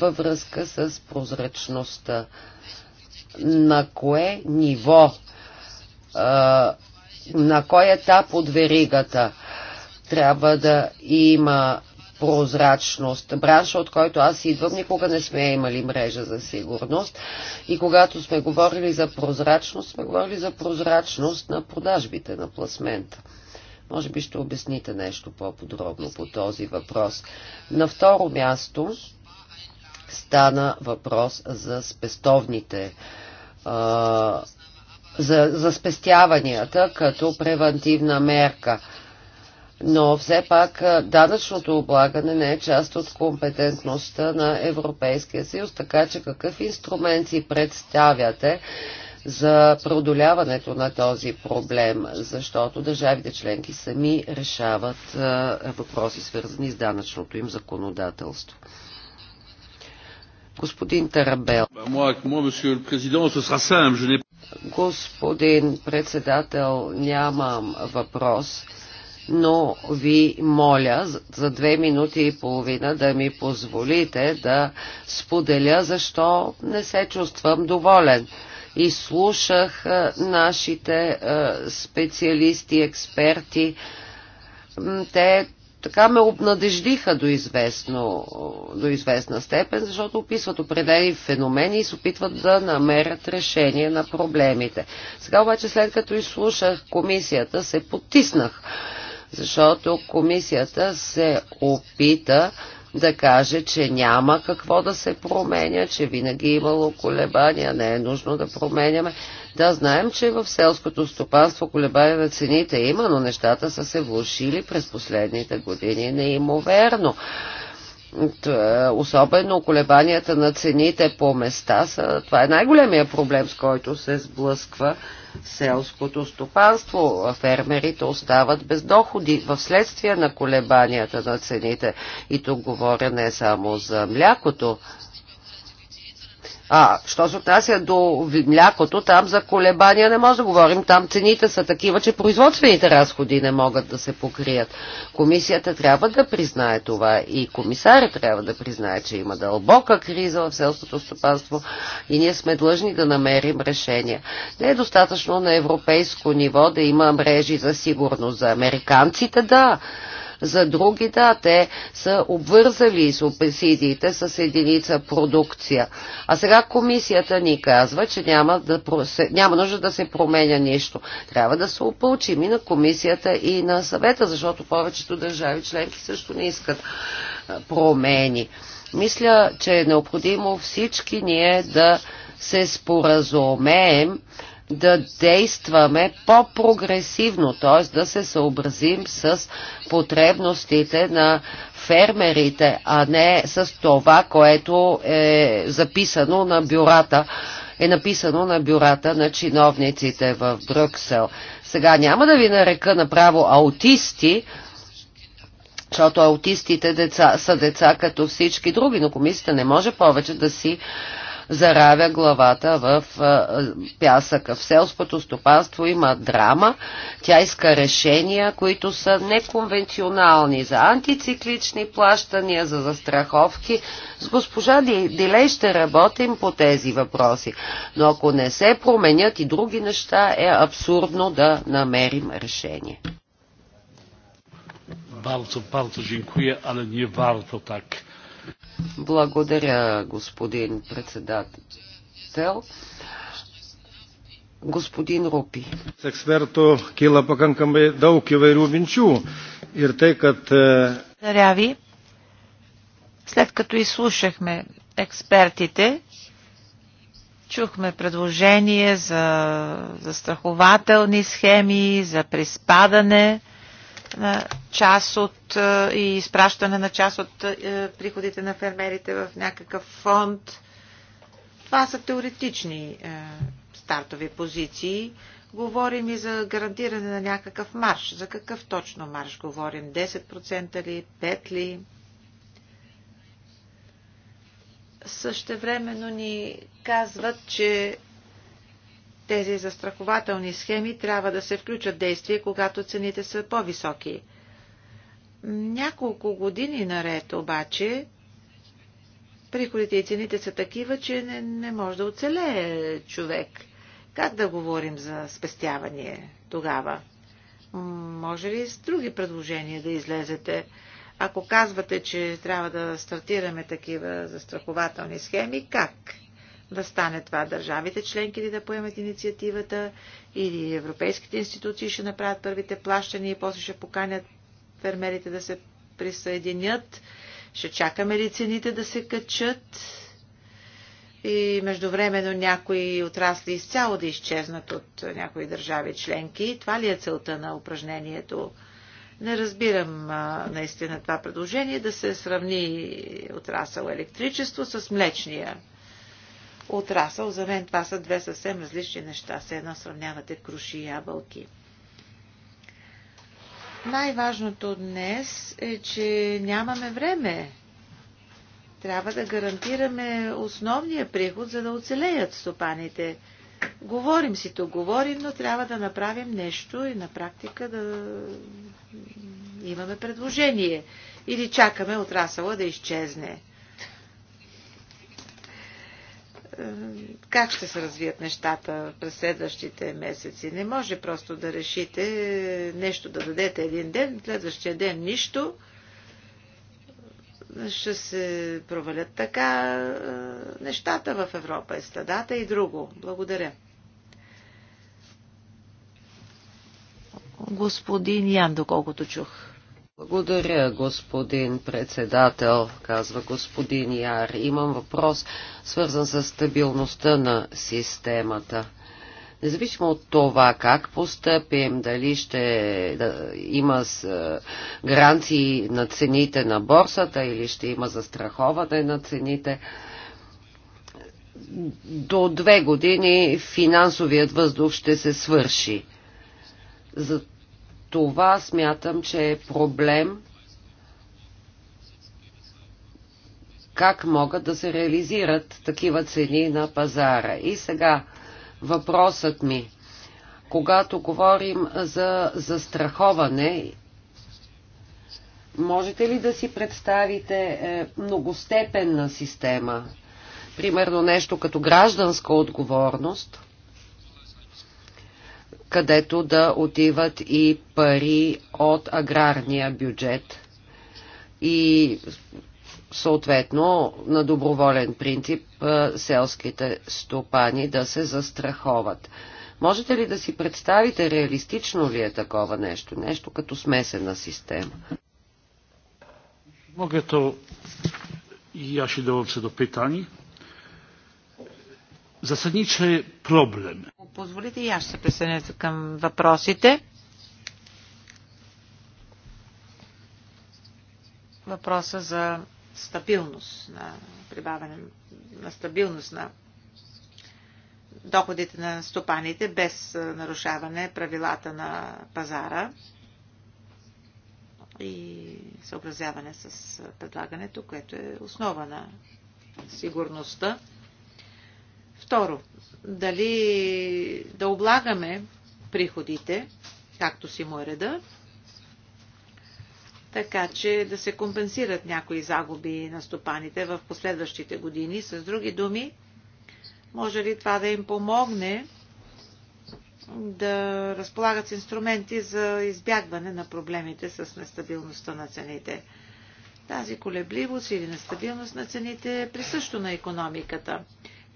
във връзка с прозрачността. На кое ниво, на кой етап от веригата трябва да има прозрачност. Бранша, от който аз идвам, никога не сме имали мрежа за сигурност. И когато сме говорили за прозрачност, сме говорили за прозрачност на продажбите на пласмента. Може би ще обясните нещо по-подробно по този въпрос. На второ място стана въпрос за спестовните за, за спестяванията като превентивна мерка но все пак данъчното облагане не е част от компетентността на Европейския съюз, така че какъв инструмент си представяте за преодоляването на този проблем, защото държавите членки сами решават въпроси, свързани с данъчното им законодателство. Господин Тарабел. Господин председател, нямам въпрос но ви моля за две минути и половина да ми позволите да споделя защо не се чувствам доволен. И слушах нашите специалисти, експерти. Те така ме обнадеждиха до, известно, до известна степен, защото описват определени феномени и се опитват да намерят решение на проблемите. Сега обаче, след като изслушах комисията, се потиснах защото комисията се опита да каже, че няма какво да се променя, че винаги е имало колебания, не е нужно да променяме. Да, знаем, че в селското стопанство колебания на цените има, но нещата са се влушили през последните години неимоверно. Е е, особено колебанията на цените по места, са, това е най-големия проблем, с който се сблъсква селското стопанство. Фермерите остават без доходи в следствие на колебанията на цените. И тук говоря не само за млякото, а, що се отнася до млякото, там за колебания не може да говорим. Там цените са такива, че производствените разходи не могат да се покрият. Комисията трябва да признае това и комисаря трябва да признае, че има дълбока криза в селското стопанство и ние сме длъжни да намерим решение. Не е достатъчно на европейско ниво да има мрежи за сигурност. За американците да, за други, да, те са обвързали субсидиите с единица продукция. А сега комисията ни казва, че няма, да, няма нужда да се променя нищо. Трябва да се опълчим и на комисията и на съвета, защото повечето държави членки също не искат промени. Мисля, че е необходимо всички ние да се споразумеем да действаме по-прогресивно, т.е. да се съобразим с потребностите на фермерите, а не с това, което е записано на бюрата е написано на бюрата на чиновниците в Брюксел. Сега няма да ви нарека направо аутисти, защото аутистите деца, са деца като всички други, но комисията не може повече да си заравя главата в пясъка. В селското стопанство има драма. Тя иска решения, които са неконвенционални за антициклични плащания, за застраховки. С госпожа Дилей ще работим по тези въпроси. Но ако не се променят и други неща, е абсурдно да намерим решение. Bardzo, bardzo dziękuję, ale nie warto tak благодаря, господин председател. Господин Рупи. С експерто кила паканкамai daug įvairių minčių ir tai, kad... Благодаря ви. След като изслушахме експертите, чухме предложение за застрахователни схеми, за приспадане на част от е, и изпращане на част от е, приходите на фермерите в някакъв фонд. Това са теоретични е, стартови позиции. Говорим и за гарантиране на някакъв марш. За какъв точно марш говорим? 10% ли? 5 ли? Същевременно ни казват, че тези застрахователни схеми трябва да се включат действия, когато цените са по-високи. Няколко години наред обаче приходите и цените са такива, че не, не може да оцелее човек. Как да говорим за спестяване тогава? Може ли с други предложения да излезете? Ако казвате, че трябва да стартираме такива застрахователни схеми, как? да стане това. Държавите членки ли да поемат инициативата или европейските институции ще направят първите плащания и после ще поканят фермерите да се присъединят. Ще чакаме ли цените да се качат? И междувременно някои отрасли изцяло да изчезнат от някои държави членки. Това ли е целта на упражнението? Не разбирам а, наистина това предложение да се сравни отрасъл електричество с млечния отрасъл. За мен това са две съвсем различни неща. Се едно сравнявате круши и ябълки. Най-важното днес е, че нямаме време. Трябва да гарантираме основния приход, за да оцелеят стопаните. Говорим си то, говорим, но трябва да направим нещо и на практика да имаме предложение. Или чакаме отрасъла да изчезне. Е, как ще се развият нещата през следващите месеци. Не може просто да решите нещо да дадете един ден, следващия ден нищо. Ще се провалят така е, нещата в Европа, и стадата и друго. Благодаря. Господин Ян, доколкото чух. Благодаря, господин председател, казва господин Яр. Имам въпрос, свързан с стабилността на системата. Независимо от това как постъпим, дали ще да, има с, е, гаранции на цените на борсата или ще има застраховане на цените, до две години финансовият въздух ще се свърши. За това смятам, че е проблем как могат да се реализират такива цени на пазара. И сега въпросът ми. Когато говорим за застраховане, можете ли да си представите е, многостепенна система? Примерно нещо като гражданска отговорност – където да отиват и пари от аграрния бюджет. И съответно на доброволен принцип селските стопани да се застраховат. Можете ли да си представите реалистично ли е такова нещо? Нещо като смесена система. и аз ще się се до питания zasadniczy problem. Позволите и аз ще присъединя към въпросите. Въпроса за стабилност на прибавяне на стабилност на доходите на стопаните без нарушаване правилата на пазара и съобразяване с предлагането, което е основа на сигурността. Второ, дали да облагаме приходите, както си му е реда, така че да се компенсират някои загуби на стопаните в последващите години. С други думи, може ли това да им помогне да разполагат с инструменти за избягване на проблемите с нестабилността на цените? Тази колебливост или нестабилност на цените е присъщо на економиката.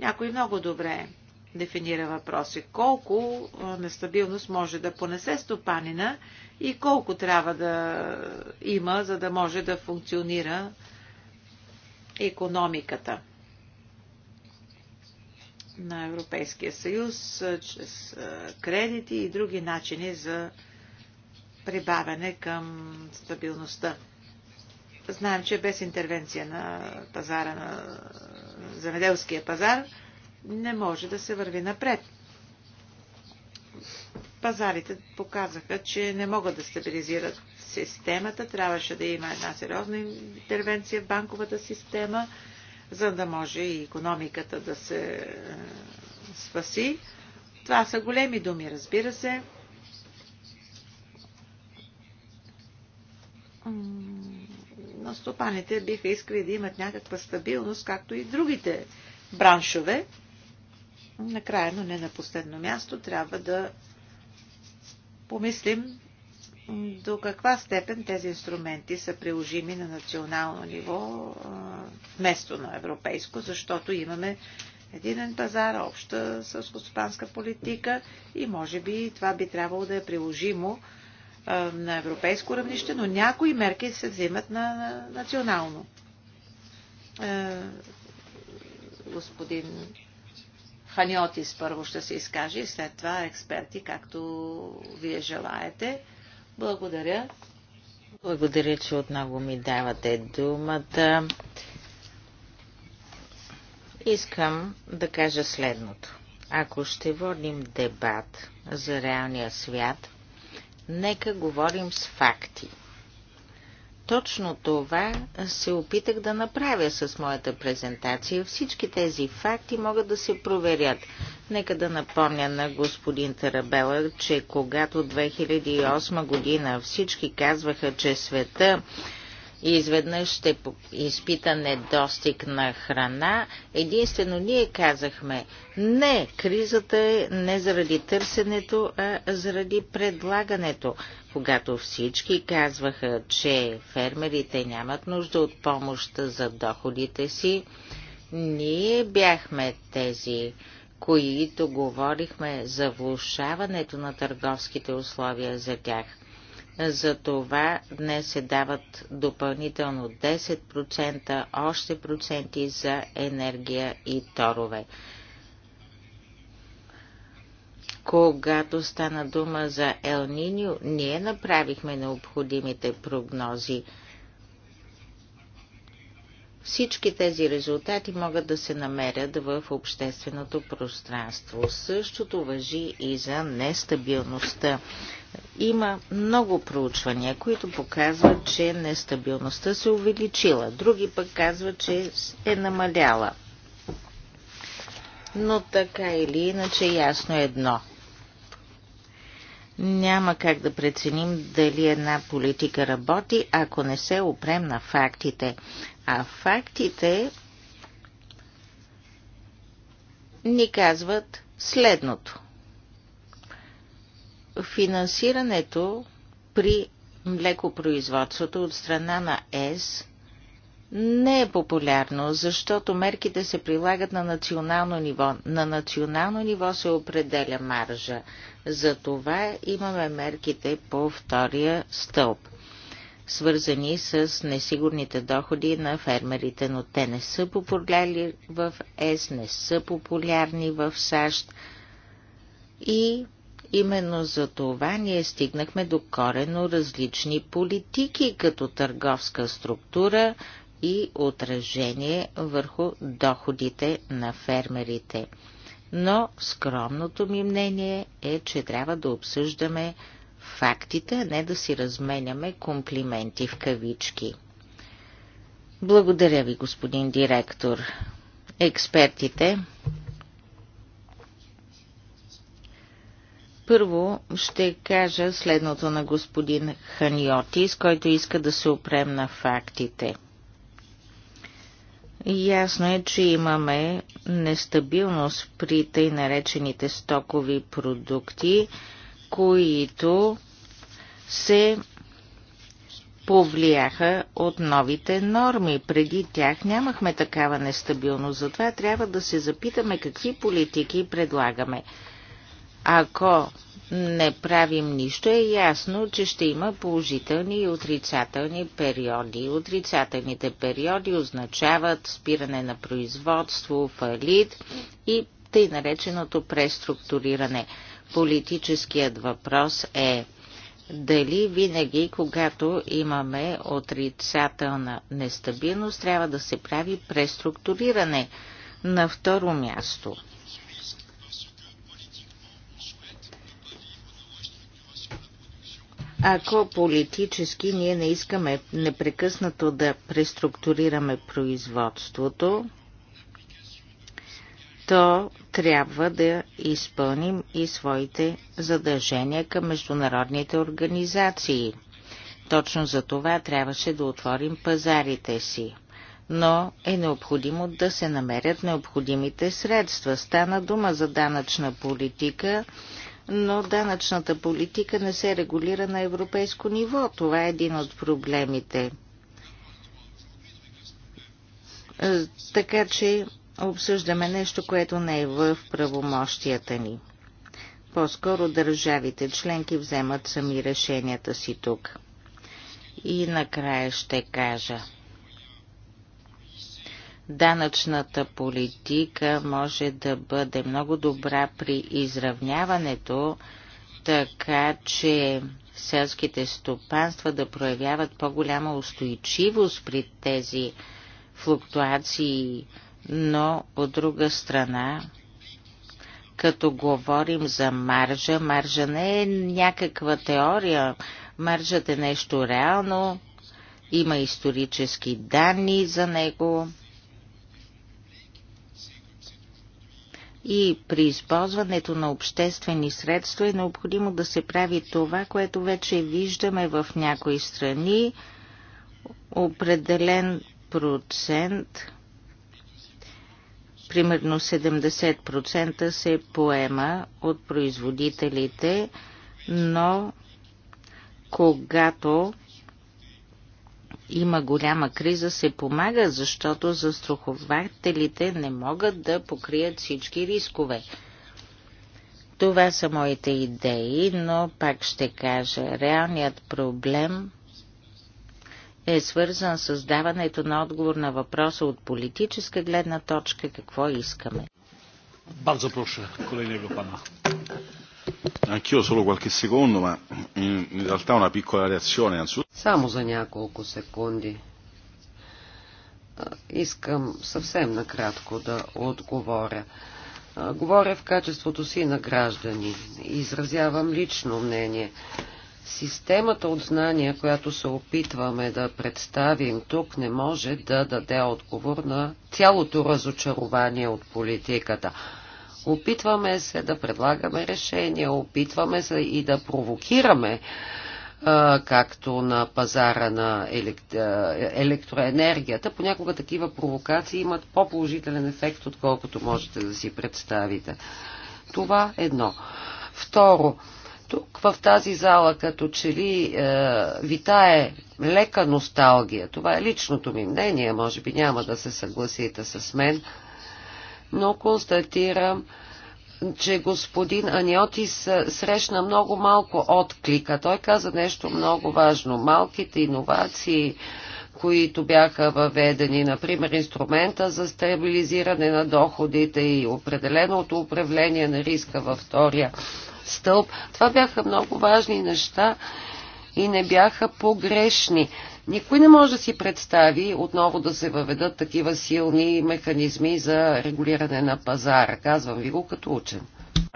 Някой много добре дефинира въпроси. Колко нестабилност може да понесе стопанина и колко трябва да има, за да може да функционира економиката на Европейския съюз, чрез кредити и други начини за прибавяне към стабилността. Знаем, че без интервенция на пазара на земеделския пазар, не може да се върви напред. Пазарите показаха, че не могат да стабилизират системата. Трябваше да има една сериозна интервенция в банковата система, за да може и економиката да се е, спаси. Това са големи думи, разбира се стопаните биха искали да имат някаква стабилност, както и другите браншове. Накрая, но не на последно място, трябва да помислим до каква степен тези инструменти са приложими на национално ниво вместо на европейско, защото имаме единен пазар, обща сълскостопанска политика и може би това би трябвало да е приложимо на европейско равнище, но някои мерки се взимат на национално. Господин Ханиотис първо ще се изкаже и след това експерти, както вие желаете. Благодаря. Благодаря, че отново ми давате думата. Искам да кажа следното. Ако ще водим дебат за реалния свят, Нека говорим с факти. Точно това се опитах да направя с моята презентация. Всички тези факти могат да се проверят. Нека да напомня на господин Тарабела, че когато 2008 година всички казваха, че света изведнъж ще изпита недостиг на храна. Единствено ние казахме, не, кризата е не заради търсенето, а заради предлагането. Когато всички казваха, че фермерите нямат нужда от помощ за доходите си, ние бяхме тези, които говорихме за влушаването на търговските условия за тях – за това днес се дават допълнително 10%, още проценти за енергия и торове. Когато стана дума за Ел Ниньо, ние направихме необходимите прогнози – всички тези резултати могат да се намерят в общественото пространство. Същото въжи и за нестабилността. Има много проучвания, които показват, че нестабилността се увеличила. Други пък казват, че е намаляла. Но така или иначе ясно е едно – няма как да преценим дали една политика работи, ако не се опрем на фактите. А фактите ни казват следното. Финансирането при млекопроизводството от страна на ЕС не е популярно, защото мерките се прилагат на национално ниво. На национално ниво се определя маржа. За това имаме мерките по втория стълб, свързани с несигурните доходи на фермерите, но те не са популярни в ЕС, не са популярни в САЩ и Именно за това ние стигнахме до корено различни политики като търговска структура, и отражение върху доходите на фермерите. Но скромното ми мнение е, че трябва да обсъждаме фактите, а не да си разменяме комплименти в кавички. Благодаря ви, господин директор. Експертите. Първо ще кажа следното на господин Ханьоти, с който иска да се опрем на фактите – Ясно е, че имаме нестабилност при тъй наречените стокови продукти, които се повлияха от новите норми. Преди тях нямахме такава нестабилност, затова трябва да се запитаме какви политики предлагаме. Ако не правим нищо, е ясно, че ще има положителни и отрицателни периоди. Отрицателните периоди означават спиране на производство, фалит и тъй нареченото преструктуриране. Политическият въпрос е дали винаги, когато имаме отрицателна нестабилност, трябва да се прави преструктуриране. На второ място – Ако политически ние не искаме непрекъснато да преструктурираме производството, то трябва да изпълним и своите задължения към международните организации. Точно за това трябваше да отворим пазарите си. Но е необходимо да се намерят необходимите средства. Стана дума за данъчна политика но данъчната политика не се регулира на европейско ниво. Това е един от проблемите. Е, така че обсъждаме нещо, което не е в правомощията ни. По-скоро държавите членки вземат сами решенията си тук. И накрая ще кажа – Данъчната политика може да бъде много добра при изравняването, така че селските стопанства да проявяват по-голяма устойчивост при тези флуктуации, но от друга страна, като говорим за маржа, маржа не е някаква теория, маржът е нещо реално, има исторически данни за него, и при използването на обществени средства е необходимо да се прави това, което вече виждаме в някои страни. Определен процент, примерно 70% се поема от производителите, но когато има голяма криза, се помага, защото застрахователите не могат да покрият всички рискове. Това са моите идеи, но пак ще кажа, реалният проблем е свързан с даването на отговор на въпроса от политическа гледна точка какво искаме. Bardzo proszę kolejnego pana. Anch'io solo qualche secondo, ma mm, in realtà una piccola reazione. Само за няколко секунди. Искам съвсем накратко да отговоря. Говоря в качеството си на граждани. Изразявам лично мнение. Системата от знания, която се опитваме да представим тук, не може да даде отговор на цялото разочарование от политиката. Опитваме се да предлагаме решения, опитваме се и да провокираме както на пазара на електроенергията. Понякога такива провокации имат по-положителен ефект, отколкото можете да си представите. Това е едно. Второ, тук в тази зала като че ли е, витае лека носталгия. Това е личното ми мнение, може би няма да се съгласите с мен но констатирам, че господин Аниотис срещна много малко отклика. Той каза нещо много важно. Малките иновации, които бяха въведени, например инструмента за стабилизиране на доходите и определеното управление на риска във втория стълб. Това бяха много важни неща и не бяха погрешни. Никой не може да си представи отново да се въведат такива силни механизми за регулиране на пазара. Казвам ви го като учен.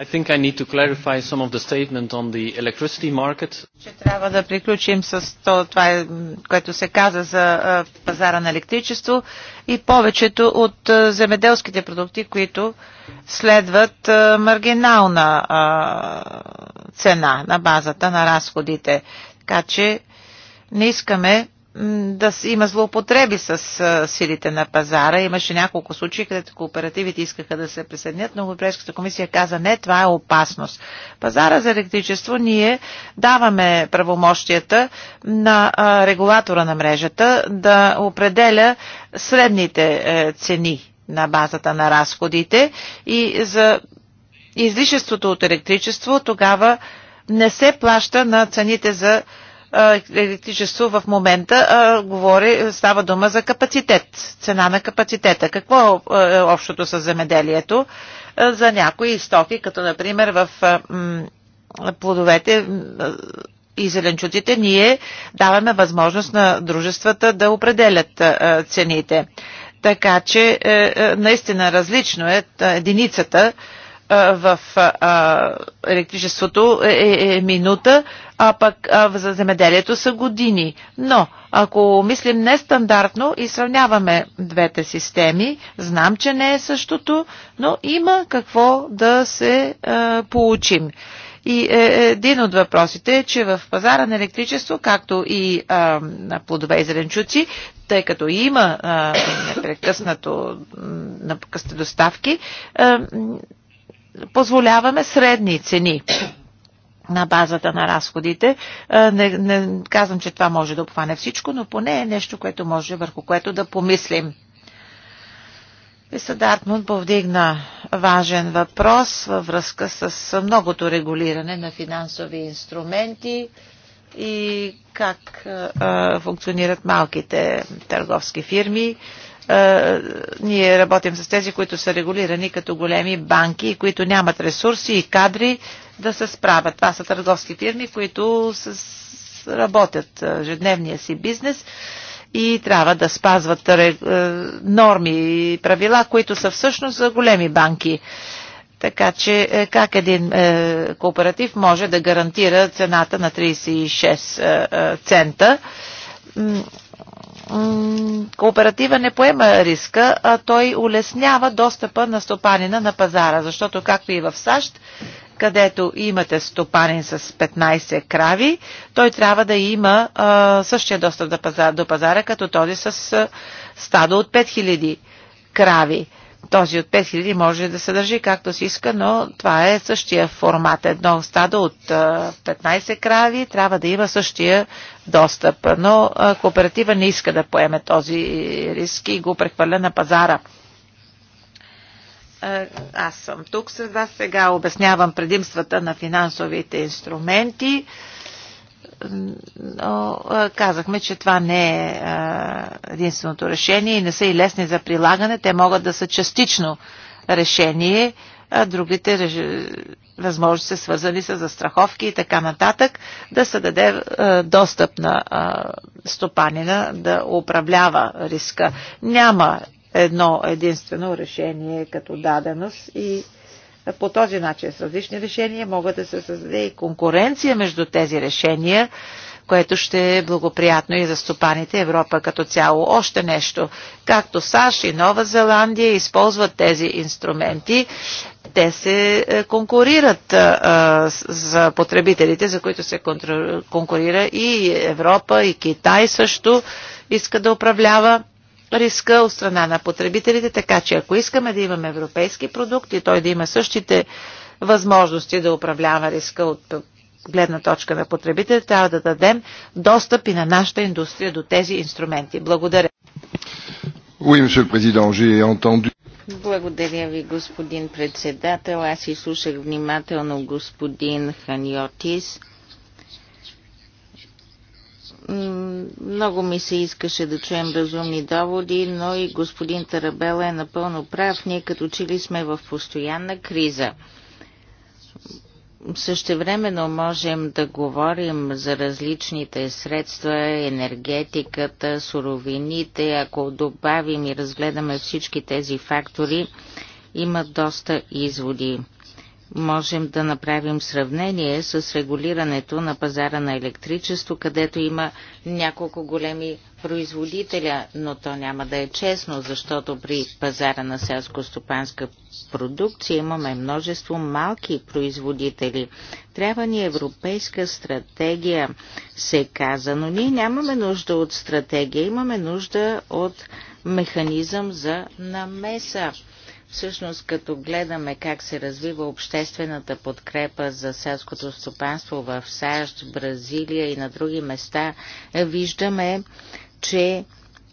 I think I need to clarify some of the statement on the electricity market. Ще трябва да приключим с то, това, е, което се каза за а, пазара на електричество и повечето от а, земеделските продукти, които следват а, маргинална цена на базата на разходите. Така че не искаме да има злоупотреби с силите на пазара. Имаше няколко случаи, където кооперативите искаха да се присъединят, но Европейската комисия каза не, това е опасност. Пазара за електричество ние даваме правомощията на регулатора на мрежата да определя средните е, цени на базата на разходите и за излишеството от електричество тогава не се плаща на цените за електричество електричество в момента а, говори, става дума за капацитет, цена на капацитета. Какво е, е общото с земеделието а, за някои стоки, като например в а, м, плодовете и зеленчутите, ние даваме възможност на дружествата да определят а, цените. Така че е, е наистина различно е, е единицата, в електричеството е, е, е минута, а пък за земеделието са години. Но ако мислим нестандартно и сравняваме двете системи, знам, че не е същото, но има какво да се получим. И е, един от въпросите е, че в пазара на електричество, както и а, на плодове и зеленчуци, тъй като има а, непрекъснато, непрекъснато доставки, а, позволяваме средни цени на базата на разходите. Не, не казвам, че това може да обхване всичко, но поне е нещо, което може върху което да помислим. Писа Дартмунд повдигна важен въпрос във връзка с многото регулиране на финансови инструменти и как а, функционират малките търговски фирми. Е, ние работим с тези, които са регулирани като големи банки, които нямат ресурси и кадри да се справят. Това са търговски фирми, които с, работят е, ежедневния си бизнес и трябва да спазват е, норми и правила, които са всъщност за големи банки. Така че как един е, кооператив може да гарантира цената на 36 е, е, цента? кооператива не поема риска, а той улеснява достъпа на стопанина на пазара, защото както и в САЩ, където имате стопанин с 15 крави, той трябва да има а, същия достъп до пазара, до пазара, като този с стадо от 5000 крави. Този от 5000 може да се държи както си иска, но това е същия формат. Едно стадо от 15 крави трябва да има същия достъп, но кооператива не иска да поеме този риск и го прехвърля на пазара аз съм тук с вас сега, обяснявам предимствата на финансовите инструменти но казахме, че това не е единственото решение и не са и лесни за прилагане. Те могат да са частично решение, а другите възможности са свързани с застраховки и така нататък, да се даде достъп на стопанина да управлява риска. Няма едно единствено решение като даденост и по този начин с различни решения могат да се създаде и конкуренция между тези решения, което ще е благоприятно и за стопаните Европа като цяло. Още нещо, както САЩ и Нова Зеландия използват тези инструменти, те се е, конкурират е, е, за потребителите, за които се конкурира и Европа, и Китай също иска да управлява риска от страна на потребителите, така че ако искаме да имаме европейски продукт и той да има същите възможности да управлява риска от гледна точка на потребителите, трябва да дадем достъп и на нашата индустрия до тези инструменти. Благодаря. Oui, monsieur le président, j'ai entendu... Благодаря ви, господин председател. Аз изслушах внимателно господин Ханьотис. Много ми се искаше да чуем разумни доводи, но и господин Тарабела е напълно прав. Ние като че ли сме в постоянна криза. Същевременно можем да говорим за различните средства, енергетиката, суровините. Ако добавим и разгледаме всички тези фактори, има доста изводи можем да направим сравнение с регулирането на пазара на електричество, където има няколко големи производителя, но то няма да е честно, защото при пазара на селско-стопанска продукция имаме множество малки производители. Трябва ни европейска стратегия, се каза, но ние нямаме нужда от стратегия, имаме нужда от механизъм за намеса. Всъщност, като гледаме как се развива обществената подкрепа за селското стопанство в САЩ, Бразилия и на други места, виждаме, че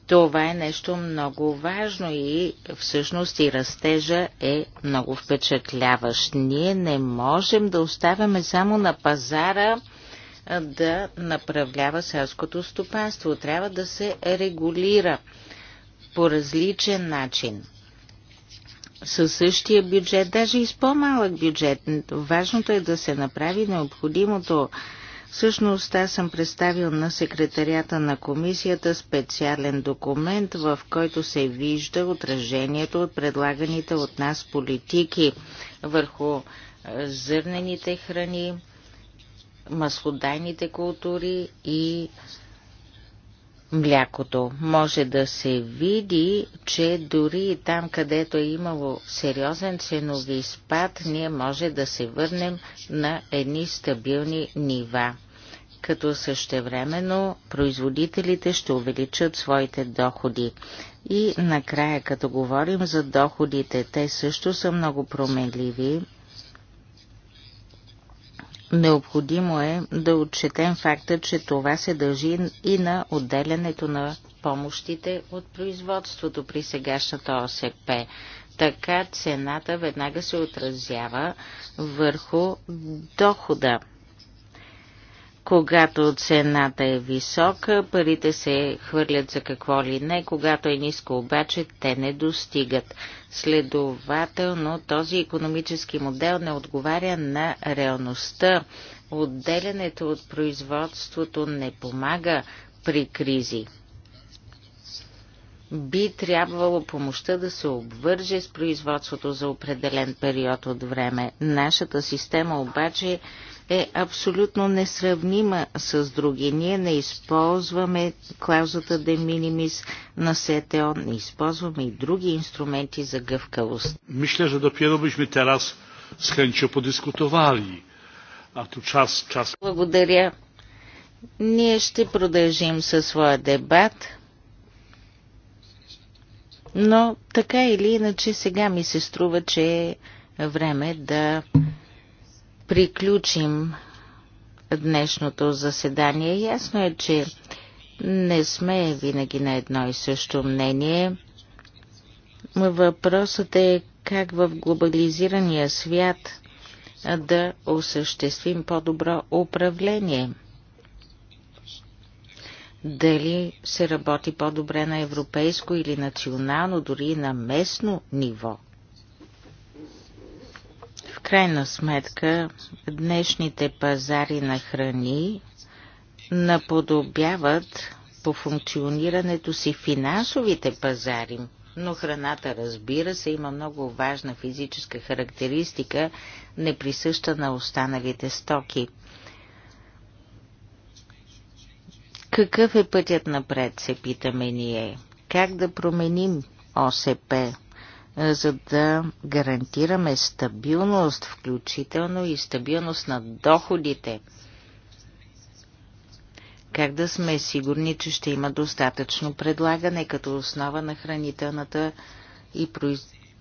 това е нещо много важно и всъщност и растежа е много впечатляващ. Ние не можем да оставяме само на пазара да направлява селското стопанство. Трябва да се регулира по различен начин със същия бюджет, даже и с по-малък бюджет. Важното е да се направи необходимото. Всъщност аз съм представил на секретарията на комисията специален документ, в който се вижда отражението от предлаганите от нас политики върху зърнените храни, маслодайните култури и млякото. Може да се види, че дори там, където е имало сериозен ценови спад, ние може да се върнем на едни стабилни нива като същевременно производителите ще увеличат своите доходи. И накрая, като говорим за доходите, те също са много променливи Необходимо е да отчетем факта, че това се дължи и на отделянето на помощите от производството при сегашната ОСП. Така цената веднага се отразява върху дохода когато цената е висока, парите се хвърлят за какво ли не, когато е ниско обаче, те не достигат. Следователно, този економически модел не отговаря на реалността. Отделянето от производството не помага при кризи. Би трябвало помощта да се обвърже с производството за определен период от време. Нашата система обаче е абсолютно несравнима с други. Ние не използваме клаузата de minimis на СТО, не използваме и други инструменти за гъвкавост. Мисля, че допиро бихме тераз с хенчо подискутовали. А то час, час. Благодаря. Ние ще продължим със своя дебат. Но така или иначе сега ми се струва, че е време да приключим днешното заседание. Ясно е, че не сме винаги на едно и също мнение. Въпросът е как в глобализирания свят да осъществим по-добро управление. Дали се работи по-добре на европейско или национално, дори на местно ниво крайна сметка днешните пазари на храни наподобяват по функционирането си финансовите пазари, но храната, разбира се, има много важна физическа характеристика, неприсъща на останалите стоки. Какъв е пътят напред, се питаме ние? Как да променим ОСП? Е, за да гарантираме стабилност, включително и стабилност на доходите. Как да сме сигурни, че ще има достатъчно предлагане като основа на хранителната и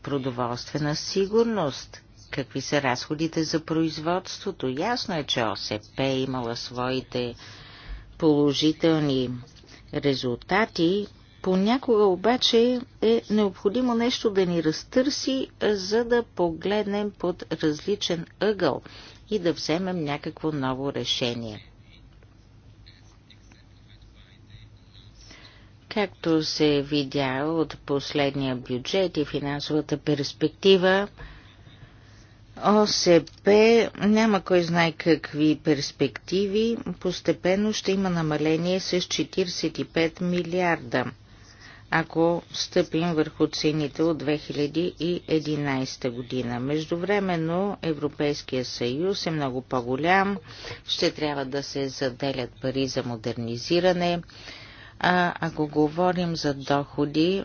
продоволствена сигурност? Какви са разходите за производството? Ясно е, че ОСП е имала своите положителни резултати, Понякога обаче е необходимо нещо да ни разтърси, за да погледнем под различен ъгъл и да вземем някакво ново решение. Както се видя от последния бюджет и финансовата перспектива, ОСП няма кой знае какви перспективи, постепенно ще има намаление с 45 милиарда – ако стъпим върху цените от 2011 година. Междувременно Европейския съюз е много по-голям, ще трябва да се заделят пари за модернизиране. А ако говорим за доходи,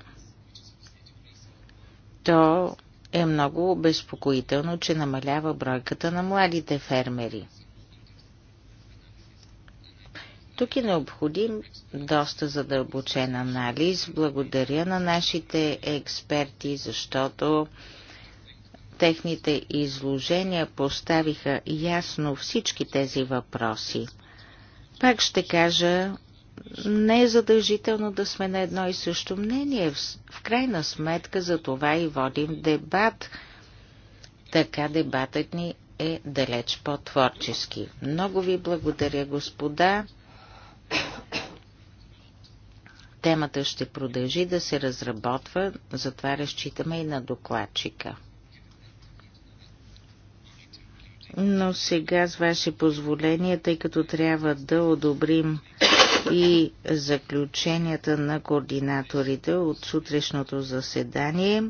то е много обезпокоително, че намалява бройката на младите фермери – тук е необходим доста задълбочен анализ. Благодаря на нашите експерти, защото техните изложения поставиха ясно всички тези въпроси. Пак ще кажа, не е задължително да сме на едно и също мнение. В крайна сметка за това и водим дебат. Така дебатът ни е далеч по-творчески. Много ви благодаря, господа. Темата ще продължи да се разработва, затова разчитаме и на докладчика. Но сега с ваше позволение, тъй като трябва да одобрим и заключенията на координаторите от сутрешното заседание,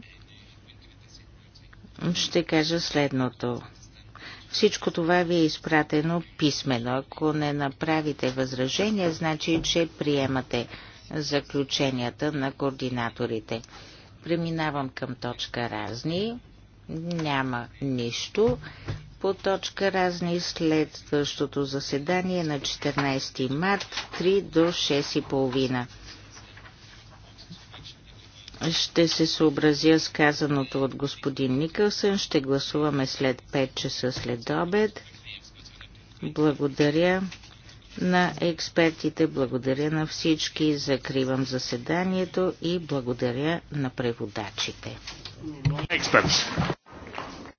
ще кажа следното. Всичко това ви е изпратено писмено. Ако не направите възражения, значи, че приемате заключенията на координаторите. Преминавам към точка разни. Няма нищо. По точка разни следващото заседание е на 14 март 3 до 6.30. Ще се съобразя с казаното от господин Никълсън. Ще гласуваме след 5 часа след обед. Благодаря на експертите, благодаря на всички. Закривам заседанието и благодаря на преводачите.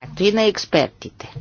Както и на експертите.